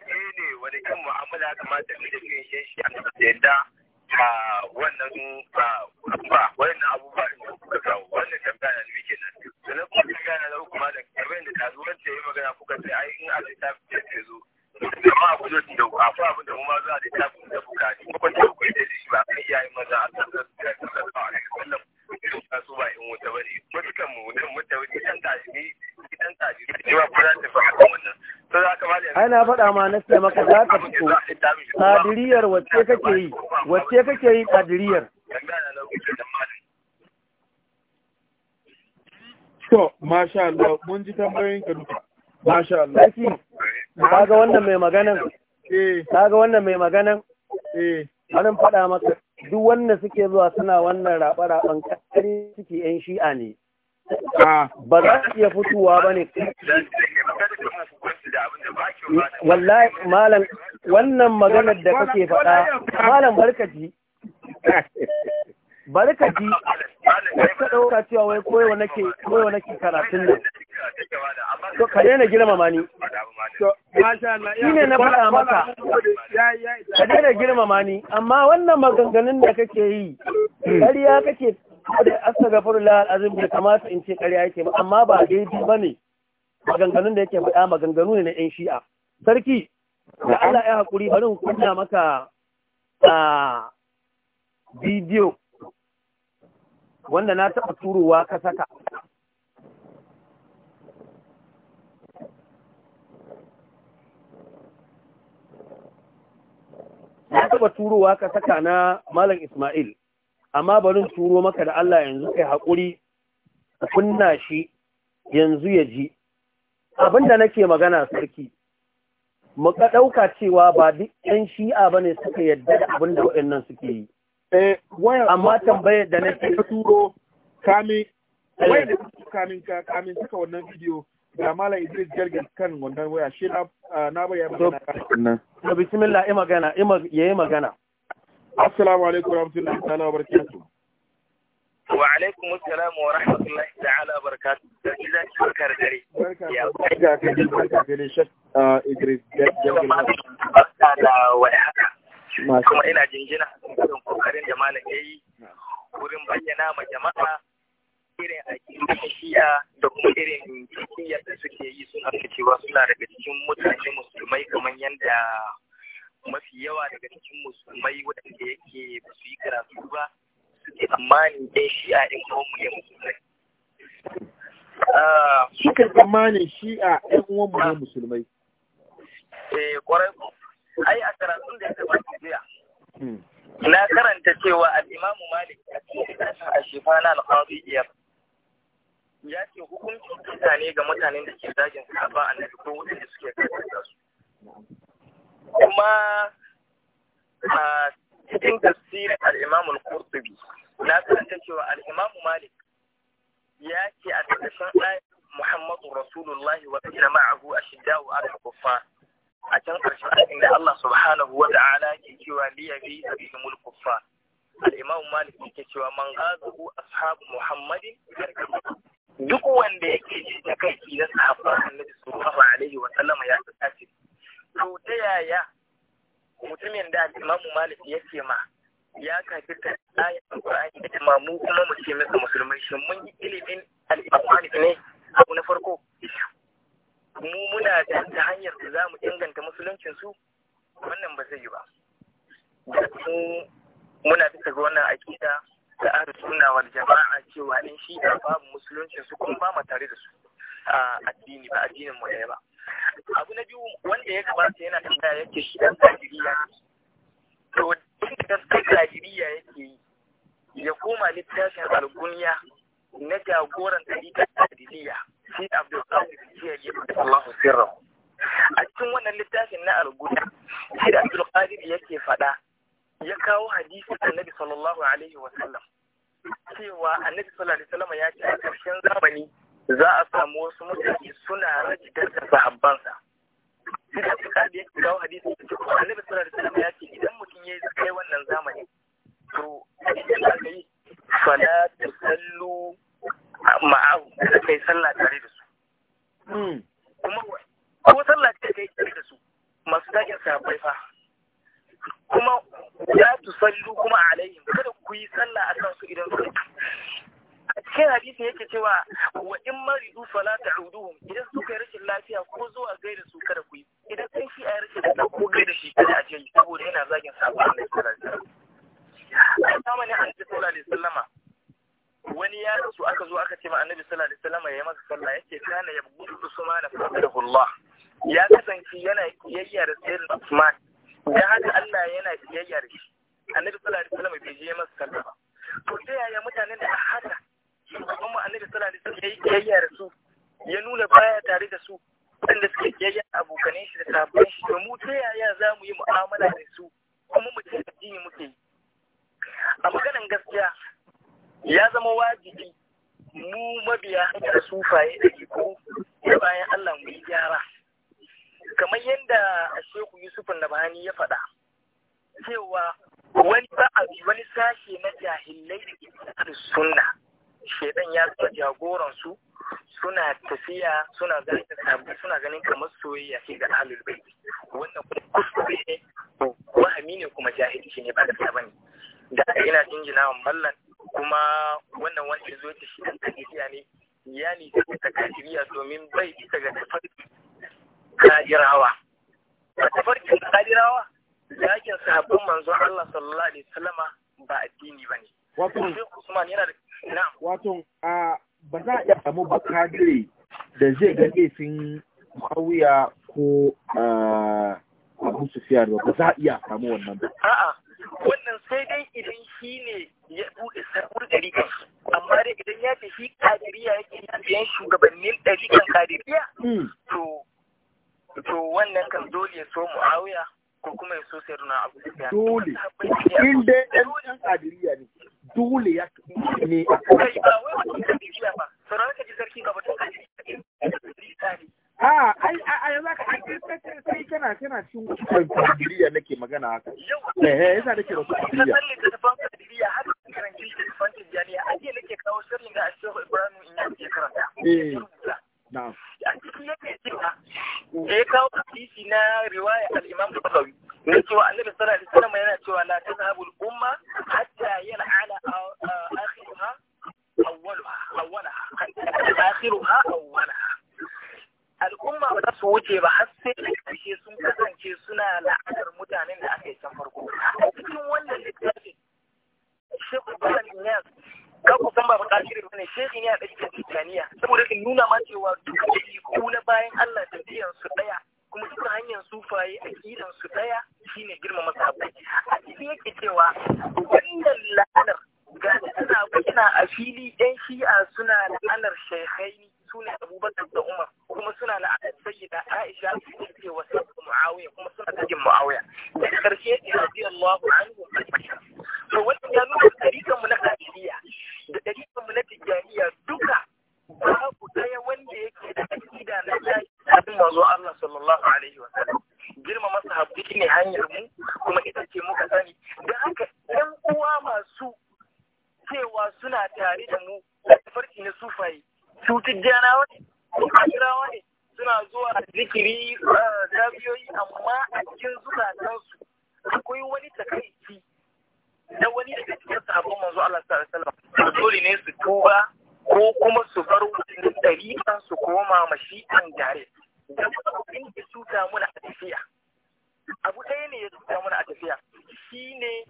faɗa ma na ce maka za ka fito kadiriyar wacce kake yi wacce kake yi kadiriyar to masha Allah mun ji tambayoyin ka duka masha Allah ga wannan mai maganan eh ga wannan mai maganan eh bari faɗa maka duk wanda suke zuwa suna wannan raɓa-raɓan ƙasari suke 'yan shi'a ne. Ah. Ba za su iya fitowa ba ne wallahi malam wannan maganar da kake faɗa malam barkaji barkaji ka ɗauka cewa wai koyo nake koyo nake karatun nan to ka daina girmama ni shi ne na faɗa maka ka daina girmama ni amma wannan maganganun da kake yi ƙarya kake da astagfirullah alazim bai kamata in ce ƙarya yake ba amma ba daidai bane maganganun da yake faɗa maganganu ne na 'yan shi'a sarki da Allah ya haƙuri bari mu kunna maka a bidiyo wanda na taɓa turowa ka saka na taɓa turowa ka saka na Malam Ismail amma barin turo maka da Allah yanzu kai haƙuri kunna shi yanzu ya ji abinda nake magana sarki muka ɗauka cewa ba duk ƴan shi'a ba ne suka yadda da abin da waɗannan suke yi. Eh, Amma tambayar da na ke turo kamin wayar da kamin kamin suka wannan bidiyo ga Malam Idris Jirgin kan wannan waya shi na na bayyana magana. To bismillah i magana i yayi magana. Assalamu alaikum warahmatullahi ta'ala wa barakatuh. Wa alaikum assalam wa rahmatullahi ta'ala wa barakatuh. Zan da da Kuma ina jinjina kan kokarin da malam wurin bayyana ma jama'a irin aƙidar shi'a da kuma irin kiyar da suke yi suna da cewa suna daga cikin mutane musulmai kamar yadda mafi yawa daga cikin musulmai waɗanda yake ba su yi karatu ba suke tsammanin ɗan shi'a ɗin uwan mu ne musulmai. Ah, suke tsammanin shi'a ɗan uwan mu ne musulmai. Eh, kwarai ku. Ai, a karatun da ya gabata jiya. Hmm. Na karanta cewa al'imamu Malik a cikin tashin a shefana na al'adu iyar. Ya ce hukuncin kisa ne ga mutanen da ke zagin a annabi ko da suke karanta su. Kuma ah, cikin tafsirin al-Imam al-Qurtubi na karanta cewa al-Imam Malik ya ce a ƙarƙashin ayat Muhammadu Rasulullahi wa inna ma'ahu ashidda'u 'ala al-kuffar a can ƙarshen ayatin da Allah subhanahu wa ta'ala ke cewa liyabi sabihimul kuffar al-Imam Malik yake cewa man ghazahu ashabu Muhammadin duk wanda yake ji takaici na sahabban Annabi sallallahu alaihi wa sallama ya tsaya to ta yaya mutumin da imamu malik ya ce ma ya kafi ta ayat qurani da mu kuma mu ce masa musulmai shi mun yi ilimin al-imamu malik ne abu na farko mu muna da ta hanyar da za inganta musuluncin su wannan ba zai yi ba mu muna bisa ga wannan akida da ahlus sunna wal jama'a cewa in shi da babu musuluncin su kuma ba mu tare da su a addini ba addinin mu ɗaya ba abu na biyu wanda ya kamata yana tambaya yake shi dan tajiriya to duk da kai tajiriya yake yi ya koma littafin al'guniya na jagoran ta tajiriya shi abdul qadir jiyari Allahu sirrahu a cikin wannan littafin na al'guniya, shi da abdul qadir yake faɗa ya kawo hadisi annabi sallallahu alaihi wa sallam cewa annabi sallallahu alaihi wa sallam ya ce a ƙarshen zamani za a samu wasu mutane suna rage da sahabbansa duka duka da yake kawo hadisi da kuma annabi sallallahu alaihi wasallam ya ce idan mutum ya kai wannan zamani to idan aka yi fala tusallu ma'ahu da kai sallah tare da su hmm. kuma ko sallah ce kai tare da su masu dajin sahabbai fa kuma la tusallu kuma alaihim kada ku yi sallah kan su idan su a cikin hadisi yake cewa wa in maridu salata uduhum idan suka yi rashin lafiya ko zuwa gaida su kada ku yi idan sai shi a rashin lafiya ko gaida shi kada a je saboda yana zagin sabon Allah sallallahu alaihi wasallam a zamanin ji sallallahu alaihi wasallam wani ya rasu aka zo aka ce ma annabi sallallahu alaihi wasallama yayi masa sallah yake kana yabdu usman fa Allah ya kasance yana kiyayya da sayyidina usman dan haka Allah yana kiyayya da shi annabi sallallahu alaihi wasallam bai je masa sallah ba to ta yaya mutanen da a haka shugaban mu annabi sallallahu alaihi wasallam yayi kiyayya da su ya nuna baya tare da su wanda suke kiyayya abokanin shi da sabon shi to mu ta yaya za mu yi mu'amala da su kuma mu ce addini muke yi a maganan gaskiya ya zama wajibi mu mabiya hanyar sufaye da ko ya bayan Allah mu yi gyara kamar yadda Shehu Yusuf Nabhani ya faɗa cewa wani ba wani sashe na jahilai da ke da sunna shedan ya zama jagoran su suna tafiya suna ganin suna ganin kamar soyayya ce ga ahlul bait wannan kuma kuskure ne wahami ne kuma jahilci ne ba gaskiya bane da ina jinjina wa mallan kuma wannan wanda zo ta shi da kadiriya ne ya ni ta kafiriya domin bai isa ga tafarki kadirawa ta tafarki kadirawa yakin sahabban manzon Allah sallallahu alaihi wasallama ba addini bane wato Usman yana da Wato, ba za a iya samu bakadire da zai ga efin kawuya ko Abu Sufyan ba, ba za a iya samu wannan ba. A'a, wannan sai dai idan shi ne ya buɗe sabon ɗariƙar amma da idan ya tafi kadiriya yake biyan shugabannin ɗariƙar kadiriya hmm. to to wannan kan dole so mu'awuya. ko kuma ya so sai runa abu dole in dai ɗan ɗan adiliya ne dole ya ne a kai ba wai wani adiliya ba sauran ka ji sarki ga mutum a ai a yanzu ka ai sai kana kana cin kuɗin adiliya nake magana haka eh, eh yasa nake da kuɗin adiliya adiliya har karanci da fantin jani a ajiye nake kawo sirrin ga Ashehu Ibrahim in ya karanta eh ya cikin yake cewa da ya kawo hadisi na riwaya al-imam bukhari annabi yana cewa la tazhabu al-umma al'umma ba za su wuce ba har sai da sun kasance suna la'anar mutanen da aka yi can farko a cikin wannan littafin ka ku san ba ba bane shehi ne a ɗari da saboda in nuna ma cewa duka da ku na bayan Allah da biyan su ɗaya kuma duka hanyar sufaye a kidan su ɗaya shine girma masahabai a cikin yake cewa wannan la'anar ga kuna a fili yan shi'a suna la'anar shehaini su ne abubakar da umar kuma suna na sayyida aisha da ke wasu muawiya kuma suna da jin muawiya daga karshe ya rabi allahu anhu to wannan ya nuna dariƙan mu na kafiriya da dariƙan mu na tijjaniya duka babu ɗaya wanda yake da aƙida na abin manzo Allah sallallahu alaihi wa sallam girmama sahabbi ne hanyar mu kuma ita ce muka sani da haka ɗan uwa masu cewa suna tare da mu farki na sufai su tijjanawa suna zuwa zikiri za'biyoyi, eh, amma a cikin zukatansu akwai wani takaici na wani da cikin sabon manzo Allah sallallahu dole ne su tuba ko kuma su bar wani dariƙan su koma mashi'an gare da abin da cuta muna a tafiya abu ɗaya ne ya cuta muna a tafiya shine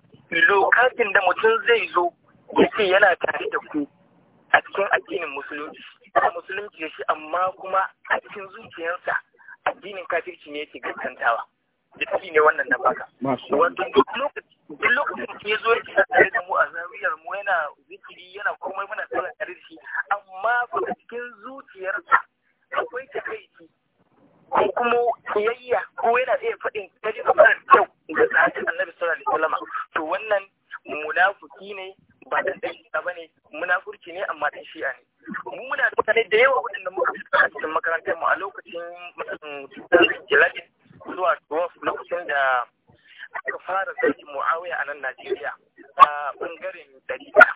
lokacin da mutum zai zo yake yana tare da ku a cikin addinin musulunci a musulunci da shi amma kuma a cikin zuciyarsa addinin kafirci ne yake gaskantawa misali ne wannan na baka wato duk lokacin da ya zo yake tare da mu a zariyar mu yana zikiri yana komai muna sallar tare da shi amma a cikin zuciyarsa akwai takaici ko kuma kiyayya ko yana iya faɗin kaji kamar kyau ga tsarin annabi sallallahu alaihi wasallam to wannan munafuki ne ba dan dan ba ne. munafurci ne amma dan shi'a ne mu muna da mutane da yawa waɗanda muka fita a cikin makarantar mu a lokacin jilabin zuwa tuwaf lokacin da aka fara zargin muawiya a nan najeriya a bangaren dalila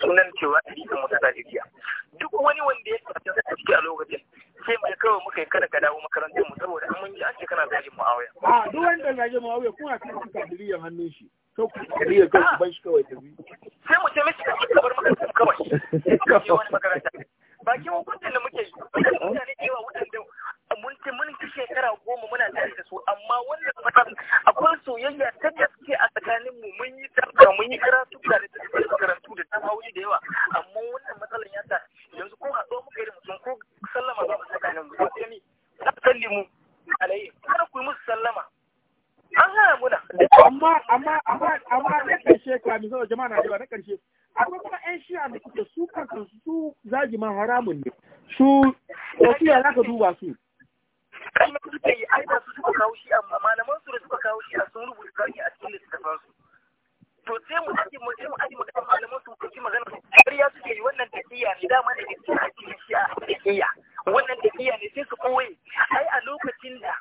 sunan cewa dalilin wata najeriya duk wani wanda ya fita a ciki a lokacin sai mai kawai muka yi kada ka dawo makarantar mu saboda an mun ji an ce kana zargin muawiya a ah, duk wanda zargin muawiya kuma a cikin kafiriyan hannun shi kariya kan ban shi kawai tafi sai mu ce mishi ka kabar makarantar kawai wani makaranta bakin hukuncin da muke yi mutane da yawa waɗanda mun ce mun ci shekara goma muna tare da su amma wannan matan akwai soyayya ta gaske a tsakanin mu mun yi tafiya mun yi karatu da karatu da ta tafawoyi da yawa amma wannan matsalan ya sa yanzu ko haɗo muka yi mutum ko sallama ba mu tsakanin mu ko sai ni sallimu alayhi kada ku yi musu sallama an hana muna amma amma amma amma na karshe ka mi jama'a na jira na karshe akwai kuma ƴan shi'a da kuke su kankan su zagi ma haramun ne su da su ya zaka duba su kallon suke yi ai su suka kawo shi amma malaman su da suka kawo shi sun rubuta zagi a cikin littattafan su to sai mu aje mu sai mu aje magana malaman su kuke magana ƙarya suke yi wannan tafiya ne dama da gaskiya a cikin shi'a tafiya wannan tafiya ne sai su koyi ai a lokacin da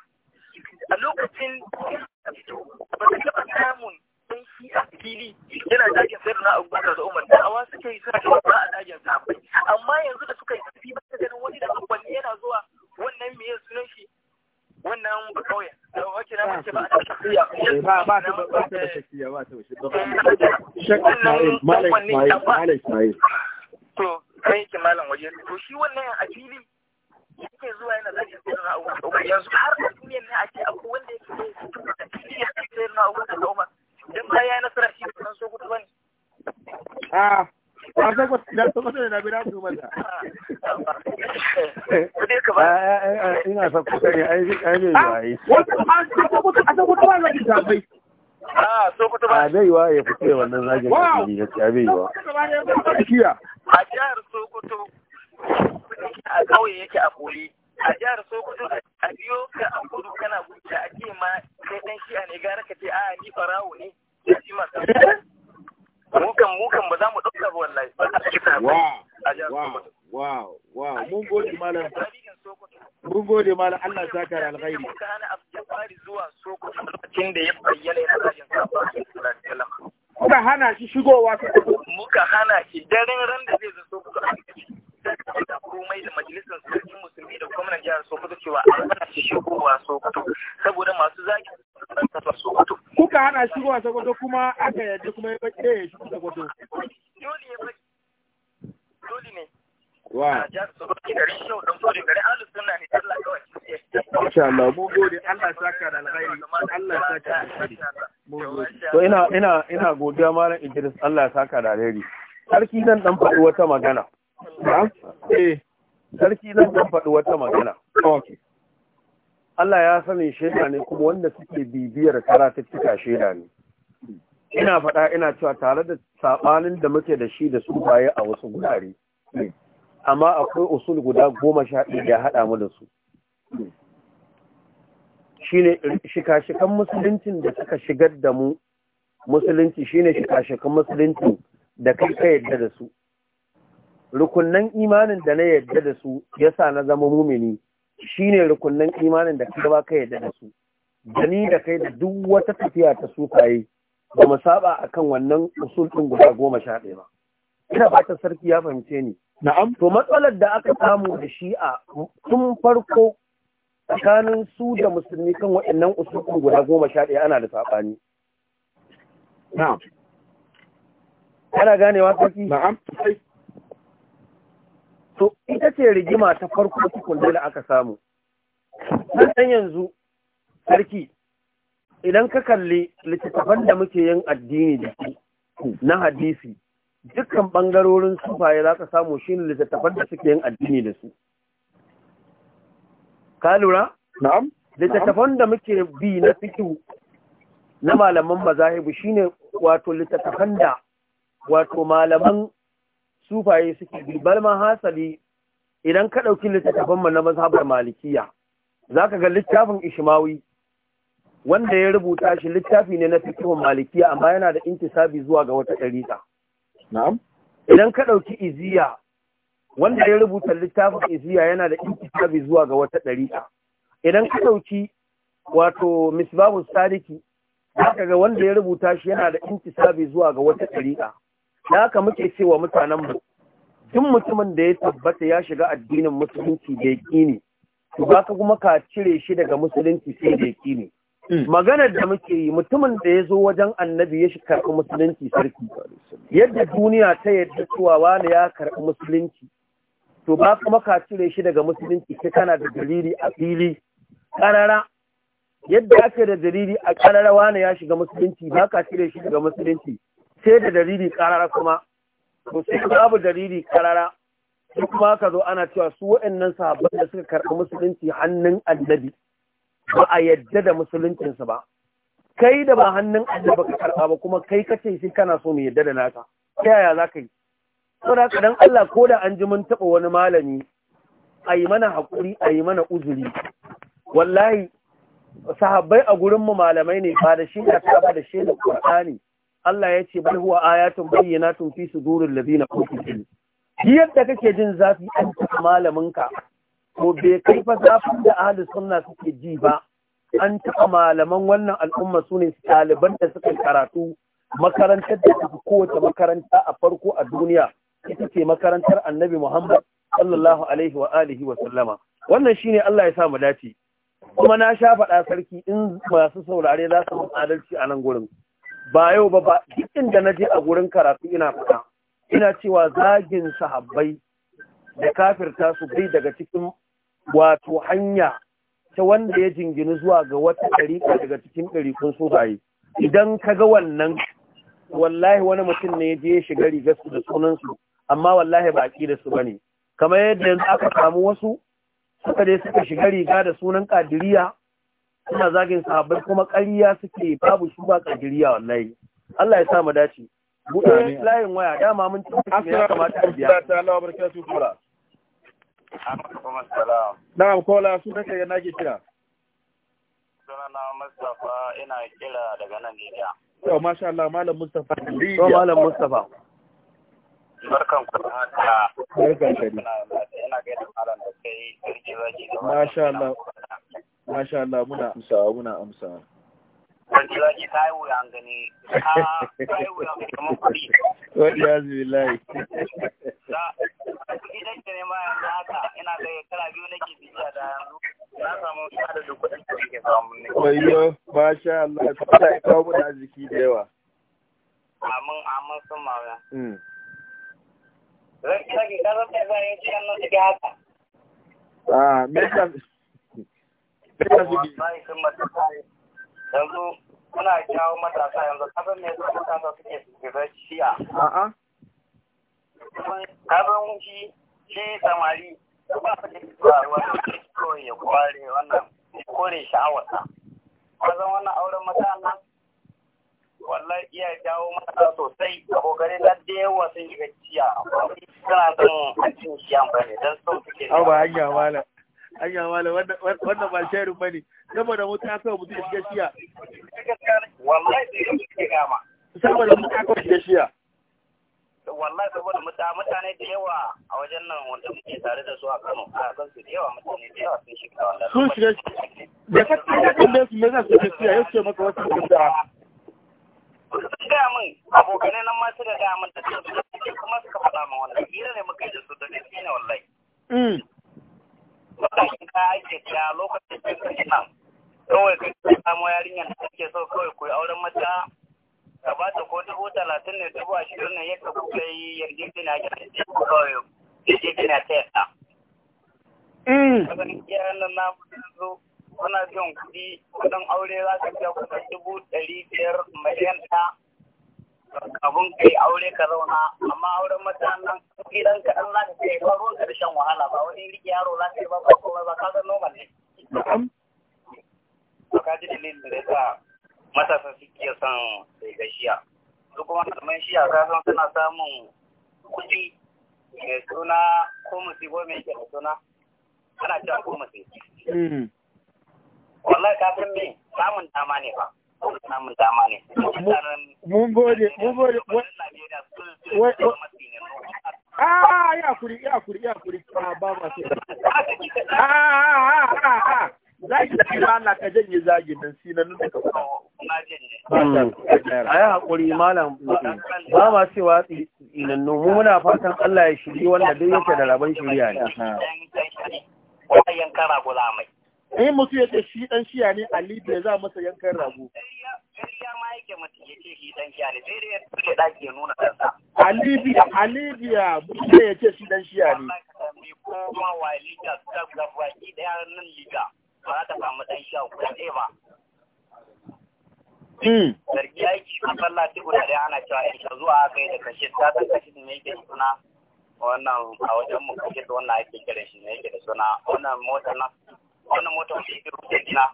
a lokacin ba ta taɓa samun ɗan shi a fili yana dakin sayar na abubakar da umar da awa suke yi suna ba a dakin sahabbai amma yanzu da suka yi tafi ba ta ganin wani da babbanni yana zuwa wannan yin sunan shi wannan ba kauye da na mace ba a eh, tafiya ba ba ta ba ta tafiya ba ta wuce ba shakka sai ba malai malai to kai ki malam waje to shi wannan a fili yake zuwa yana zagin sayar na abubuwan umar yanzu har da duniyar ne a ake abu wanda yake zai fito da tafiya ya zai sayar na abubuwan da umar don ba ya yi nasara shi ba so gudu ba ne. a a sakwa da sakwa da na bira su mata. ina sakwa ne ai zai ah, yi yayi. wato an sakwa a sakwa ba zagin ah, tambayi. a sokoto ba a baiwa ya fito wannan zagin da ke gaskiya baiwa a jihar sokoto a ƙauye yake a koyi a jihar Sokoto a biyo ka a kudu kana gudu a ce ma sai dan shi'a ne gara ka ce a ni farawo ne ya ci masu mukan mukan ba za mu ɗauka ba wallahi ba a cikin a jihar Sokoto. Wow, wow, mun gode malam. Mun gode malam Allah ya saka da alkhairi. Muka hana Abdulbari zuwa Sokoto lokacin da ya bayyana yana rajin sa ba Muka hana shi shigowa Sokoto. Muka hana shi daren ran da zai zo Sokoto a cikin dakatar da komai da majalisar sarkin musulmi da gwamnan jihar Sokoto cewa an hana shi shigowa Sokoto saboda masu zaki kasar Sokoto. Kuka hana shigowa Sokoto kuma aka yadda kuma ya bace ya shigo Sokoto. Dole ya bace. Dole ne. Wa. Jihar Sokoto gari shau don fure gari alu sunna ne Allah kawai. Masha Allah mu gode Allah saka da alkhairi Allah saka da alkhairi. To ina ina ina godiya malam Idris Allah saka da alheri. Sarki zan dan faɗi wata magana. Eh, sarki zan kan faɗi wata magana. Allah ya sani shaida ne kuma wanda suke bibiyar ta cika shaida ne. Ina faɗa ina cewa tare da saɓanin da muke da shi da su baye a wasu gurare. Amma akwai usul guda goma sha ɗaya ya haɗa mu da su. Shine shika-shikan musuluncin da suka shigar da mu musulunci shine shika-shikan musulunci da kai ka yadda da su. rukunnan imanin da na yadda da su yasa na zama mumini shine rukunnan imanin da ka ba ka yadda da su da ni da kai da duk wata tafiya ta sukaye ba mu saba akan wannan usul guda goma sha ɗaya ba ina ta sarki ya fahimce ni na'am to matsalar da aka samu da shi'a tun farko tsakanin su da musulmi kan waɗannan usul guda goma sha ɗaya ana da saɓani na'am ana ganewa sarki na'am to ita ce rigima ta farko tukun da aka samu sannan yanzu sarki idan ka kalli littattafan da muke yin addini da su na hadisi dukkan ɓangarorin sufaye za ka samu shi ne littattafan da suke yin addini da su ka lura? na'am littattafan da muke bi na fiki na malaman mazahibu ne wato littattafan da wato malaman sufaye suke bi bal hasali idan ka ɗauki littattafan mu na mazhabar malikiya zaka ga littafin ishmawi wanda ya rubuta shi littafi ne na fikihun malikiya amma yana da intisabi zuwa ga wata ɗariƙa na'am idan ka ɗauki iziya wanda ya rubuta littafin iziya yana da intisabi zuwa ga wata ɗariƙa idan ka ɗauki wato misbahu sadiki zaka ga wanda ya rubuta shi yana da intisabi zuwa ga wata ɗariƙa da haka muke cewa mutanen mu duk mutumin da ya tabbata ya shiga addinin musulunci da ne to ba ka kuma ka cire shi daga musulunci sai da ne hmm. maganar da muke yi mutumin da ya zo wajen annabi ya shi karɓi musulunci sarki yadda duniya ta yadda cewa wani ya karɓi musulunci to ba kuma ka cire shi daga musulunci sai kana da dalili a fili Karara, yadda ake da dalili a karara wani ya shiga musulunci ba ka cire shi daga musulunci sai da dalili karara kuma to sai babu dalili karara sai kuma ka zo ana cewa su waɗannan sahabban da suka karɓi musulunci hannun annabi ba a yadda da musuluncinsu ba kai da ba hannun annabi ka karɓa ba kuma kai kace shi kana so mu yadda da naka ta yaya za ka yi saboda haka dan Allah ko da an ji mun taɓa wani malami a yi mana haƙuri a yi mana uzuri wallahi sahabbai a gurinmu malamai ne ba da shi ta ba da shi da ƙur'ani Allah ya ce bal huwa ayatun bayyinatun fi suduril ladina utul ilm yadda kake jin zafi an ta malaminka, ka ko bai kai fa zafin da ahli sunna suke ji ba an taɓa malaman wannan al'umma sune ɗaliban da suka karatu makarantar da tafi kowace makaranta a farko a duniya ita ce makarantar annabi Muhammad sallallahu alaihi wa alihi wa sallama wannan shine Allah ya sa mu dace kuma na sha faɗa sarki in masu saurare za su adalci a nan gurin ba yau ba ba duk inda na je a gurin karatu ina fita. ina cewa zagin sahabbai da kafirta su bai daga cikin wato hanya ta wanda ya jingini zuwa ga wata ɗariƙa daga cikin ɗarikun sufaye idan ka ga wannan wallahi wani mutum ne ya je ya shiga rigar su da sunansu amma wallahi ba da su bane kamar yadda yanzu aka samu wasu suka dai suka shiga riga da sunan kadiriya suna zagin sahabbai kuma ƙarya suke babu shi ba ƙarfiriya wallahi Allah ya sa mu dace buɗe layin waya dama mun ci ne ya kamata a biya assalamu alaikum kula na'am kola su kake ga nake kira sunana Mustapha ina kira daga nan Nigeria yau masha Allah malam Mustapha Nigeria malam Mustapha barkan ku da barkan haka ina ga malam da kai masha Allah Masha Allah muna amsawa muna amsawa. Wajilaji ta yi wuyan gani, ta ah, yi wuyan gani kamar kuɗi. Wani ya zubi layi. Gidan yanzu haka ina ga shekara biyu nake biya da yanzu. Na samu sada da kuɗin da nake samu ne. Wayo, masha Allah, ta ta kawo mun da yawa. Amin, amin sun mawa. Mm. Zan kira ki kasar da zan yi cikin nan suke haka. Ah, me yanzu kuna jawo matasa yanzu kasan ne zuwa matasa suke shiga shi'a a'a kasan shi shi samari ba su da faruwa kawai ya kware wannan ya kore sha'awarsa kasan wannan auren mata nan wallahi iya jawo mata sosai abokanai na da yawa sun shiga shi'a suna son a cin shi'a ba ne don sun suke ba hanya malam anya malam wannan ba shairu ba ne saboda mutum aka mutum ya shiga shiya saboda mutum aka shiga shiya wallahi saboda mutane da yawa a wajen nan wanda muke tare da su a Kano a san su da yawa mutane da yawa sun shiga wannan sun shiga da kan da su me za su tafiya ya ce maka wasu gaba gaya min abokanai nan ma suka gaya min da su kuma suka faɗa min wannan hira ne muka yi da su da ne wallahi mm. bakakin kaya ake siya lokacin da ka ina kawai ka samu yarinyar da kake so kawai ku auren mata ka ba ta ko dubu talatin ne dubu ashirin ne yadda kuka yi yarjejeniya ga ku kawai yarjejeniya ta yadda. Kasan yaran nan na zo suna biyan kuɗi kuɗin aure za ka biya kuɗin dubu ɗari biyar mai ɗaya abun kai aure ka zauna amma auren mutanen nan gidan ka dan zaka kai ba ruwan karshen wahala ba wani riki yaro za ka yi ba ko ba ka ga normal ne to ka ji dalilin da yasa matasa suke son sai gashiya su kuma malaman shiya ka san suna samun kuɗi mai suna ko ko mai yake suna ana cewa ko musibo mm. wallahi ka san me samun dama ne ba samun dama ne. Mun gode, mun gode. Ah, ya kuri, ya kuri, ya kuri. Ba ma so. Ah, zagi ki ba Allah ka janye zagi nan si nan duka kuma a yi haƙuri malam ba ma cewa tsinannu mu muna fatan Allah ya shiri wanda duk yake da rabon shirya ne wayan kara in mutu ya ce shi dan shiya ne ali bai za masa yankan rago Alibiya, ya ce shi dan shiya ne. ɗan a duk ana cewa zuwa aka yi da kashe ta san kashe ne yake da suna wannan a wajen mu kashe da wannan ake kira shi ne yake da suna wannan motar na wannan motar shi da rufe gina.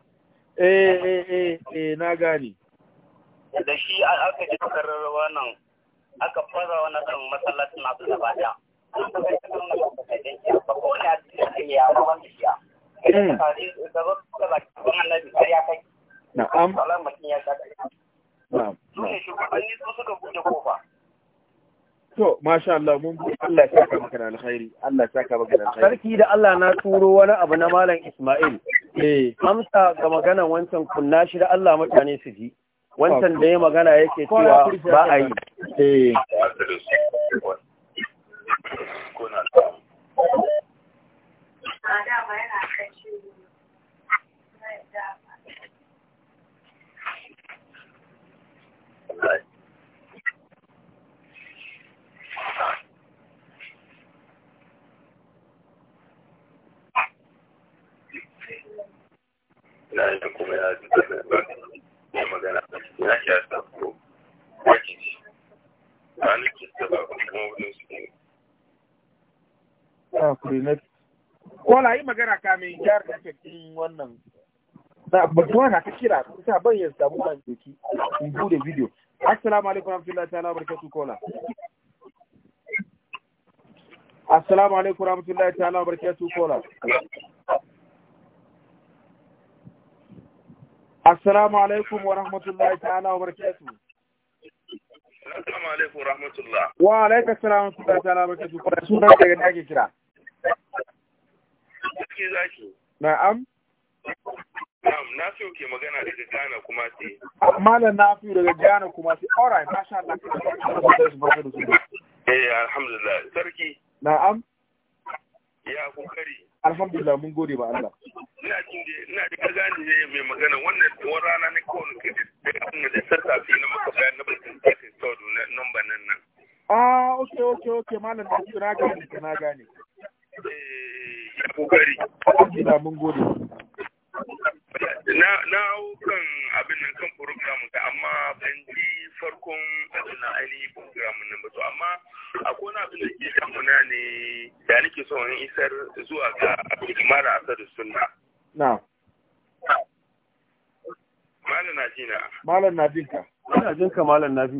eh eh eh eh na gani. da shi aka ji tukar wannan aka fara wannan kan masallacin nasu da bada Na'am. Na'am. Su ne shugabanni su suka buɗe kofa. To, masha Allah, mun Allah ya saka maka da alkhairi, Allah ya saka maka da alkhairi. Sarki da Allah na turo wani abu na Malam Ismail. Eh. Amsa ga magana wancan kunna shi da Allah mutane su ji. Wancan da ya magana yake cewa ba a yi. Eh. Ah, na magana ya ke yasa kuma Kola yi magana kamin jihar da cikin wannan da na ta kira ta bayyana samu kan doki in bude bidiyo. Assalamu alaikum warahmatullahi ta'ala barakatuh kola. Assalamu alaikum warahmatullahi ta'ala barakatuh kola. Assalamu alaikum wa rahmatullahi ta'ala wa barakatuh. Assalamu alaikum wa rahmatullah. Wa alaikum assalam wa rahmatullahi ta'ala wa barakatuh. Kuma sunan ka ga nake kira. Sarki zaki. Na'am. Na'am, na so ke magana daga Ghana kuma sai. Malam na fi daga Ghana kuma sai. All right, masha Allah. Eh, alhamdulillah. Sarki. Na'am. Ya kokari. alhamdulillah mun gode ba Allah ina jin ina da gani ne mai magana wannan tuwon rana ne ko ne kike da da fi na maka bayan na bakin kake tsoro na namba nan nan ah okay okay okay malam da na gane na gane eh ya kokari alhamdulillah mun gode na na kan abin nan kan program ka amma ban ji farkon abin na ainihin program nan ba to amma a kona abin da ke damuna ne da nake so in isar zuwa ga mara asar da sunna na malam na jina malam na jinka ana jinka malam na fi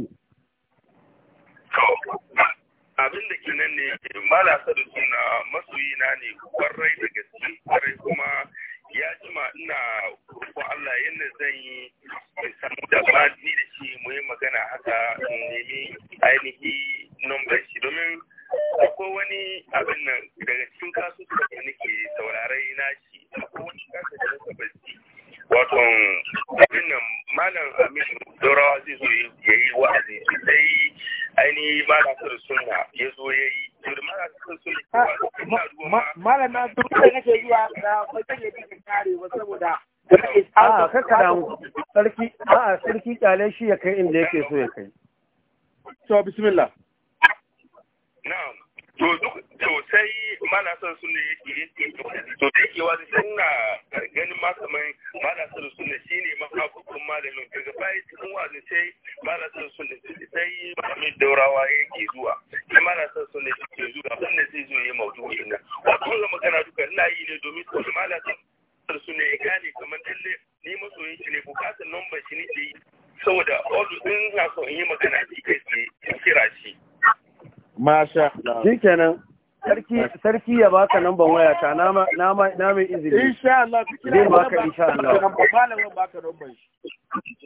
abin da ke nan ne malam asar da sunna masoyina ne kwarai da gaske kwarai kuma ya ma ina ko Allah yadda zan yi samu da ba da shi mu yi magana haka in nemi ainihi number shi domin akwai wani abin nan daga cikin kasu da nake saurarai na shi akwai wani kasu da nake Waton abin nan malam aminu dorawa zai zo ya yi wa'azi sai ainihin malam sir suna ya zo ya yi malam na duk da nake zuwa na wajen ya dinga kare ba saboda A'a kaka ah, damu sarki a'a ah, sarki kyale shi ya kai inda yake so ya kai. To bismillah. Na'am. to duk to sai mana son sunna yake to da yake wani sunna ganin ma kamar mana son sunna shine ma hakukun malamin daga baya cikin wani sai mana son sunna sai malamin daurawa yake zuwa sai mana son sunna yake zuwa sunna sai zo yayi maudu'in nan wato ga magana duka ina yi ne domin ko mana son sunna ya gane kamar dalle ni masoyin shi ne bukatar number shi ne saboda all in na so in yi magana shi kai sai kira shi Masha. Shi kenan. Sarki ya baka namban waya ta na mai izini. Insha Allah. Zai baka insha Allah. Malamin baka namban shi.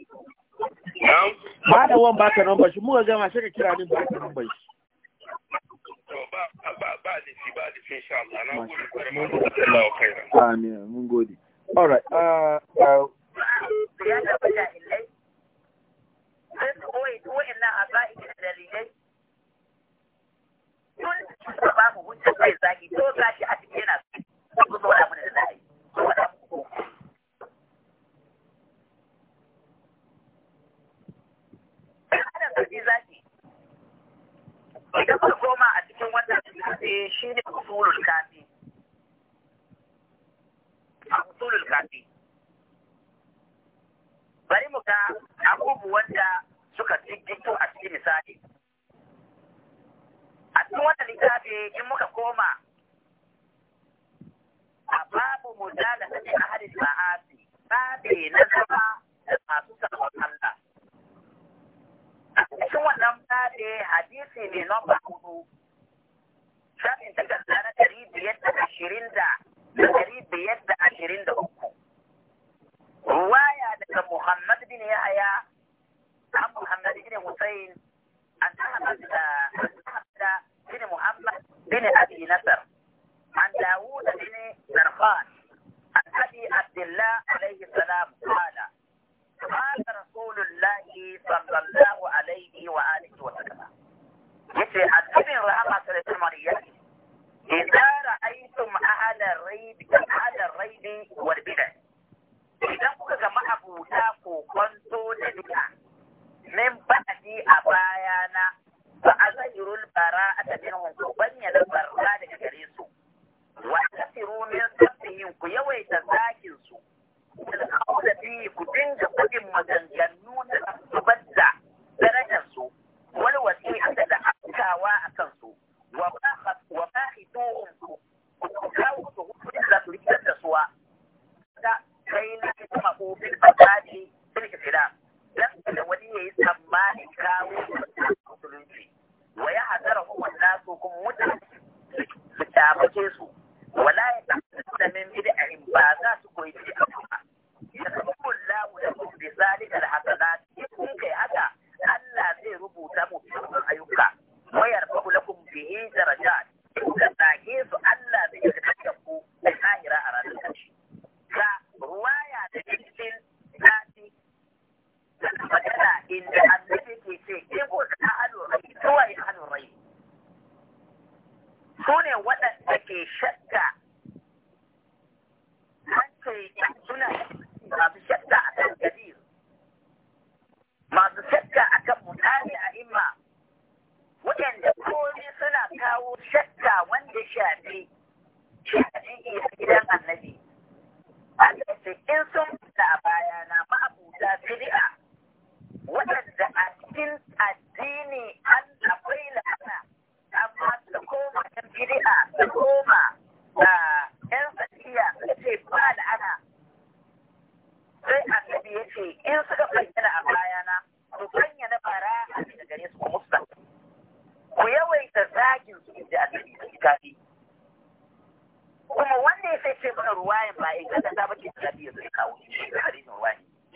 wan baka namban shi. Muka gama shi ka kira ni baka namban shi. Amin, All right. Uh, uh, a da dalilai tun da ba mu hujja zai zagi to gashi a cikin yana su zo da mun da zai to wala mu Ana zargi zagi idan ka goma a cikin wannan sai shi ne usulul kafi usulul kafi bari mu ga abubuwan da suka cikin a cikin misali cikin wata littafi in muka koma a babu mudala ta ce a hadis ma'asi babe na zama da masu sabon Allah. A cikin wannan babe hadisi ne nomba hudu shafin takarda na dari biyar da ashirin da dari biyar da ashirin da uku. Ruwaya daga Muhammad bin Yahaya an Muhammad bin Hussein an ta da بن محمد بن أبي نصر عن داوود بن زرخان عن أبي عبد الله عليه السلام قال قال رسول الله صلى الله عليه وآله وسلم يتي النبي رحمة الله إذا رأيتم أهل الريب أهل الريب والبدع idan kuka ga ma'abuta ko kwanto da duka min ba'adi a bayana fa azhirul bara'ata minhum ku da barra daga gare su wa kasiru min sabbihin ku yawaita zakin su da fi ku dinga kudin maganganu da zubar da darajar su wal wasi'a da afkawa akan su wa ba wa ba ku kawo su hukumin da su rikitar da suwa da kai na kuma ofin fasadi bil dan da wani yayi tsammani kawo musulunci wa ya hadara hu wallasu kun mutane su tabake su wala ya da min bid'ahin ba za su koyi bid'a ba yakabul lahu lakum bi zalika alhasanat kun kai haka Allah zai rubuta mu ayyuka wayar fa lakum bihi darajat da take su Allah zai yarda da ku da kahira a ranar kashi ka ruwaya da cikin magana inda annabi ke ce ke ko da ahalul rai kawai ahalul rai su ne waɗanda ke shakka an ce suna masu shakka a kan kabir masu shakka a kan mutane a imma waɗanda kone suna kawo shakka wanda shafi shafi gidan annabi Allah ce in sun fita a bayana ma'abuta bid'a waɗanda a cikin addini an akwai la'ana amma da koma yan bid'a da koma da ah, yan tsakiya su ce ba la'ana sai annabi ya ce in suka bayyana a bayana ku bayyana bara a daga gare su ku musta ku yawaita zagin su inda annabi ya ci kafi kuma wanda ya sai ce mana ruwayan ba in ka ta ba ke ta biyu zai kawo shi a hadisin ruwayan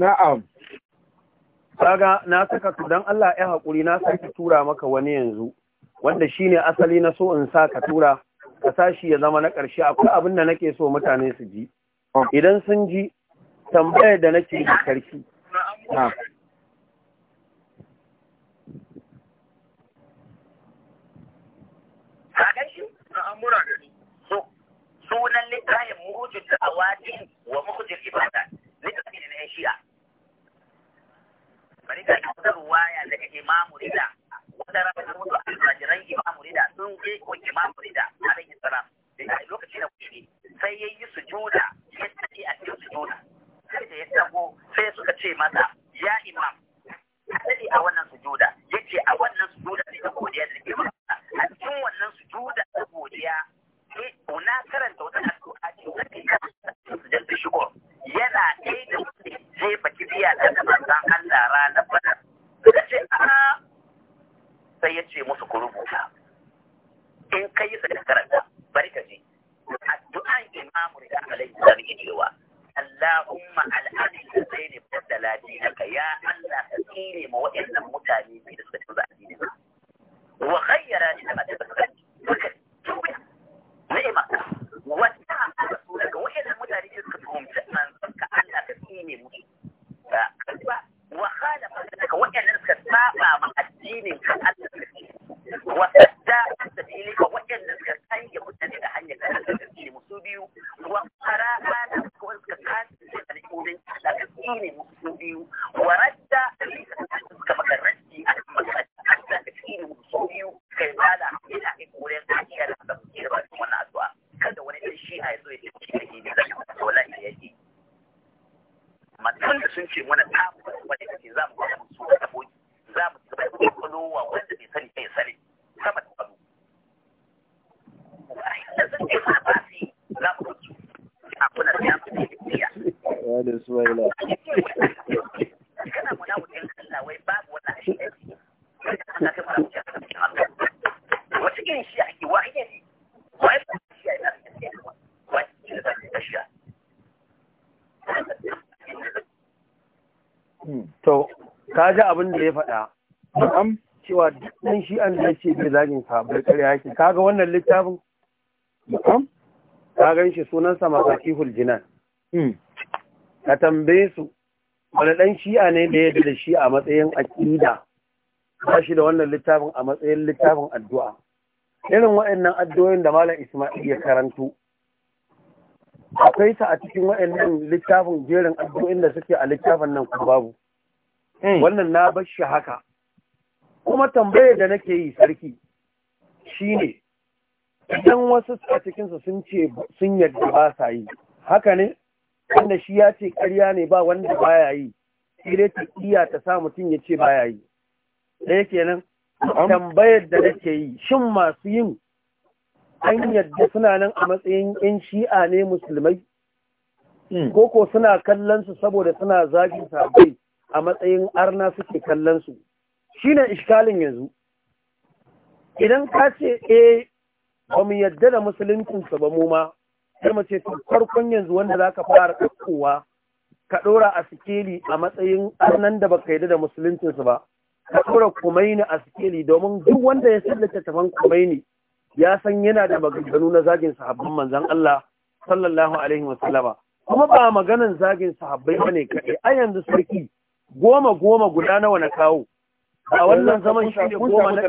na'am kaga na saka dan Allah ya haƙuri na saki tura maka wani yanzu wanda shine asali na so in sa ka tura ka sashi ya zama na ƙarshe akwai abin da nake so mutane su ji oh. idan sun ji tambayar da nake da karfi sunan littafin a awadin wa muhujjul ibada littafin na shi'a rida da wata ruwaya daga imamu rida wata ranar mutu almajiran imamu rida sun je ko imamu rida alaihi salam lokaci na kuɗi sai ya yi sujuda ya tafi a cikin sujuda sai da ya tago sai suka ce masa ya imam asali a wannan sujuda yace a wannan sujuda ne ta godiya da ke masa a cikin wannan sujuda ta godiya eh na karanta wata addu'a ce wanda ya karanta sujudar shukr yana ɗaya da wanda zai baki biya da da manzan Allah ranar badar suka ce a sai ya ce musu ku rubuta in ka yi da karanta bari ka ji addu'an imamu da alaihi salam yake cewa Allahumma al'adil da zai ne faddala dinaka ya Allah ka tsire ma waɗannan mutane biyu da suka canza addini ba wa ghayyara ni da mata suka suka tuba ni'ima wata a su daga waɗannan mutane da suka tuhumci manzo addini muke ba wa waɗannan suka saba ma addinin ka Allah wa sadda da fili ka waɗannan suka sanya mutane da hanyar da addini da biyu wa fara ana ko suka kasu da al'ummar da addini musu biyu wa radda da suka maka raddi a kan maka da addini musu biyu kai ba da ina ikorin hakiyar da suke da wannan addu'a kada wani dan shi'a ya ya ce shi ne da wallahi ya yi matan da sun ce mana ta wani kake za mu ba su da boki za mu ci gaba da kwalowa wanda bai sani kai sare sama da kwalo da sun ce za mu da da kana mu na Allah wai babu wani ashe da shi kana ka fara irin shi ake wa ne shi ake na shi to ka ji abin da ya faɗa am cewa ɗan shi an da ce bai zagin ka bai kare yake kaga wannan littafin ka gan shi sunan sa masakihul hmm. ka tambaye su wani ɗan shi'a ne da ya da shi a matsayin aƙida? ba shi da wannan littafin a matsayin littafin addu'a irin waɗannan addu'o'in da malam Isma'il ya Karantu. akwai ta a cikin wa'annan littafin jerin addu'o'in da suke a littafin nan kuma babu hmm. wannan na bar shi haka kuma tambayar da nake yi sarki shine idan wasu a cikinsu sun ce sun yadda ba sa yi haka ne wanda shi ya ce karya ne ba wanda baya yi sai ta iya ta sa mutum ya ce baya yi ɗaya kenan tambayar da nake yi shin masu yin an yadda suna nan a matsayin yan shi'a ne musulmai hmm. ko ko suna kallon su saboda suna zagin sabai a matsayin arna suke kallon su shine iskalin yanzu idan ka ce eh ba mu yadda da su ba mu ma sai mu ce farkon yanzu wanda za ka fara kakkowa ka ɗora a sikeli a matsayin arnan da baka yadda da musuluncinsu ba ka ɗora kumaini a sikeli domin duk wanda ya sallata tafan kumaini ya san yana da maganganu na zagin sahabban manzon Allah sallallahu alaihi wasallama kuma ba maganan zagin sahabbai ne kai a yanzu sarki goma goma guda nawa na kawo a wannan zaman shi ne goma na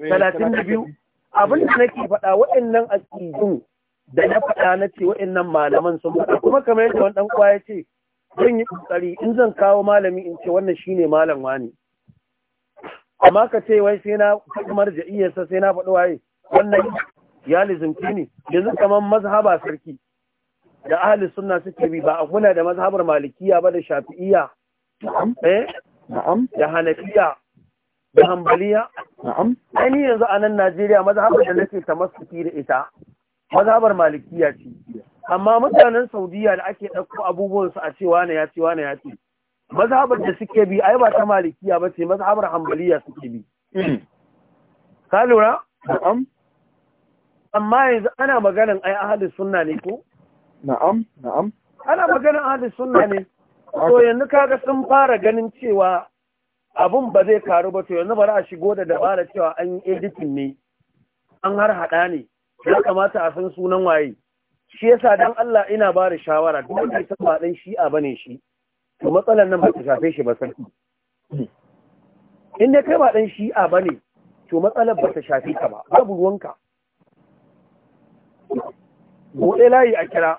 talatin da biyu abin da nake faɗa waɗannan asibin da na faɗa na ce waɗannan malaman sun faɗa kuma kamar yadda wani ɗan ya ce zan yi ƙoƙari in zan kawo malami in ce wannan shine malam wani amma ka ce wai sai na kamar marja'iyarsa sai na faɗi waye wannan ya lizimci ne yanzu kamar mazhaba sarki da ahli sunna suke bi ba a kuna da mazhabar malikiya ba da shafi'iya eh? da hanafiya da hambaliya? na'am ni yanzu a nan Najeriya mazhabar da nake ta masuki da ita mazhabar malikiya ce amma mutanen Saudiya da ake ɗauko abubuwan su a cewa na ya ce wane ya ce mazhabar da suke bi ai ba ta malikiya ba ce mazhabar hanbaliya suke bi hmm. ka lura na'am amma yanzu ana maganin ai ahli sunna ne ko na'am na'am ana maganin ahli sunna ne to yanzu kaga sun fara ganin cewa abun ba zai karu ba to yanzu bari a shigo da dabara cewa an yi editing ne an har hada ne ya kamata a san sunan waye shi yasa dan Allah ina ba da shawara duk wanda ya san ba dan shi'a bane shi to matsalan nan ba ta shafe shi ba sarki in dai kai ba dan shi'a ba ne to matsalar ba ta shafe ka ba babu ruwanka buɗe layi a kira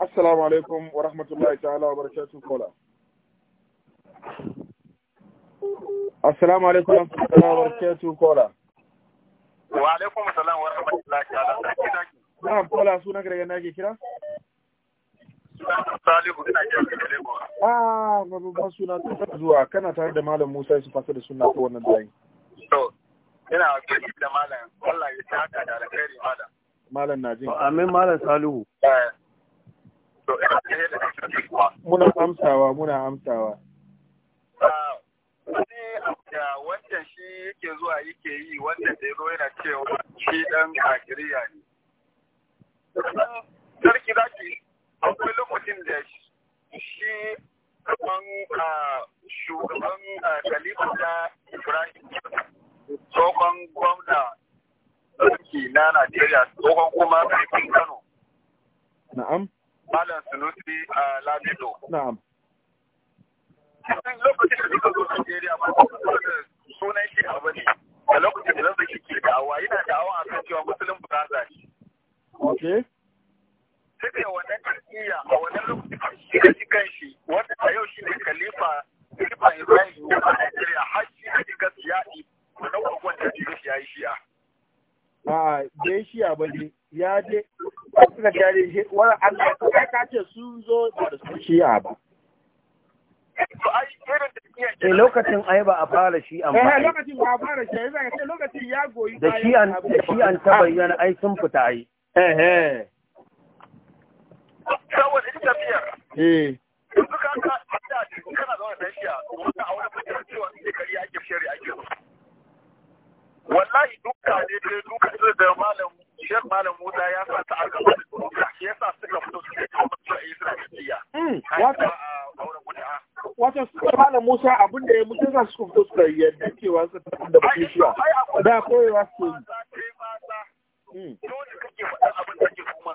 assalamu alaikum wa rahmatullahi ta'ala wa barakatuh kola assalamu alaikum wa rahmatullahi wa barakatuh kola wa alaikum assalam wa rahmatullahi ta'ala zaki na kola sunan ka daga nake kira Salihu Ah, babban suna ta zuwa kana tare da Malam Musa su fasa da suna ta wannan dayin. To, ina gani da Malam, Allah ya ta haka da alkhairi Malam. Malam na jin. Amin Malam Salihu. Eh. To, ina tare da alkhairi Muna amsawa, muna amsawa. Ah, wani abuja wancan shi yake zuwa yake yi wanda da ya zo yana cewa shi ɗan kakiriya ne. Sarki za ki akwai lokacin da shi kaman shugaban kalifa na ibrahim tsohon gwamna sarki na najeriya tsohon kuma sarkin kano na'am malam sunusi a lamido na'am cikin lokacin da suka zo najeriya ba sunan shi a bane a lokacin da zan zaki ke da'awa yana da'awa a kan cewa musulun ba za shi suke wannan jam'iyya a wannan lokacin da shi kan shi wanda a yau shi ne khalifa khalifa Ibrahim da a Najeriya har shi da shi gaskiya ne wannan da shi ya yi shi'a. A dai shi'a ba ne ya je suka gare wani Allah ya ka ce sun zo da su shi'a ba. E lokacin ai ba a fara shi an eh, lokacin ba a fara shi, lokacin ya goyi Da shi an ta bayyana ai sun fita ai. Eh, saboda ita tafiyar eh in ka ka da kana zaune da shi wanda a wani fitar cewa ne kariya ake shari'a ake wallahi duka ne dai duka ne da malam shek malam Musa ya sa ta aka duka shi yasa suka fito su ne kuma su yi eh, suna tafiya hmm, wato ah. wato su malam Musa abin da ya mutu za su fito su yadda cewa su tafi da bishiya da koyewa su yi hmm. dole kake faɗa abin da ke kuma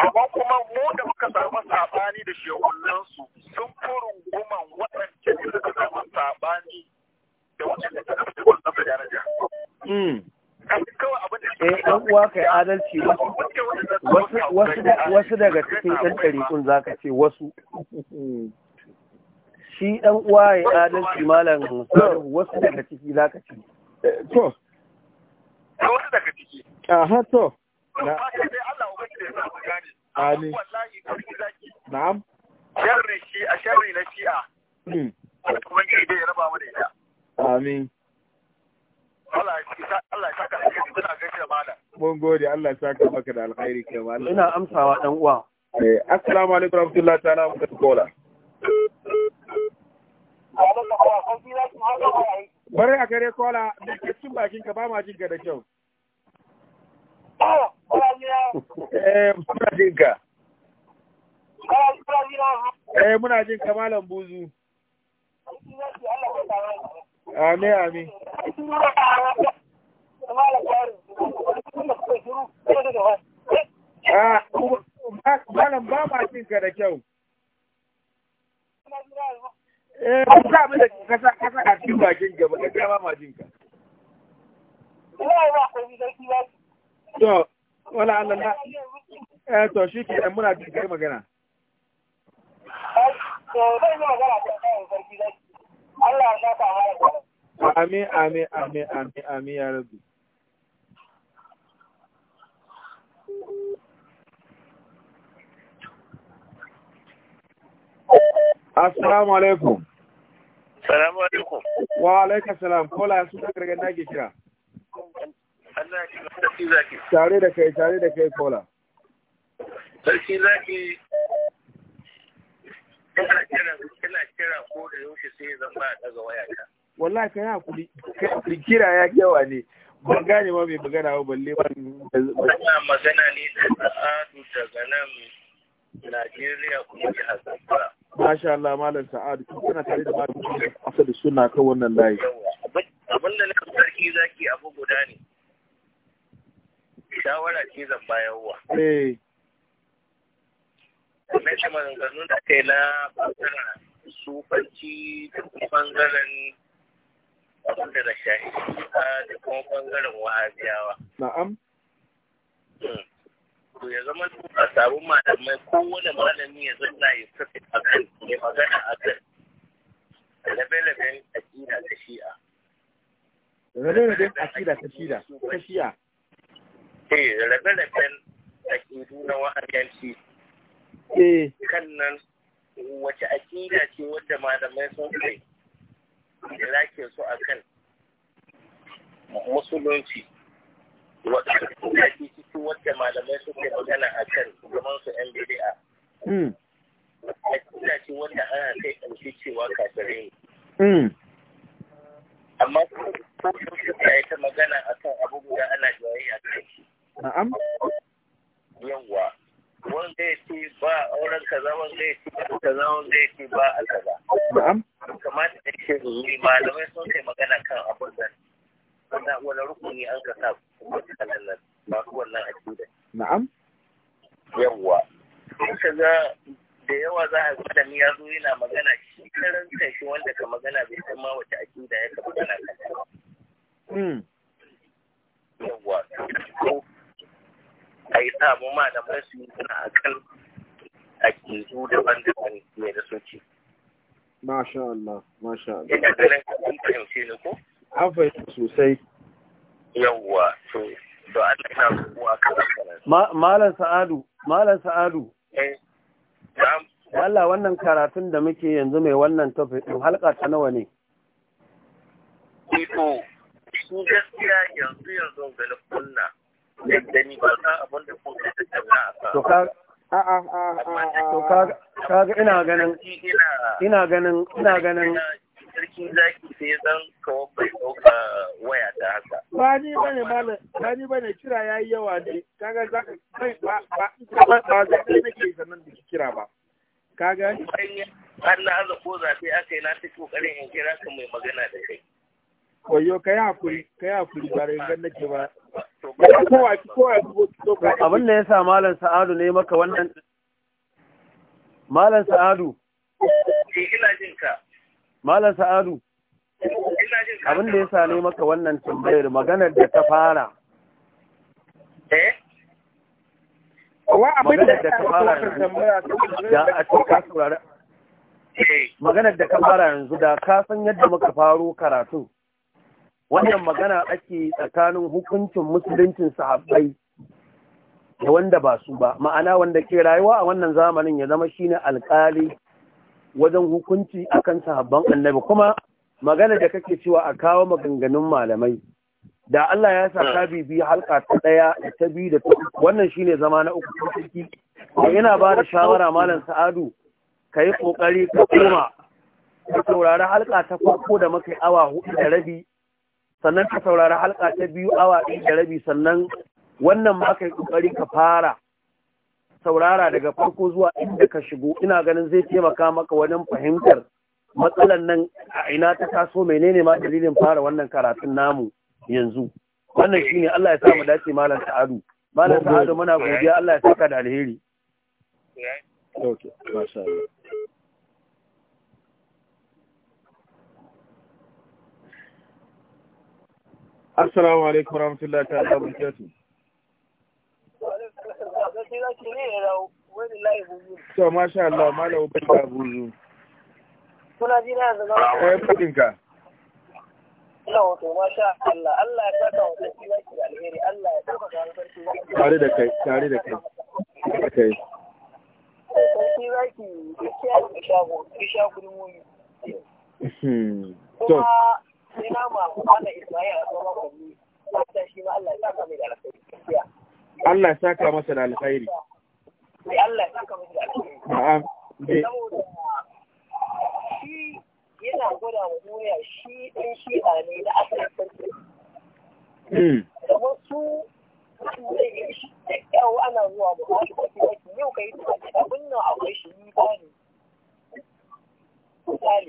amma kuma mu da muka samu sabani da su sun fi runguman waɗanda da suka samu sabani da waɗanda suka fi hmm. wannan da Eh ɗan uwa kai adalci wasu daga cikin ɗan ɗariƙun za ka ce wasu. Shi ɗan uwa ya adalci malam wasu daga ciki za ka ce. Eh, to. Wasu daga ciki. Aha to. Allah a sharri na shi'a. Hmm. kuma ke da ya raba mu da ita. Allah ya saka alkhairi kuna gaishe gode Allah ya saka maka da alkhairi kai Ina amsawa dan uwa. Eh assalamu alaikum ta'ala wa barakatuh. a gare kola, da cikin bakin ka ba ma jin ka da kyau. Eh, eh, muna jin ka. malam buzu. Ah, malam ba ma jin ka da kyau. Eh, sa mu da kasa kasa a cikin bakin gaba, ka ba ma jin ka. Ina ba ko ni da to wani Allah na eh to shi ke dan muna jin kai magana Allah ya ta mara amin amin amin amin amin ya rabbi Assalamu alaikum. Salamu alaikum. Wa alaika salam. Kola su daga nage kira. tare da kai tare da kai kola sarki zaki ina kira ina kira ko da yaushe sai zan ba daga wayata wallahi kai hakuri kai kira ya yawa ne ban gane ma mai magana ba balle ban magana ne da sa'adu daga nan Najeriya kuma jihar Zamfara Masha Allah Malam Sa'adu kun tare da Malam Asadu suna kan wannan layi abin da na sarki zaki abu guda ne shawara ce zan bayarwa. Eh. Na ce maganganun da kai na su banci da kuma bangaren abin da na shahi da kuma bangaren wahabiyawa. Na'am. Hmm. To ya zama a sabon malamai kowane malami ya zanna ya sassa a kan ya magana a kan rabe-raben akida ta shi'a. Rabe-raben akida ta shi'a. eh rabe-raben akidu na wa'adanci eh. kan nan wace akida ce wadda malamai sun kai da lake su a kan musulunci wadda ake ciki wadda malamai sun kai magana a kan zaman su yan bid'a hmm. akida ce wadda ana kai ƙarshe cewa kafirai hmm. amma ko sun suka yi ta magana akan abubuwa ana jayayya kai shi na'am yawwa wani zai ba auren kaza wani zai ci ba kaza wani zai ci ba a kaza na'am kamata da ke zuri malamai sun kai magana kan abun da, wannan wani rukuni an ka sa kuma kanan nan masu wannan akida na'am yawwa in ka da yawa za a gwada da ya zo yana magana shi karan shi wanda ka magana bai san ma wace akida ya ka magana kan hmm. yawwa a yi sa mu malamai su yi suna akan akidu daban-daban ne da suke. Masha Allah, masha Allah. Ina ganin kun fahimce ni ko? An fahimta sosai. Yawwa, to, da Allah na kuwa kan Malam Sa'adu, Malam Sa'adu. Eh, Allah wannan karatun da muke yanzu mai wannan topic ɗin halka ta nawa ne? Ito, eh, su gaskiya yanzu yanzu ga kunna. yadda ni ba san abin da kuka tattauna a kan. To ka ina ganin ina ganin ina ganin sarki zaki sai zan kawo bai ɗauka waya ta haka. Ba ni ba ne malam ba ni ba ne kira ya yi yawa ne kaga za ka kai ba ba ba ba zai nake sannan da kira ba. Kaga? Bayan an na aza ko zafi aka yi na ta ƙoƙarin in kira ka mai magana da kai. wayo kai yi hakuri ka hakuri ba da gangan nake ba abin da ya sa malam sa'adu ne maka wannan malam sa'adu malam sa'adu abin da ya sa ne maka wannan tambayar maganar da ta fara maganar da ka fara yanzu da ka san yadda muka faro karatu wannan magana ake tsakanin hukuncin musuluncin sahabbai da wanda ba su ba ma'ana wanda ke rayuwa a wannan zamanin ya zama shine alkali wajen hukunci akan sahabban annabi kuma magana da kake cewa a kawo maganganun malamai da Allah ya sa ka bibi halka ta daya da ta biyu da ta wannan shine zama na uku sarki yana ba da shawara malam Sa'adu ka yi kokari ka koma ka saurari halka ta farko da muka awa hudu da rabi sannan ka saurari halka ta biyu awa ɗaya da rabi sannan wannan ma ka yi ƙoƙari ka fara saurara daga farko zuwa inda ka shigo ina ganin zai taimaka maka wajen fahimtar matsalan nan a ina ta taso menene ma dalilin fara wannan karatun namu yanzu wannan shine Allah ya sa mu dace malam ta'adu malam ta'adu muna godiya Allah ya saka da alheri okay masha Allah assalamu alaikum warahmatullahi ta'ala barakatuh to masha Allah malamu barka buzu kuna ji na zama eh fadin ka Ina wato masha Allah Allah ya saka wa sarki zaki da alheri Allah ya saka ga sarki tare da kai tare da kai kai sarki zaki ya shago ya shago da hmm. to sai na ma wannan Isma'il a tsoron kwami fatan shi ma Allah ya saka mai da alkhairi Allah ya saka masa da alkhairi sai Allah ya saka masa da alkhairi a'a saboda shi yana gwada wa duniya shi ɗin shi a ne na asirin sarki hmm. da wasu yau ana zuwa ba ba shi kwafi yau ka yi tuwa abin nan akwai shi ni ba ne misali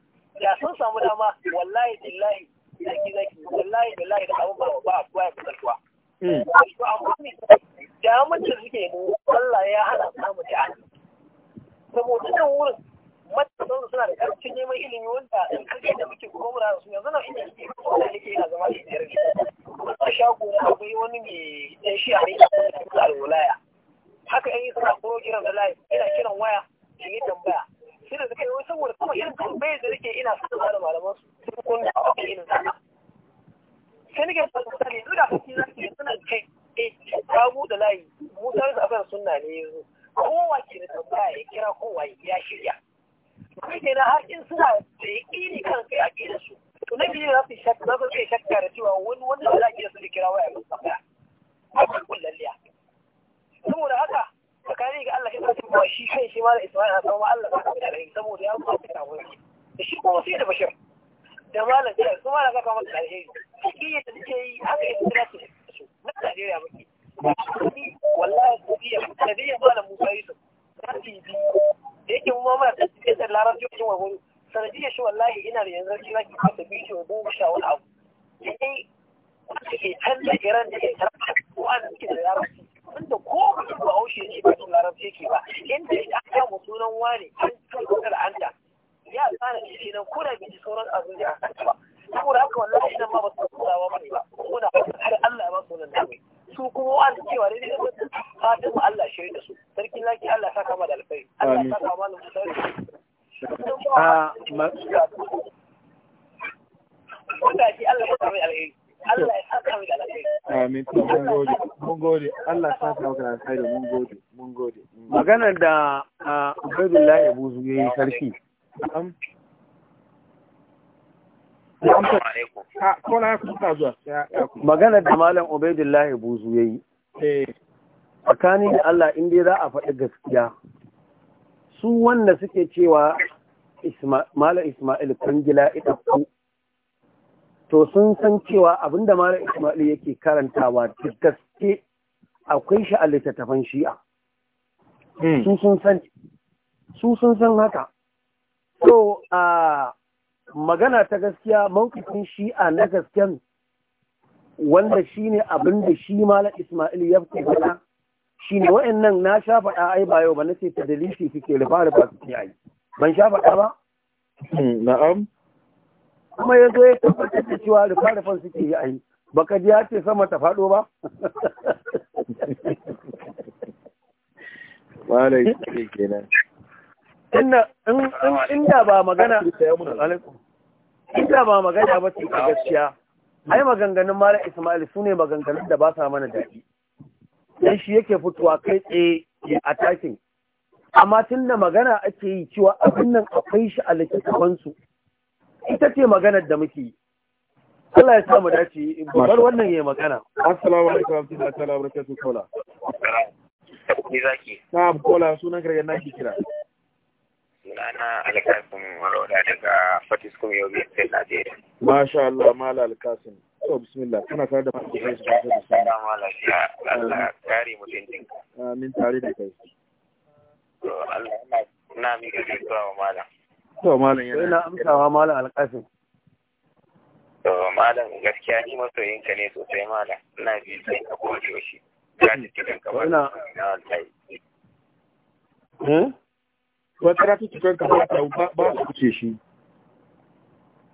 da sun samu dama wallahi billahi zaki zaki wallahi billahi da abun ba ba ba ya kusantuwa hmm. to amma ne da mutum suke mu Allah ya hana samu da an saboda nan wurin matasan suna da karfin neman ilimi wanda in kake da muke kuma su yanzu nan ina yake kuma yake a zama shi tare a shago akwai wani ne dan shi a ne a alwalaya haka yan yi suna kuro kiran da layi ina kiran waya shi yi tambaya sai da suka yi saboda kuma irin tambayar da nake ina son da malaman su sun kun da ake irin sana sai nake son misali duk da kuki za su yi suna kai eh ka buɗe layi musa da afiyar sunna ne yanzu kowa ke da tambaya ya kira kowa ya shirya kai ke na har suna da yaƙini kan kai a ƙila su to na biyu za su yi shakka za su kai shakka da cewa wani wanda za a ƙila su da kira waya musamman a kan kullalliya saboda haka tsakani ga Allah ibrahim ba shi kai shi ma da isma'il a tsawon Allah ba da alheri saboda ya kuma tsaka wani da shi kuma sai da bashir da malam da su malam ka kama da alheri kiyar da ce yi haka ita da su na Najeriya muke wallahi kiyar da biya malam Musa Yusuf rafi bi da yake mu ma da cikin da larabci cikin wani sanadiyar shi wallahi ina da yanzu kira ki fata bidiyo goma sha wani abu sai wanda ke canza iran da ke karanta ko an cikin da yaran larabci wanda ko kuma ba haushe ne ba larabci ke ba inda ya aka mu sunan wani an tabbatar an ta ya tsara shi nan kuna bi sauran abin da aka ba saboda haka wannan shi nan ma ba su kulawa ba ne ba kuna har Allah ya ba su da su kuma wanda cewa dai dai Allah mun gode mun gode maganar da Ubaidullahi Abu Zu yayi sarki maganar da malam Ubaidullahi Abu ya yi eh. tsakani da Allah in dai za a faɗi gaskiya su wanda suke cewa Malam Ismail Kangila ita ku to sun san cewa abinda Malam Ismail yake karantawa gaske akwai shi a littattafan shi'a hmm. su sun san sun san haka so a magana ta gaskiya mawkifin shi'a na gasken wanda shi ne abin da shi malam Ismail ya fi faɗa shine wa'annan na sha faɗa ai ba yau ba na ce ta dalili suke rufa rufa ke ai ban sha faɗa ba hmm, na'am kuma ya zo ya tabbatar da cewa rufa su suke yi ai baka ji ya ce sama ta faɗo ba inda ba magana inda ba magana ba ce gaskiya ai maganganun malam Ismail su ne maganganun da ba sa mana daɗi dan shi yake fitowa kai tsaye ya attacking amma tun da magana ake yi cewa abin nan akwai shi a littattafansu ita ce maganar da muke yi Allah ya samu dace bar wannan ya magana assalamu alaikum rahmatullahi wa barakatuh kola ni zaki na kola sunan kirga naki kira sunana alkasim roda daga fatis kuma yau biyar sai masha Allah mala alkasim to bismillah kana tare da masu kai su ba da sana mala ya Allah kare mutuncin amin tare da kai to Allah na mi ga zuwa malam to malam yana ina amsawa malam alkasim malam gaskiya ni masoyin ka ne sosai malam ina ji sai ka kowace shi ka ji cikin kamar na wallahi hmm? wata ba su kuce shi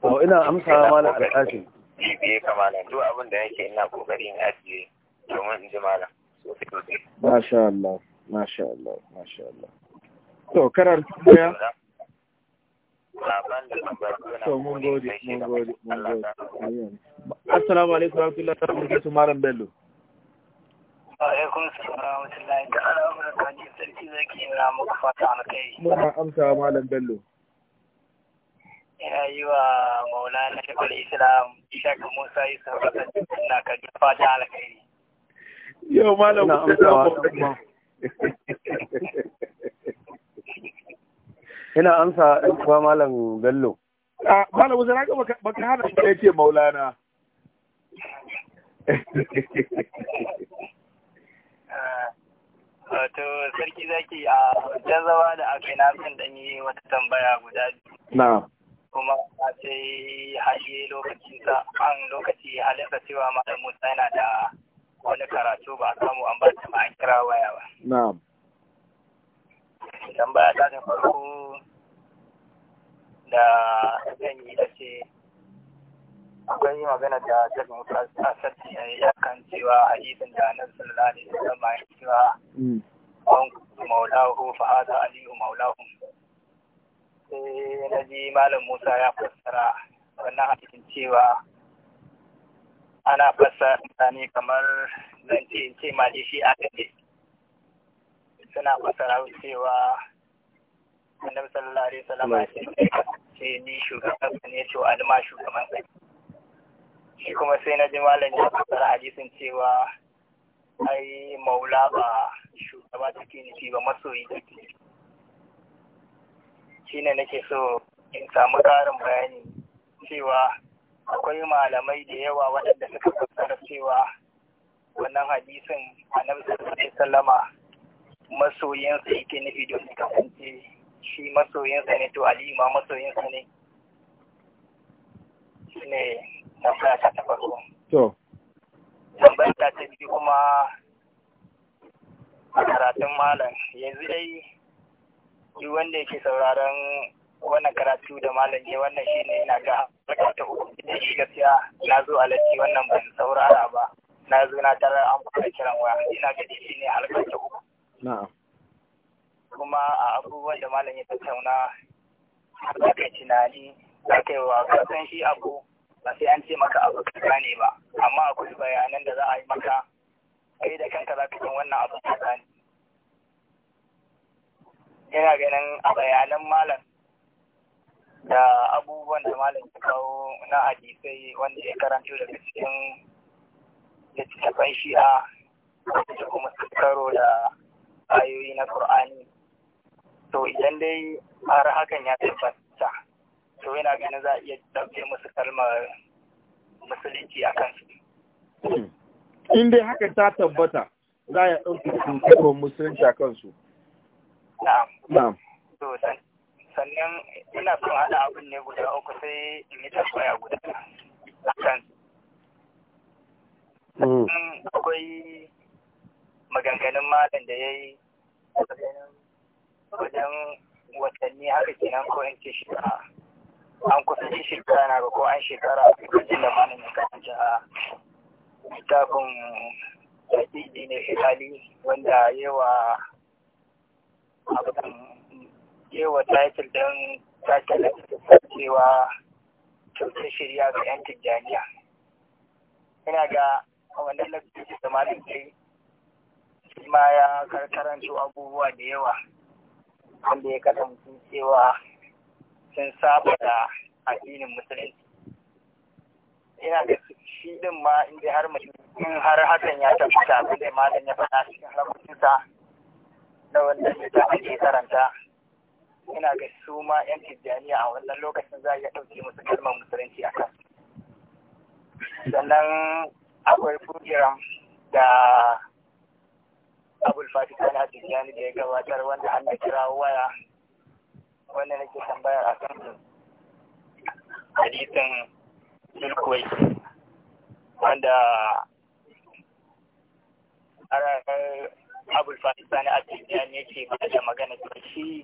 to ina amsa malam alƙashin bibiye ka malam duk abin da yake ina kokarin ajiye domin in ji malam sosai sosai masha Allah masha Allah masha Allah to karar tambaya baban da ambaliya to mun gode assalamu alaikum warahmatullahi wabarakatuh malam bello alaikum salam warahmatullahi bello ina yi wa maulana shekul islam shek musa isa kasance na kaji fata alkhairi yau malam musa (laughs) ina amsa ɗan malam bello malam wasu raga baka hana shi ya ce maulana (laughs) wato sarki zaki a zama da aka na son dan yi wata tambaya guda biyu kuma a ce hali lokacin sa an lokaci halitta cewa malam musa yana da wani karatu ba samu an ba ta ba kira waya ba na'am tambaya ta farko da zan yi da ce akwai magana da tafi musa sassaci ya yi kan cewa a yi sun da nan sallallahu alaihi wasallam ya cewa an mm. maulahu fa hada aliyu maulahu eh, na ji malam musa ya fassara wannan cikin cewa ana fassara mutane kamar zan ce ce ma shi aka ce. suna fassara cewa annabi sallallahu alaihi wasallam ya ce ce ni shugaban sa ne ce wani shugaban sa shi kuma sai na ji malam ya fasara hadisin cewa ai maula ba shugaba take nufi ba masoyi take nufi shine nake so in samu ƙarin bayani cewa akwai malamai da yawa waɗanda suka fassara cewa wannan hadisin annabi sallallahu alaihi wasallama masoyinsa yake nufi domin kasance shi masoyinsa ne to Alima ma masoyinsa ne shi ne tambaya ta ta farko to tambaya ta ta biyu kuma a karatun malam yanzu dai duk wanda yake sauraron wannan karatu da malam ne wannan shi ne na ga harka ta uku da shi gaskiya na zo alaji wannan ban saurara ba na zo na tarar an fara kiran waya ina ga shi ne harka ta uku na'am kuma a abubuwan da malam ya tattauna za ka tunani za ka yi wa kasan shi abu ba sai an ce maka abu ka gane ba amma akwai bayanan da za a yi maka kai da kanka za ka yi wannan abu ka gane yana ganin a bayanan malam da abubuwan da malam ya kawo na hadisai wanda ya karanto daga cikin littattafan shi'a da kuma karo da ayoyi na ƙur'ani. to idan dai har hakan ya tabbata to yana ganin za a iya ɗauke musu kalmar musulunci a kansu. Hmm. In dai haka ta tabbata za a ɗauke kalmar musulunci a kansu. Na'am. To sannan ina son haɗa abin ne guda uku sai in yi tambaya guda a kansu. Hmm. Akwai maganganun malam da ya yi Idan watanni haka kenan ko in ce shekara an kusa ce shekara na ga ko an shekara a lokacin da malam ya karanta littafin hadisi ne fitali wanda yawa abudan yawa title din title cewa kyautar shirya ga 'yan tijjaniya ina ga wannan lakcin da malam ya ma ya karkaranto abubuwa da yawa wanda ya kasance cewa sun saba da addinin musulunci ina da shi din ma inda har mutum har hakan ya tabbata abin da malam ya faɗa cikin harkokinsa na wanda ta ake karanta ina ga su ma yan tijjaniya a wannan lokacin za a iya ɗauke musu kalmar musulunci a kan sannan akwai kungiyar da abul fatih ana tijjani da ya gabatar wanda an kira waya wanda nake tambayar a kan hadisin sulkuwai wanda abul fatih sani a ne ke ba da magana da shi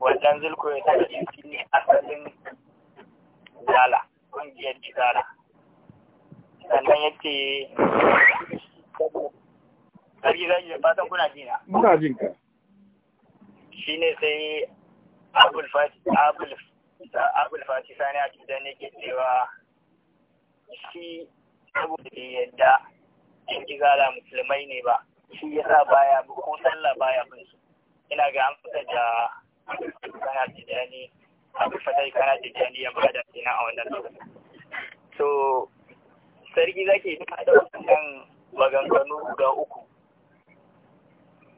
wannan zulkuwai ta shi ne asalin zala ƙungiyar jizala sannan yake sarki zaki yi fatan kuna jina muna jin ka shi ne sai abul fati abul abul fati sani a cikin ke cewa shi saboda bai yadda in ji zala musulmai ne ba shi ya sa baya ba ko sallah baya bin su ina ga an fita da kana abul fati kana ya a wannan lokacin so sarki zake da wannan maganganu guda uku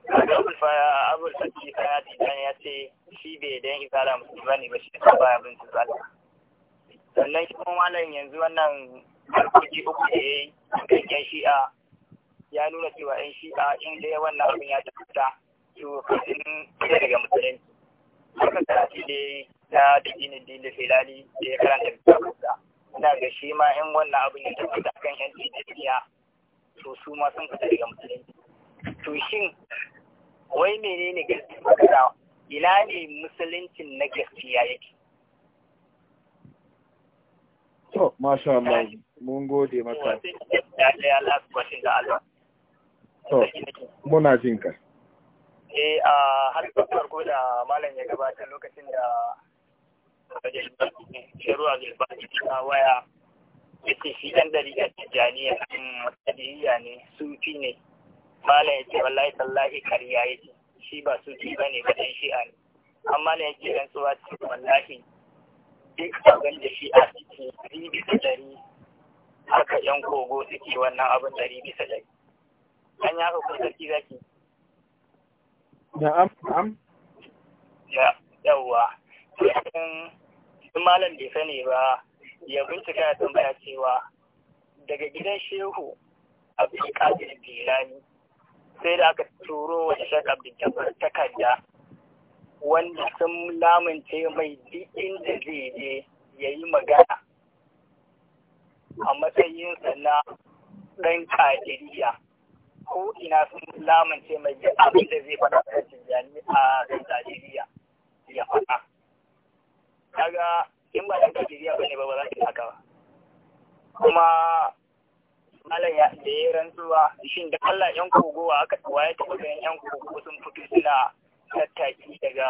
daga abulfa ya abulfa ci ta ya tijani ya ce shi bai dan izala musulmi bane ba shi ta baya bin su sannan shi kuma malam yanzu wannan harkoki uku da ya yi ganyen shi'a ya nuna cewa yan shi'a in dai wannan abin ya tabbata to kafin ya daga musulunci haka karatu da ya yi na dinin da filali da ya karanta da, ina ga shi ma in wannan abin ya tabbata kan yan dinin to su ma sun fita daga musulunci to shin wai menene gaskiya magana ina ne musuluncin na gaskiya yake to masha Allah mun gode maka to muna jin ka eh a har farko da malam ya gabatar lokacin da shiruwa gilbati ta waya yace shi dan dariƙar tijjaniya matsadiya mm, ne sufi ne malam ya ce wallahi tallahi kariya ya ce shi ba su ci ba ne ba ɗan shi'a ne amma da ya ce ɗan tsuwa ce wallahi duk abin da shi'a suke ɗari bisa ɗari haka yan kogo suke wannan abin ɗari bisa ɗari an yi haka kun sarki zaki na'am na'am ya yawwa Sun malam bai sani ba ya bincika ya tambaya cewa daga gidan shehu abdulkadir jilani sai da aka turo wa shek abdul takarda wanda sun lamunce mai duk inda zai je ya yi magana a matsayinsa na ɗan ƙadiriya ko ina sun lamunce mai duk abin da zai fada a tijjani a ƙadiriya ya fada kaga in ba ɗan ƙadiriya ba ne ba ba za ki haka ba kuma malam ya da ya rantsuwa shin da Allah yan kogowa aka waye taɓa ganin yan kogo sun fito suna tattaki daga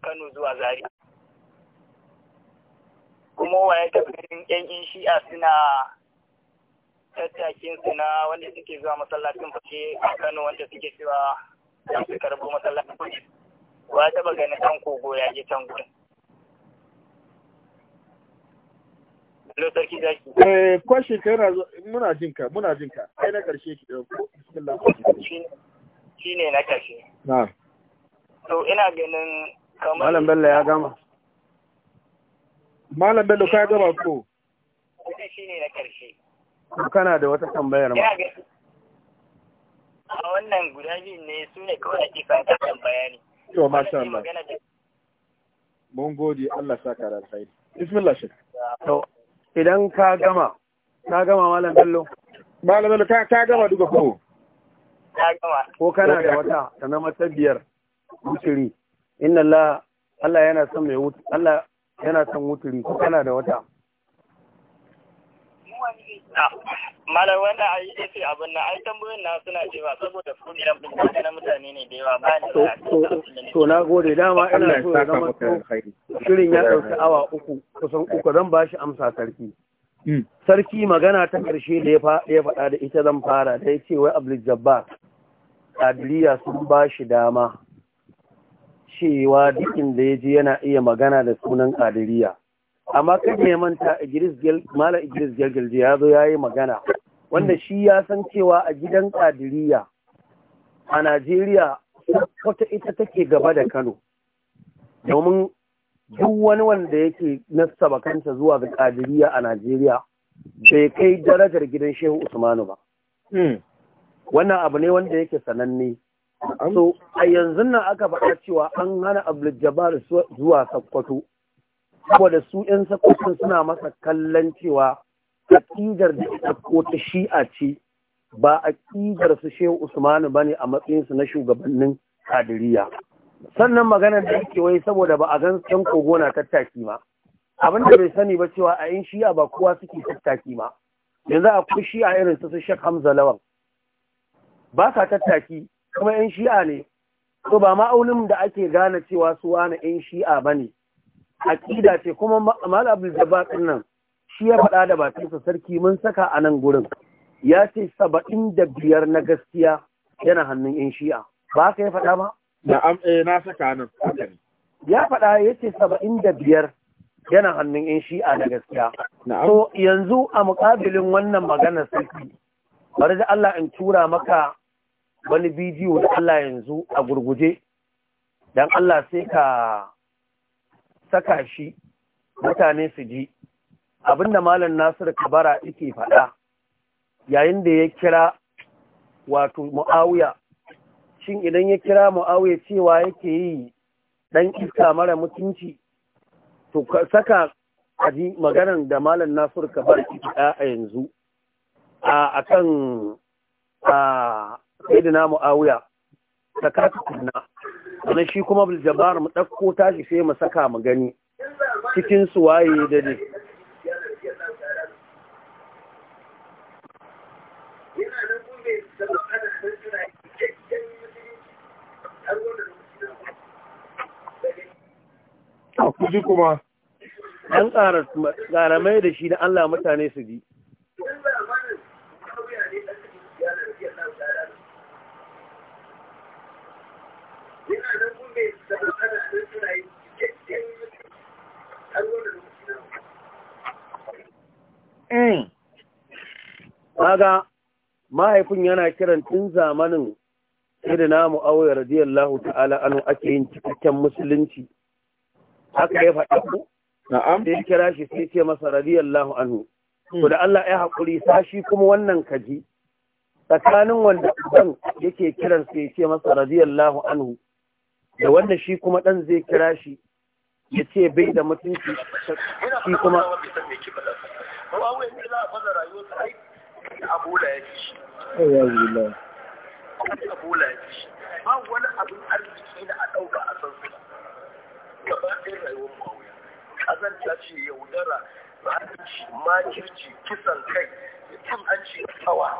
Kano zuwa Zari? kuma waye taɓa ganin yan shi'a suna tattakin su na wanda suke zuwa masallacin fashe a Kano wanda suke cewa za su karbo masallacin wa waye taɓa ganin yan kogo ya je can gurin Hello sarki zaki. Eh, karshe ki Bismillah. ne na karshe. Na. ina ganin kamar Malam Bello ka gama ko? Shi ne na karshe. Kana da wata tambayar ma. A wannan guda biyu ne su ne kawai ake fata tambaya ne. To masha Allah. Mun gode Allah saka da alkhairi. Bismillah shi. To idan ka gama ka gama malam bello malam bello ka gama duka ko ko kana da wata ta na mata biyar wuturi inna Allah Allah yana son mai wutu Allah yana son wuturi ko kana da wata Malam wanda a yi ce abin nan ai tambayoyin na suna cewa saboda kungiyar bincike na mutane ne da yawa ba ne. da to na gode dama ina so ya zama shirin ya ɗauki awa uku kusan uku zan ba shi amsa sarki hmm. sarki magana ta ƙarshe da ya faɗa da ita zan fara da ya ce wai abdul jabbar adliya sun ba shi dama cewa duk inda ya je yana iya magana da sunan adiliya amma kan ya manta Idris Malam Idris ya zo yayi magana wanda hmm. shi ya san cewa a gidan Kadiriyya a Najeriya wata ita take gaba da Kano domin duk wani wanda yake nasaba kansa zuwa ga Kadiriyya a Najeriya bai kai darajar gidan Shehu Usmanu ba hmm. wannan abu ne wanda yake sananne so a yanzu nan aka faɗa cewa an hana Abdul Jabbar zuwa Sokoto saboda su ‘yan sakwacin suna masa kallon cewa aƙidar da ita ko ta shi'a ce ba a ƙidar su shehu usmanu ba ne a matsayinsu na shugabannin kadiriya sannan maganar da yake wai saboda ba a gan ‘yan kogo na tattaki ba. abin da bai sani ba cewa a ‘yan shi'a ba kowa suke tattaki ba. yanzu akwai shi'a irin su su shek hamza lawan ba sa tattaki kuma ‘yan shi'a ne to ba ma'aunin da ake gane cewa su wani ‘yan shi'a ba ne aƙida ce kuma mal abdul jabbar nan shi ya faɗa da bakinsa sarki mun saka a nan gurin ya ce saba'in da biyar na gaskiya yana hannun yan shi'a ba ka ya faɗa ba na'am eh na saka nan ya faɗa ya ce saba'in da biyar yana hannun yan shi'a na gaskiya so yanzu a muƙabilin wannan maganar sarki bari da Allah in tura maka wani bidiyo da Allah yanzu a gurguje dan Allah sai ka saka shi mutane su ji abinda malam Nasiru Kabara yake faɗa yayin da ya kira wato Muawiya shin idan ya kira Muawiya cewa yake yi dan iska mara mutunci to saka aji maganar da malam Nasiru Kabara ke faɗa a yanzu a akan a Sayyidina Muawiya saka kunna sannan shi kuma buljabar mu ɗauko tashi sai mu saka mu gani cikin su waye da ne a kuji kuma an ƙaramai da shi da Allah mutane su ji Hmm. Kaga mahaifin yana kiran tun zamanin irin namu auya radiyallahu ta'ala anu ake yin cikakken musulunci. Haka ya faɗa ku? Na'am. Sai kira shi sai ce masa radiyallahu anhu. Ku hmm. da Allah ya haƙuri sashi kuma wannan kaji. Tsakanin wanda uban yake kiran sai ce masa radiyallahu anhu da wanda shi kuma ɗan zai kira shi ya ce bai da mutunci shi kuma ba wani abin arziki na a ɗauka a gaba ɗaya rayuwar ce yaudara ra'ayanci makirci kisan kai cin hanci tsawa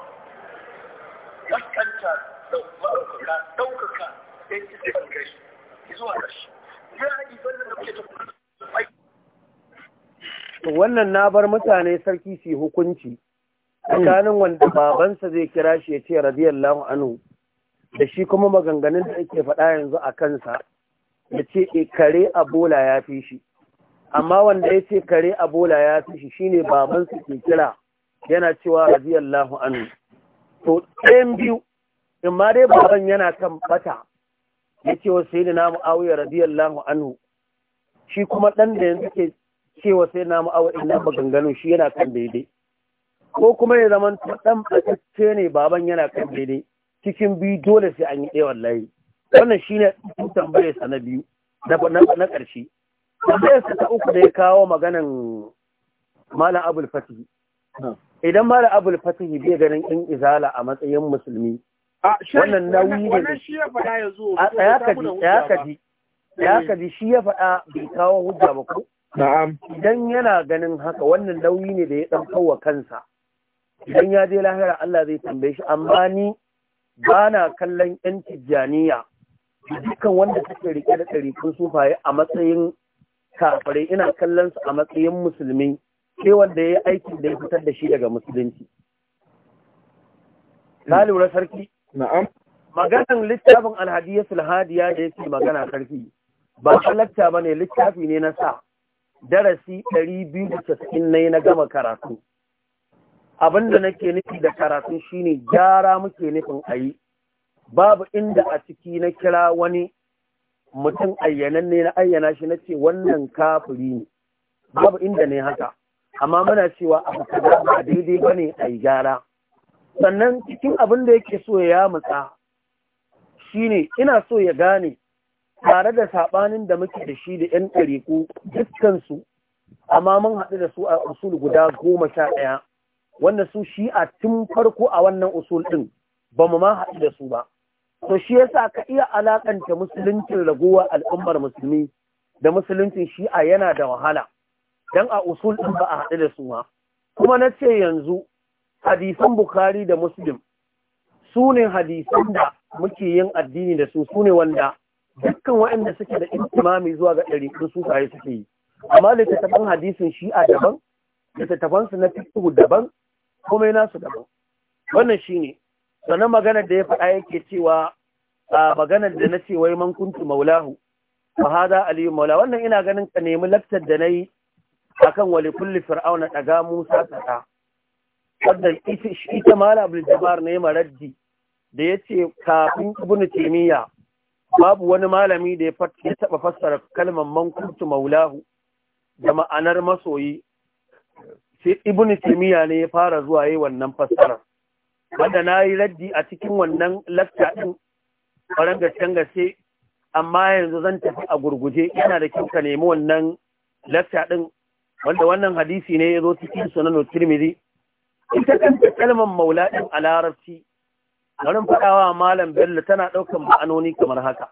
gaskanta ɗaukaka ɗaukaka, ɗaukaka, wannan na bar mutane sarki su hukunci tsakanin wanda babansa zai kira shi ya ce radiyallahu anhu da shi kuma maganganun da yake faɗa yanzu a kansa ya ce e kare abola ya fi shi amma wanda ya ce kare abola ya fi shi shine babansa ke kira yana cewa radiyallahu anhu to ɗayan biyu in ma dai baban yana kan bata ya ce wa sai na radiyallahu anhu shi kuma ɗan da yanzu ke cewa sai na mu'awiya ina maganganu shi yana kan daidai ko kuma ya zama ɗan ɓatacce ne baban yana kan daidai cikin biyu dole sai an yi ɗaya wallahi wannan shi ne tambayarsa na biyu na ƙarshe sa ta uku da ya kawo maganan malam abul fatih idan malam abul fatih bai ganin in izala a matsayin musulmi wannan nauyi ne tsaya eh. ka ji shi ya faɗa bai kawo hujja ba ko idan yana ganin haka wannan nauyi ne da ya dan kawo kansa idan ya je lahira Allah zai tambaye shi amma ni ba na kallon yan tijjaniya dukkan wanda suke rike da ɗarikun sufaye a matsayin kafare ina kallon su a matsayin musulmi sai wanda ya yi aikin da ya fitar da shi daga musulunci na lura sarki na'am maganan littafin alhadiyatul ya da yake magana karfi ba halatta ne littafi ne na sa darasi ɗari biyu 290 ne na gama karatu abinda nake nufi da karatu shine gyara muke nufin a yi. babu inda a ciki na kira wani mutum ne na ayyana shi na ce wannan kafiri ne babu inda ne haka amma muna cewa a kaza ba daidai bane a yi gyara sannan cikin abin da yake so ya shi ne ina so ya gane tare da saɓanin da muke da shi da 'yan ɗariƙu dukkansu amma mun haɗu da su a usul guda goma sha ɗaya wanda su shi a tun farko a wannan usul ɗin ba mu ma haɗu da su ba to shi yasa ka iya alaƙanta musuluncin raguwa al'ummar musulmi da musuluncin shi'a yana da wahala don a usul ɗin ba a haɗu da su ma kuma na ce yanzu hadisan Bukhari da Muslim su ne hadisan da muke yin addini da su su ne wanda dukkan waɗanda suke da imami zuwa ga ɗariƙun su kare suke yi amma littattafan hadisin shi'a daban littattafan su na fiqh daban komai nasu daban wannan shi shine sannan maganar da ya faɗa yake cewa a maganar da na ce wai man kuntu maulahu fa hada aliyu maula wannan ina ganin ka nemi laktar da na nayi akan wali kulli fir'auna ɗaga Musa ta ta. wadda ita mala abu jabar ne maraddi da ya ce kafin ibn taimiyya babu wani malami da ya taba fassara kalmar mankutu maulahu da ma'anar masoyi sai ibn taimiyya ne ya fara zuwa yi wannan fassarar wadda na yi raddi a cikin wannan lakta ɗin ɓaran gasken gaske amma yanzu zan tafi a gurguje yana da kyau ka nemi wannan lakta wanda wannan hadisi ne ya zo cikin sunan tirmidhi ita kanta kalmar maula ɗin a larabci garin faɗawa malam bello tana ɗaukar ma'anoni kamar haka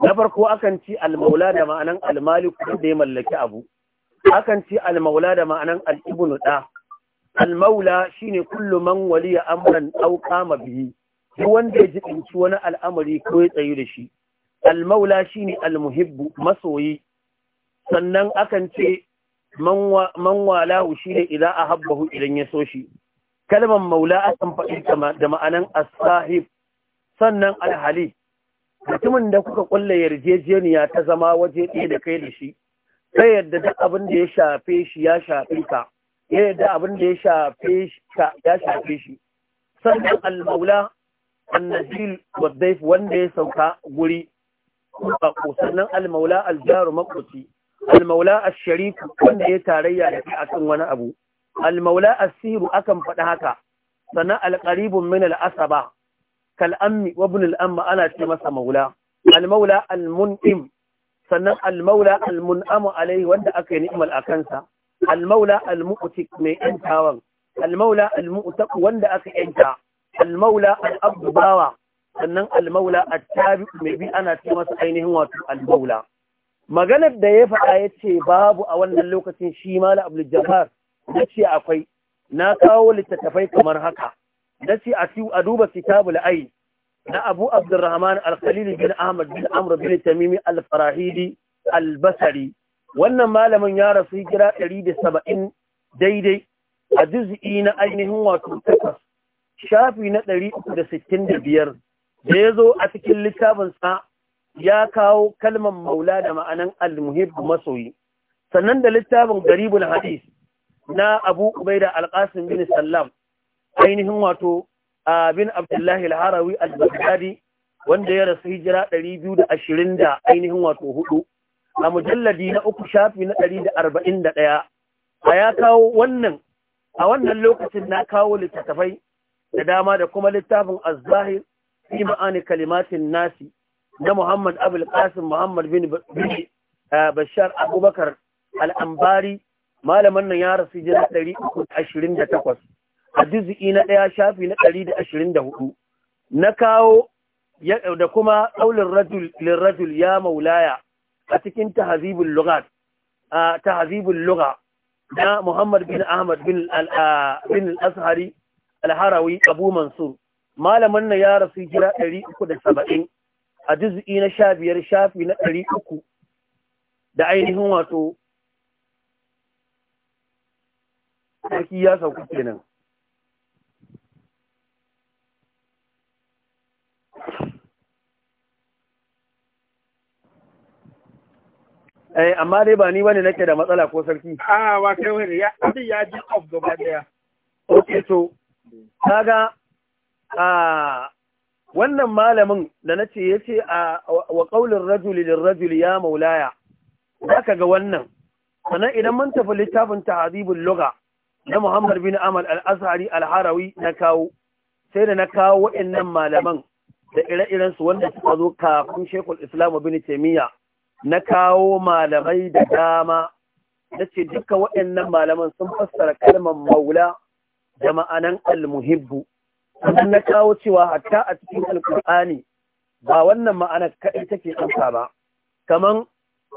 na farko akan ci almaula da ma'anan almaliku da ya mallaki abu akan ci almaula da ma'anan al'ibnu ɗa almaula shine kullu man waliya amran aw qama bihi duk wanda ya jibinci wani al'amari ko ya tsayu da shi almaula shine almuhibbu masoyi sannan akan ce man walahu shi ne idan a habbahu idan ya so shi kalmar maula a kan faɗi da ma'anan asahib sannan alhali mutumin da kuka ƙulla yarjejeniya ta zama waje ɗaya da kai da shi sai yadda duk abin da ya shafe shi ya shafe ka ya yadda abin da ya shafe ka ya shafe shi sannan almaula annajil wadaif wanda ya sauka guri sannan almaula aljaru makoci almaula ashariku wanda ya tarayya da kai akan wani abu almaula asiru akan faɗi haka sannan alqaribun min al'asaba kal ammi wa ibn ana ce masa maula almaula almun'im sannan almaula almun'amu alaihi wanda aka yi ni'mal akansa almaula almu'tik mai yantawan almaula almu'taq wanda aka yanta almaula al'abdu bawa sannan almaula attabi mai bi ana ce masa ainihin wato almaula maganar da ya faɗa ya ce babu a wannan lokacin shi mala abdul-jabbar ya ce akwai na kawo littattafai kamar haka na ce a duba kitabu ayi na abu abdurrahman al bin ahmad bin amr bin tamimi al-farahidi al-basri wannan malamin ya rasu hijira 170 daidai a juz'i na ainihin wato takwas shafi na 365 da ya zo a cikin littafinsa ya kawo kalmar maula da ma'anan al-muhib masoyi sannan da littafin garibul hadis na Abu Ubaida al-Qasim bin Sallam ainihin wato bin Abdullah al-Harawi al-Baghdadi wanda ya rasu hijira 220 da ainihin wato hudu a mujalladi na uku shafi na 141 a ya kawo wannan a wannan lokacin na kawo littattafai da dama da kuma littafin az-zahir fi ma'ani kalimatin nasi na Muhammad Abul Qasim Muhammad bin eh, Bashar Abubakar Al-Ambari Malaman nan ya rasu jira 328 a juz'i na ɗaya shafi na 124 na kawo da kuma qaulur rajul rajul ya maulaya a cikin tahzibul lughat tahzibul lugha na Muhammad bin Ahmad bin al-Azhari al-Harawi Abu Mansur malamin nan ya rasu jira 370 a juz'i na sha biyar shafi na ɗari uku da ainihin wato sarki ya sauku kenan Eh, amma dai ba ni bane nake da matsala ko sarki. Ah, wa kai wani ya abin ya ji of gaba daya. Okay, so kaga ah wannan malamin da na ce ya ce a wa ƙaunin rajuli da rajuli ya maulaya za ka ga wannan sannan idan mun tafi littafin tahazibul luga na muhammad bin amal al-azhari al na kawo sai da na kawo waɗannan malaman da ire-iren su wanda suka zo kafin shekul islam bin taimiyya na kawo malamai da dama na ce duka waɗannan malaman sun fassara kalmar maula da ma'anan al-muhibbu sannan na kawo cewa hatta a cikin alkur'ani ba wannan ma'anar kaɗai take ɗauka ba kaman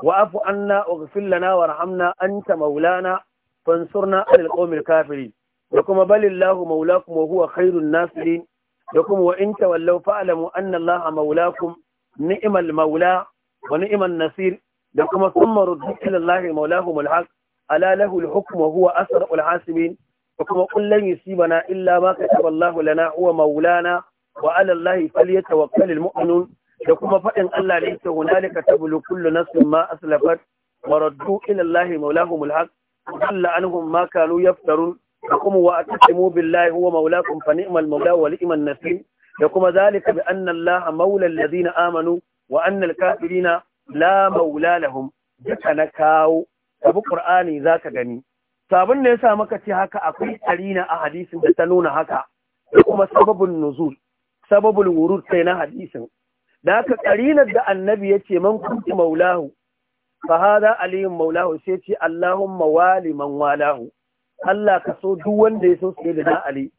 wa'afu anna waghfir lana warhamna anta maulana fansurna alal qawmil kafiri, da kuma balillahu maulakum wa huwa khairun nasirin da kuma wa in tawallaw fa'lamu anna allaha maulakum ni'mal maula wa ni'man nasir da kuma thumma ruddu ila allahi maulahum alhaq ala lahu alhukmu wa huwa asra'ul hasibin Da kuma kullan yusibana illa ma kataballahu lana uwa maulana wa ala allahi falyatawakkalul mu'minun da kuma faɗin Allah da yake hunalika tabulu kullu nafsin ma aslafat wa raddu ila allahi maulahumul haq dalla anhum ma kanu yaftarun da kuma wa atasimu billahi huwa maulakum fa ni'mal maula wa ni'man nasir da kuma zalika bi anna allaha maula alladhina amanu wa anna kafirina la maula lahum duka na kawo abu qur'ani zaka gani sabon da ya sa maka ce haka akwai karina a hadisin da ta nuna haka da kuma sababin nuzul sababul wurud sai na hadisin da haka karinar da annabi ya ce man kunti maulahu fa hada aliyun maulahu sai ce allahumma wali man walahu Allah ka so duk wanda ya so sai da ali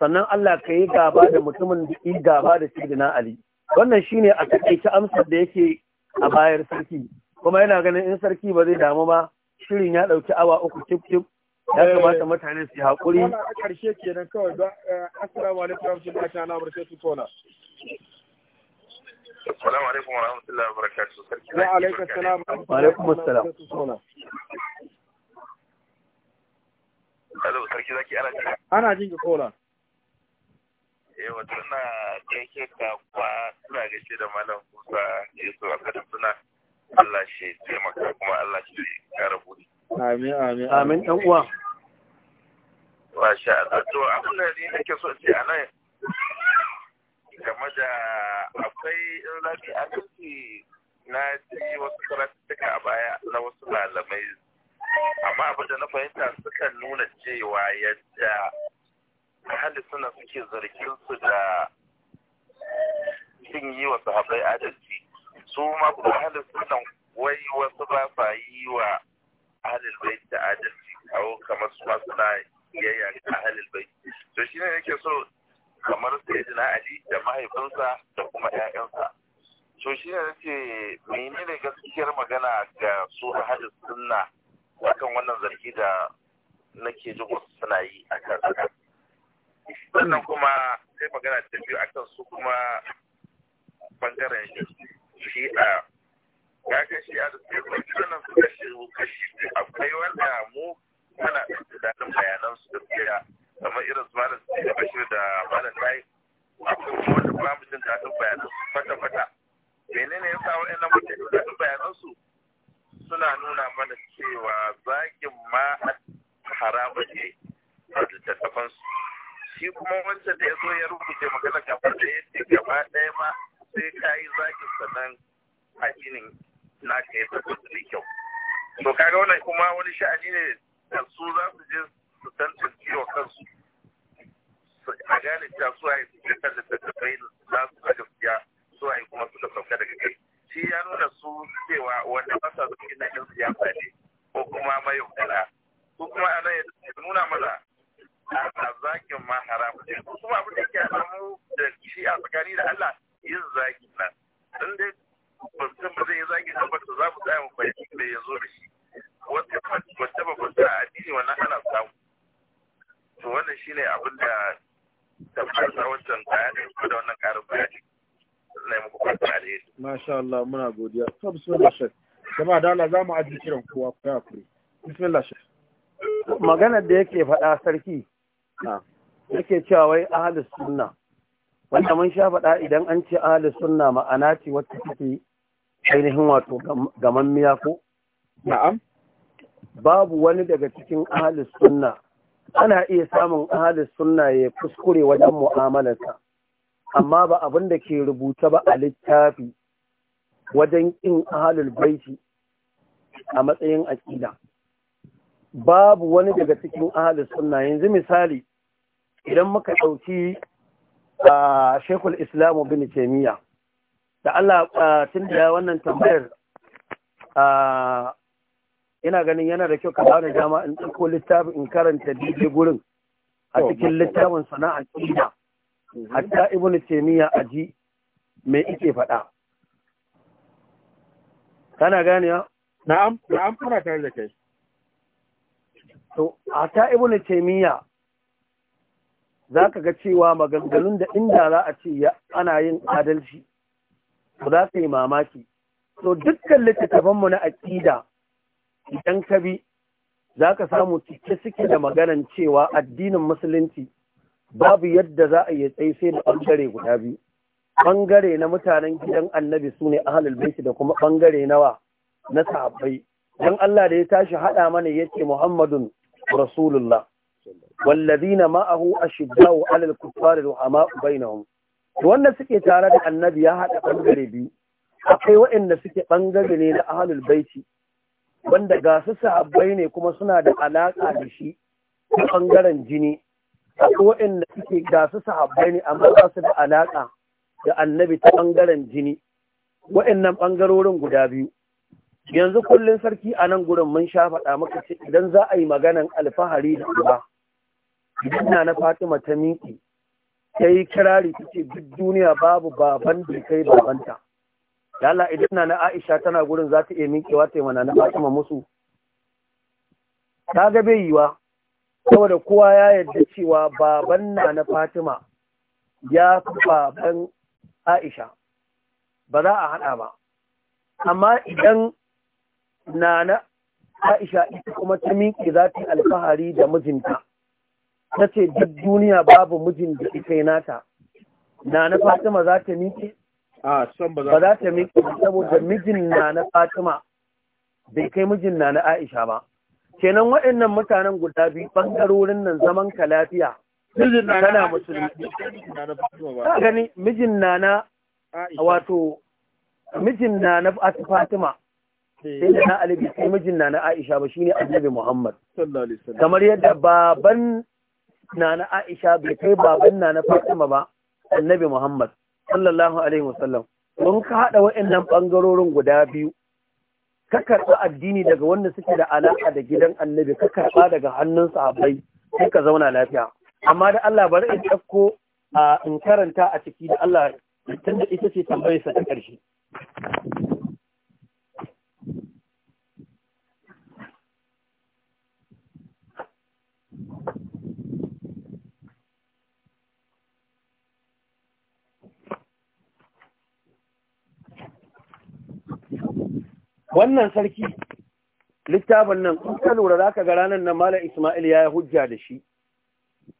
sannan Allah ka yi gaba da mutumin da yi gaba da sai da ali wannan shine a takaice amsar da yake a bayar sarki kuma yana ganin in sarki ba zai damu ba shirin ya ɗauki awa uku tip tip ya eh, kamata mutane su yi haƙuri ƙarshe kawai ba eh, alaikum warahmatullahi ta'ala barakatuh assalamu alaikum warahmatullahi wa alaikum assalam wa alaikum assalam Hello, sarki zaki ana jin ana jin ka eh wato ka kwa suna gaishe da malam Musa Yesu a Allah shi taimaka kuma Allah shi kara buɗe amin amin amin uwa Wa sha to abin da ni nake so ce a nan. game da akwai rabi adalci na ji wasu karatuka a baya na wasu malamai amma abin da na fahimta suka nuna cewa yadda hali suna suke zargin su da yin yi wa sahabbai adalci su ma kuma hali suna wai wasu ba sa yi wa ahalil bai da adalci kawo kamar su su na yayya ga bai to shi ne yake so kamar na ali da mahaifinsa da kuma 'ya'yansa to shi ne nake menene gaskiyar magana ga su ahalil sunna akan wannan zargi da nake jin wasu suna yi akan haka sannan kuma sai magana ta biyu akan su kuma bangaren shi'a ya ga shi ya zuke wannan su da shi kashi akwai wanda mu ana da daɗin bayanan su da gaskiya kamar irin su malam da bashir da malam bai akwai wanda ba mu jin daɗin bayanan su fata fata menene ya sa wa'annan mutane daɗin bayanan su suna nuna mana cewa zagin ma harama ne a littattafan su shi kuma wancan da ya zo ya rubuce magana gaba ɗaya ce gaba ɗaya ma sai ka yi zagin sannan a addinin na ka yi zato da kyau to kaga wannan kuma wani sha'ani ne da su za su je su san tantance wa kansu a gane cewa su a yi su je kan tafai za su ga gaskiya su a kuma su sauka daga kai shi ya nuna su cewa wanda ba sa zuwa na yan siyasa ne ko kuma mayaukala ko kuma a nan ya nuna mana a zakin ma haramu ne kuma abin da a samu da shi a tsakani da Allah yin zakin nan don dai mutum ba zai yi zagi nan ba za mu tsaya mu fahimci da ya zo da shi wata mace ba ku a addini wannan ana samu to wannan shi ne abin da tabbatar wancan bayanin ko da wannan karin bayani na muku fata alheri masha Allah muna godiya to bismillah shek jama'a da Allah zamu ajiye kiran kowa ku ya kure bismillah shek magana da yake faɗa sarki yake cewa wai ahlus sunna wanda mun sha faɗa idan an ce ahlus sunna ma'ana ce wacce take ainihin wato miya ko na'am babu wani daga cikin ahalis sunna ana iya samun ahalis sunna ya kuskure wajen mu'amalarsa amma ba abin da ke rubuta ba a littafi wajen ƙin ahalul baiti a matsayin aƙida babu wani daga cikin ahalis sunna yanzu misali idan muka ɗauki a ah, shekul islamu bin taimiyya da Allah tun da wannan tambayar ina ganin yana da kyau ka bani dama in ɗauko littafin in karanta daidai gurin a cikin littafin sana'a ƙida mhm. hatta ibnu taymiya aji me ike faɗa kana gane ya na'am na'am kana tare da kai to hatta ibnu taymiya zaka ga cewa maganganun da inda za a ce ana yin adalci to za su yi mamaki to dukkan littattafanmu na aƙida idan ka bi za ka samu cike suke da maganan cewa addinin musulunci babu yadda za a yi tsaye sai da ɓangare guda biyu ɓangare na mutanen gidan annabi su ne ahalul baiti da kuma ɓangare nawa na sahabbai dan Allah da ya tashi haɗa mana ya ce Muhammadun Rasulullah والذين معه أشداء على الكفار رحماء بينهم wanda suke tare da annabi ya haɗa ɓangare biyu akwai waɗanda suke ɓangare ne na ahalul baiti wanda ga su sahabbai ne kuma suna da alaƙa da shi ta ɓangaren jini akwai waɗanda suke ga su sahabbai ne amma ba su da alaƙa da annabi ta ɓangaren jini waɗannan ɓangarorin guda biyu yanzu kullum sarki a nan gurin mun sha faɗa maka ce idan za a yi maganan alfahari da uba idan na na fatima ta miƙe ta yi kirari ta ce duk duniya babu baban da kai babanta lala Allah idan na na Aisha tana gurin za ta iya miƙewa ta yi mana na Fatima musu ta ga bai yiwa saboda kowa ya yarda cewa baban na na Fatima ya fi baban Aisha ba za a haɗa ba amma idan na na Aisha ita kuma ta miƙe za ta yi alfahari da mijinta ta ce duk duniya babu mijin da ita nata na na fatima za ta miƙe ba za ta miƙe saboda mijin na na fatima bai kai mijin na na aisha ba kenan waɗannan mutanen guda biyu ɓangarorin nan zaman ka lafiya tana musulmi gani mijin na na wato mijin na na fatima eh. sai da na alibi sai mijin na na aisha ba shine annabi muhammad kamar yadda baban nana Aisha bai kai baban nana Fatima ba annabi Muhammad sallallahu alaihi wasallam mun ka haɗa waɗannan ɓangarorin guda biyu ka karɓi addini daga wanda suke da alaƙa da gidan annabi ka karɓa daga hannun sahabbai sai ka zauna lafiya amma da Allah bari in ɗauko in karanta a ciki da Allah tunda ita ce tambayarsa ta ƙarshe wannan sarki littafin nan kun ka lura za ka ga ranar nan Malam Ismail ya yi hujja da shi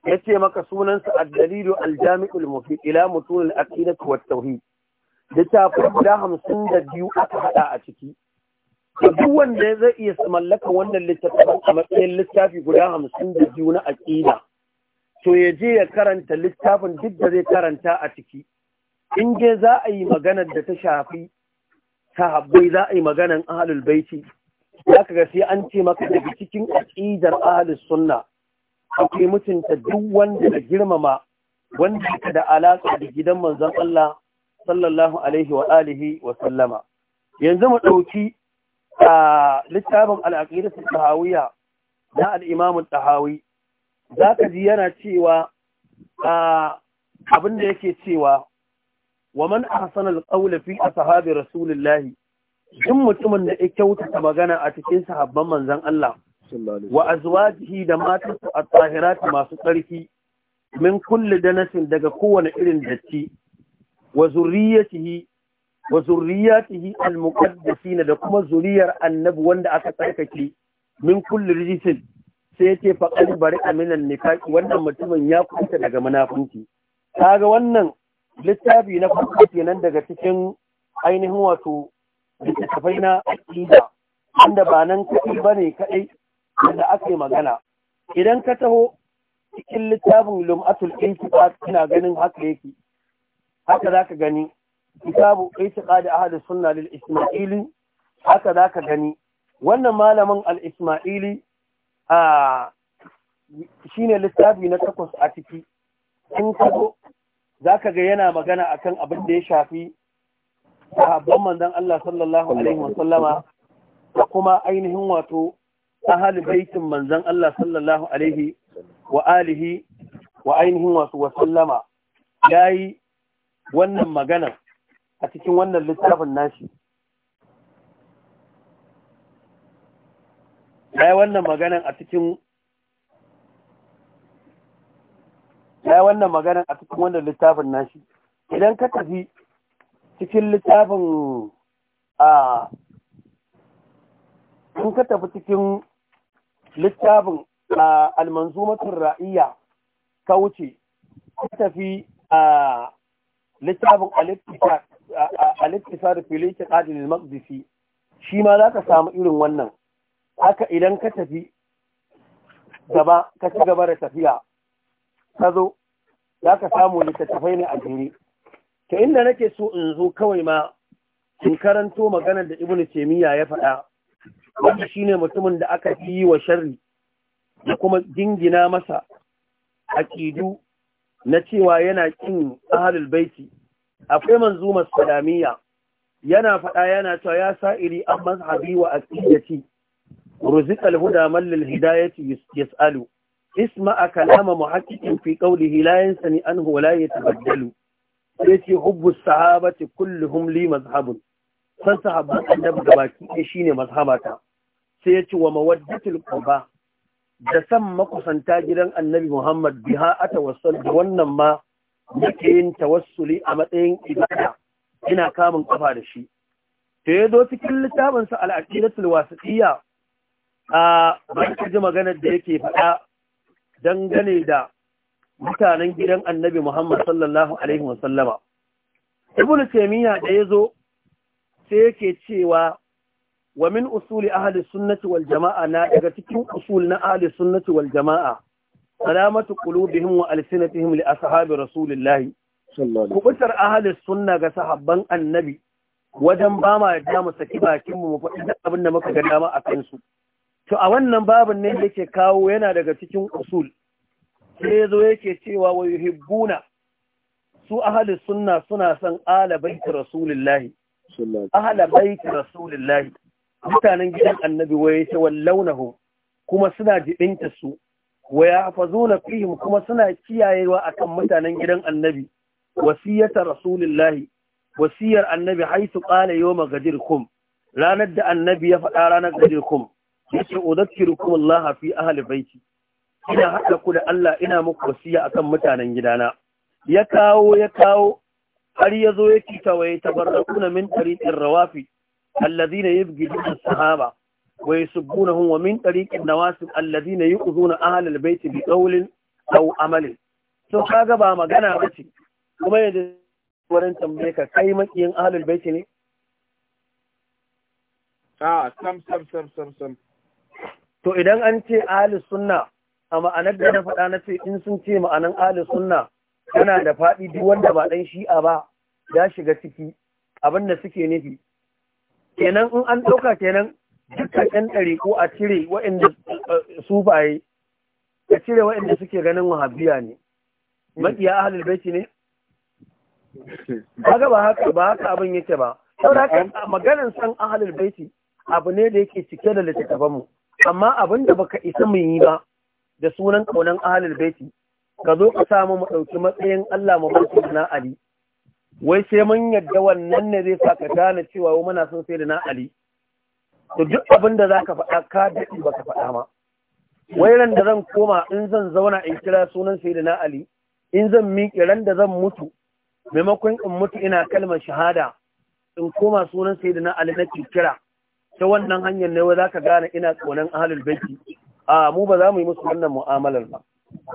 ya ce maka sunansa addalilu aljami'ul mufi ila mutunul aqidat wa tauhid littafin guda hamsin da biyu aka haɗa a ciki duk wanda zai iya mallaka wannan littafin a matsayin littafi guda hamsin da biyu na aƙida to ya je ya karanta littafin duk da zai karanta a ciki in je za a yi maganar da ta shafi Ta sahabbai za a yi maganan ahalul baiti za ka ga sai an ce maka daga cikin aƙidar ahalus sunna akwai mutunta duk wanda da girmama wanda ka da alaƙa da gidan manzan Allah sallallahu alaihi wa alihi wa sallama yanzu mu ɗauki a littafin al'aqidatu tahawiyya na al'imamun tahawi Za ka ji yana cewa abin da yake cewa wa man ahsana alqawla fi ashabi rasulillahi duk mutumin da ya kyautata magana a cikin sahabban manzan Allah wa azwajihi da matansu at-tahirat masu tsarki min kulli danasin daga kowane irin datti wa zurriyatihi wa zurriyatihi al-muqaddasin da kuma zuriyar annabi wanda aka tsarkake min kulli rijisin sai yace faqad bari aminan nifaq wannan mutumin ya kuta daga munafunci ga wannan littafi na farko kenan daga cikin ainihin wato littattafai na aƙida wanda ba nan kaɗai ba ne kaɗai da aka yi magana idan ka taho cikin littafin lum'atul intiqad ina ganin haka yake haka ka gani kitabu intiqad ahli sunna lil isma'ili haka ka gani wannan malamin al isma'ili a ah, shine littafi na takwas a ciki in ka zo za ka ga yana magana a kan abin da ya shafi sahabban manzon Allah sallallahu alaihi wasallama da kuma ainihin wato ahal baitin manzon Allah sallallahu alaihi wa alihi wa ainihin wasu wasallama yi wannan magana a cikin wannan littafin nashi ya yi wannan magana a cikin ya wannan magana a cikin wannan littafin nashi idan ka tafi cikin littafin a in ka tafi cikin littafin a almanzumatun ra'iyya ka wuce ka tafi a littafin al-iktisar filikin adilin maqdisi shi ma za ka samu irin wannan haka idan ka tafi gaba ka ci gaba da tafiya ta zo za ka samu littattafai ne a jere ta inda nake so in zo kawai ma in karanto maganar da ibnu taymiya ya faɗa wanda shine mutumin da aka yi wa sharri da kuma dingina masa aƙidu na cewa yana kin ahalul baiti akwai manzumar salamiya yana faɗa yana cewa ya sa'iri an mazhabi wa aqidati ruziqal huda man lil hidayati yas'alu اسمع كلام محقق في قوله لا ينسني أنه ولا يتبدل يتي حب الصحابة كلهم لي مذهب فصحب النبي باكي شيني مذهبتا سيتي ومودة القربى da san makusanta gidan annabi Muhammad biha a tawassul da wannan ma yake yin tawassuli a matsayin ibada ina kamun kafa da shi ta yazo cikin littafinsa al'aqidatul wasitiyya a ban ji maganar da yake faɗa dangane da mutanen gidan annabi Muhammad sallallahu Alaihi wasallama. Ibn Taymiyya da ya zo sai yake cewa wa min usuli ahli sunnati wal jama'a na daga cikin usul na ahli sunnati wal jama'a salamatu qulubihim wa alsinatihim li ashabi rasulillah kubutar ahli sunna ga sahabban annabi wajen ba ma da mu saki bakin mu mu faɗi abin da muka ga dama a kansu to a wannan babin ne yake kawo yana daga cikin usul sai zo yake cewa wa hibbuna? su ahli sunna suna son ala baiti rasulullahi ahla baiti mutanen gidan annabi waye ta wallaunahu kuma suna jibinta su wa yahfazuna fihim kuma suna kiyayewa akan mutanen gidan annabi wasiyata rasulullahi wasiyar annabi haitu qala yawma gadirkum ranar da annabi ya faɗa ranar gadirkum yace udhakkirukum Allah fi ahli baiti ina haɗa ku da Allah ina muku wasiya akan mutanen gidana ya kawo ya kawo har ya zo ya kita wa ya tabarrakuna min tariqin rawafi alladhina yabghiduna sahaba wa yasubbunahum wa min tariqin nawasib alladhina yu'dhuna ahli albayt bi qawlin aw amalin to kaga ba magana bace kuma yanzu wurin tambaye ka kai makiyin ahli albayt ne a ah, sam sam sam sam sam to idan an ce ahli sunna a ma'anar da na faɗa na ce in sun ce ma'anar ahli sunna yana da faɗi duk wanda ba ɗan shi'a ba ya shiga ciki abin da suke nufi kenan in an ɗauka kenan dukkan ɗan ko a cire waɗanda eh, sufaye a cire waɗanda suke ganin wahabiya ne maƙiya ahli baiti ne haka ba haka ba haka abin yake ba saboda haka maganar san ahli baiti abu ne da yake cike da littattafanmu amma abin da baka isa mu yi ba da sunan kaunan ahlul baiti ka zo ka samu mu ɗauki matsayin Allah mu bar na Ali wai sai mun yadda wannan ne zai ka gane cewa muna son sai da na Ali to duk abin da zaka faɗa ka dadi baka faɗa ma wai ran da zan koma in zan zauna in kira sunan sai da na Ali in zan miƙe ran da zan mutu maimakon in mutu ina kalmar shahada in koma sunan sai da na Ali nake kira ta wannan hanyar ne za ka gane ina tsonan ahalul baiti a mu ba za mu yi musu wannan mu'amalar ba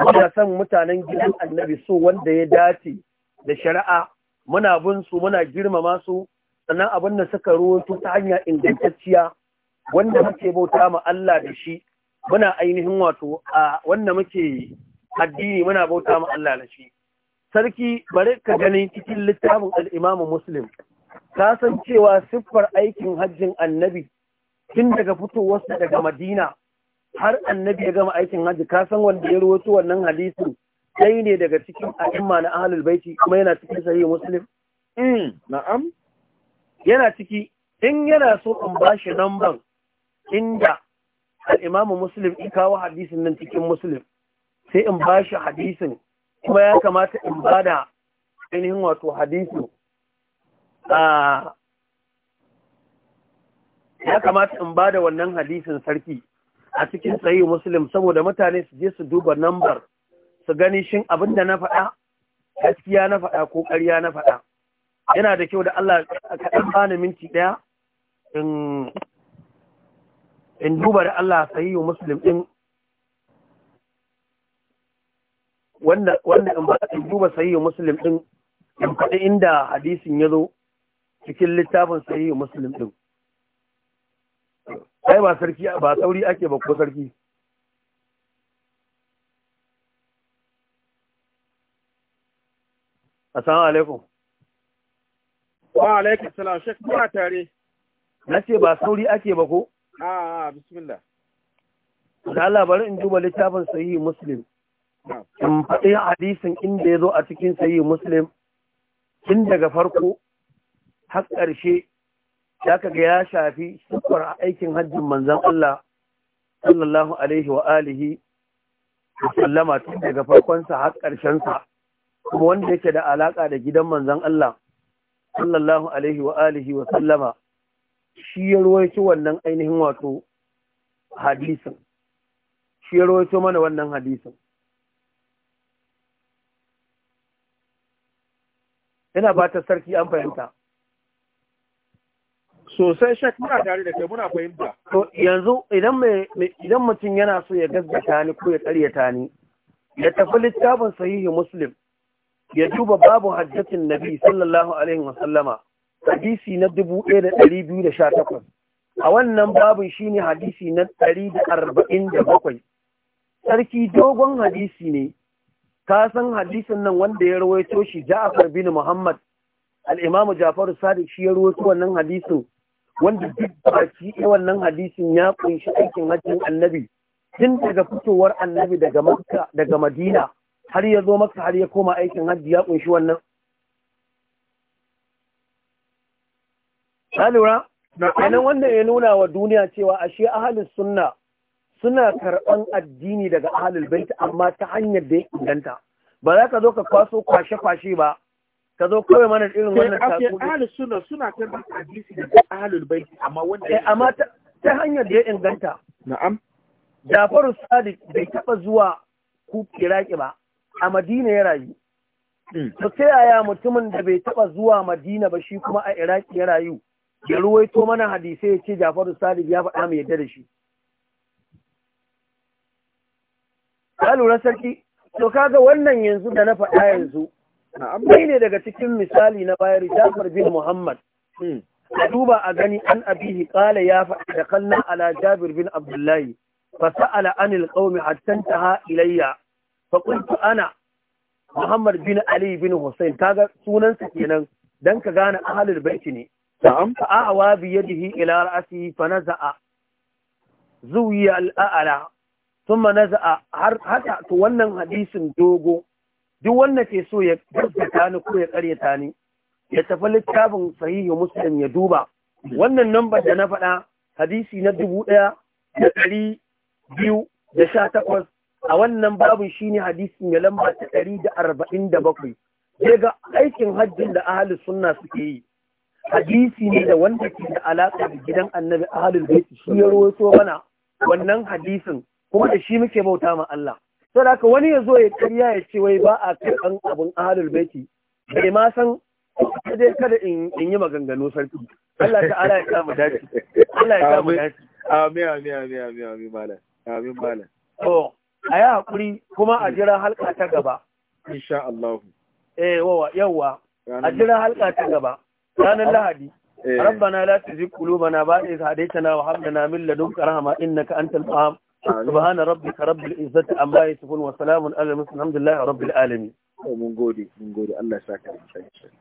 muna san mutanen gidan annabi so wanda ya dace da shari'a muna bin su muna girmama su sannan abin da suka ruwato ta hanya ingantacciya wanda muke bauta ma Allah da shi muna ainihin wato a wanda muke addini muna bauta ma Allah da shi sarki bari ka gani cikin littafin al-Imam Muslim ka san cewa siffar aikin hajjin annabi tun daga fitowarsa daga madina har annabi ya gama aikin hajji ka san wanda ya rawaito wannan hadisin dai ne daga cikin a'imma na ahlul baiti kuma yana cikin sahih muslim hmm, na'am yana ciki in yana so in ba shi namban inda al-imamu muslim in kawo hadisin nan cikin muslim sai in ba shi hadisin kuma ya kamata in bada ainihin wato hadisin ya kamata in ba da wannan hadisin sarki a cikin sayi muslim saboda mutane su je su duba nambar su gani shin abin da na faɗa gaskiya na faɗa ko ƙarya na faɗa yana da kyau da Allah kaɗan bani minti ɗaya in duba da Allah sayi muslim ɗin wanda in ba duba sayi muslim ɗin in faɗi inda hadisin ya zo cikin littafin yi musulun ɗin. ai ba sarki ba sauri ake ba ko sarki Assalamu alaikum. Wa alaikum salam Sheikh muna tare. Nace ba sauri ake ba ko? A a bismillah. Da Allah bari in duba littafin sahihi Muslim. In faɗi hadisin inda ya zo a cikin sahihi Muslim tun daga farko har ƙarshe ya kaga ya shafi sukwar aikin hajjin manzan Allah sallallahu alaihi wa alihi sallama tun daga farkonsa har ƙarshensa kuma wanda yake da alaƙa da gidan manzan Allah sallallahu alaihi wa alihi wa sallama shi ya ruwaito wannan ainihin wato hadisin shi ya ruwaito mana wannan hadisin ina ba ta sarki an fahimta sosai shek muna tare da kai muna fahimta to yanzu idan idan mutum yana so ya gaskata ni ko ya karyata ni ya tafi littafin sahihi muslim ya duba babu hajjatin nabi sallallahu alaihi wa sallama hadisi na 1218 a wannan babu shine hadisi na da 147 sarki dogon hadisi ne ka san hadisin nan wanda ya rawaito shi ja'afar bin Muhammad al Jafaru Sadiq shi ya ruwa wannan hadisin wanda duk baki wannan hadisin ya ƙunshi aikin hajjin annabi tun daga fitowar annabi daga makka madina har ya zo maka har ya koma aikin hajji ya kunshi wannan Na lura kenan wannan ya nuna wa duniya cewa ashe ahalin sunna suna karɓan addini daga ahalin bait amma ta hanyar da ya inganta ba za ka zo ka kwaso kwashe-kwashe ba ka zo kawai mana irin wannan tatsuniya sai sunna suna hadisi amma wanda eh amma ta hanyar da ya inganta na'am Jafaru Sadiq bai taɓa zuwa ku Iraki ba a Madina ya rayu hmm. to ta yaya mutumin da bai taɓa zuwa Madina ba shi kuma a Iraki ya rayu ya ruwaito mana hadisai ya ce Jafaru Sadiq ya faɗa mu yadda da shi. Ka lura sarki, to kaga wannan yanzu da na faɗa yanzu Amai ne daga cikin misali na bayar Jafar bin Muhammad. Hmm. A duba a gani an abihi ƙala ya faɗi da kanna ala Jabir bin Abdullahi. Fasa'ala anil ƙaumi hattan ta ha ilayya. Faƙuntu ana Muhammad bin Ali bin Hussein kaga sunansa kenan dan ka gane ahalul baiti ne. Na'am. Fa'awa bi yadihi ila ra'si fa naza'a. Zuwiya al'a'ala. Thumma naza'a har haka to wannan hadisin dogo duk wanda ke so ya gaskata ni ko ya karyata ni ya tafi littafin sahihu muslim ya duba wannan lambar da na faɗa hadisi na dubu ɗaya da ɗari biyu da sha takwas a wannan shi shine hadisi mai lamba ta ɗari da arba'in da bakwai sai ga aikin hajjin da ahalin sunna suke yi hadisi ne da wanda ke da alaƙa da gidan annabi ahalin bai shi ya rawaito mana wannan hadisin kuma da shi muke bauta ma Allah so da wani ya zo ya karya ya ce wai ba a karɓan abin ahalul baiti bai ma san dai kada in yi maganganu sarki Allah ta ala ya sa mu dace Allah ya sa mu dace amin amin amin amin amin malam amin malam to a yi hakuri kuma a jira halka ta gaba insha Allah eh wawa yawa a jira halka ta gaba ranar Lahadi ربنا لا تزغ قلوبنا بعد إذ هديتنا وهب لنا من لدنك رحمة إنك أنت الوهاب subhana rabbika rabbil izzati amma yasifun wa salamun alal mursalin alhamdulillahi rabbil alamin mun gode mun gode Allah ya saka mu sai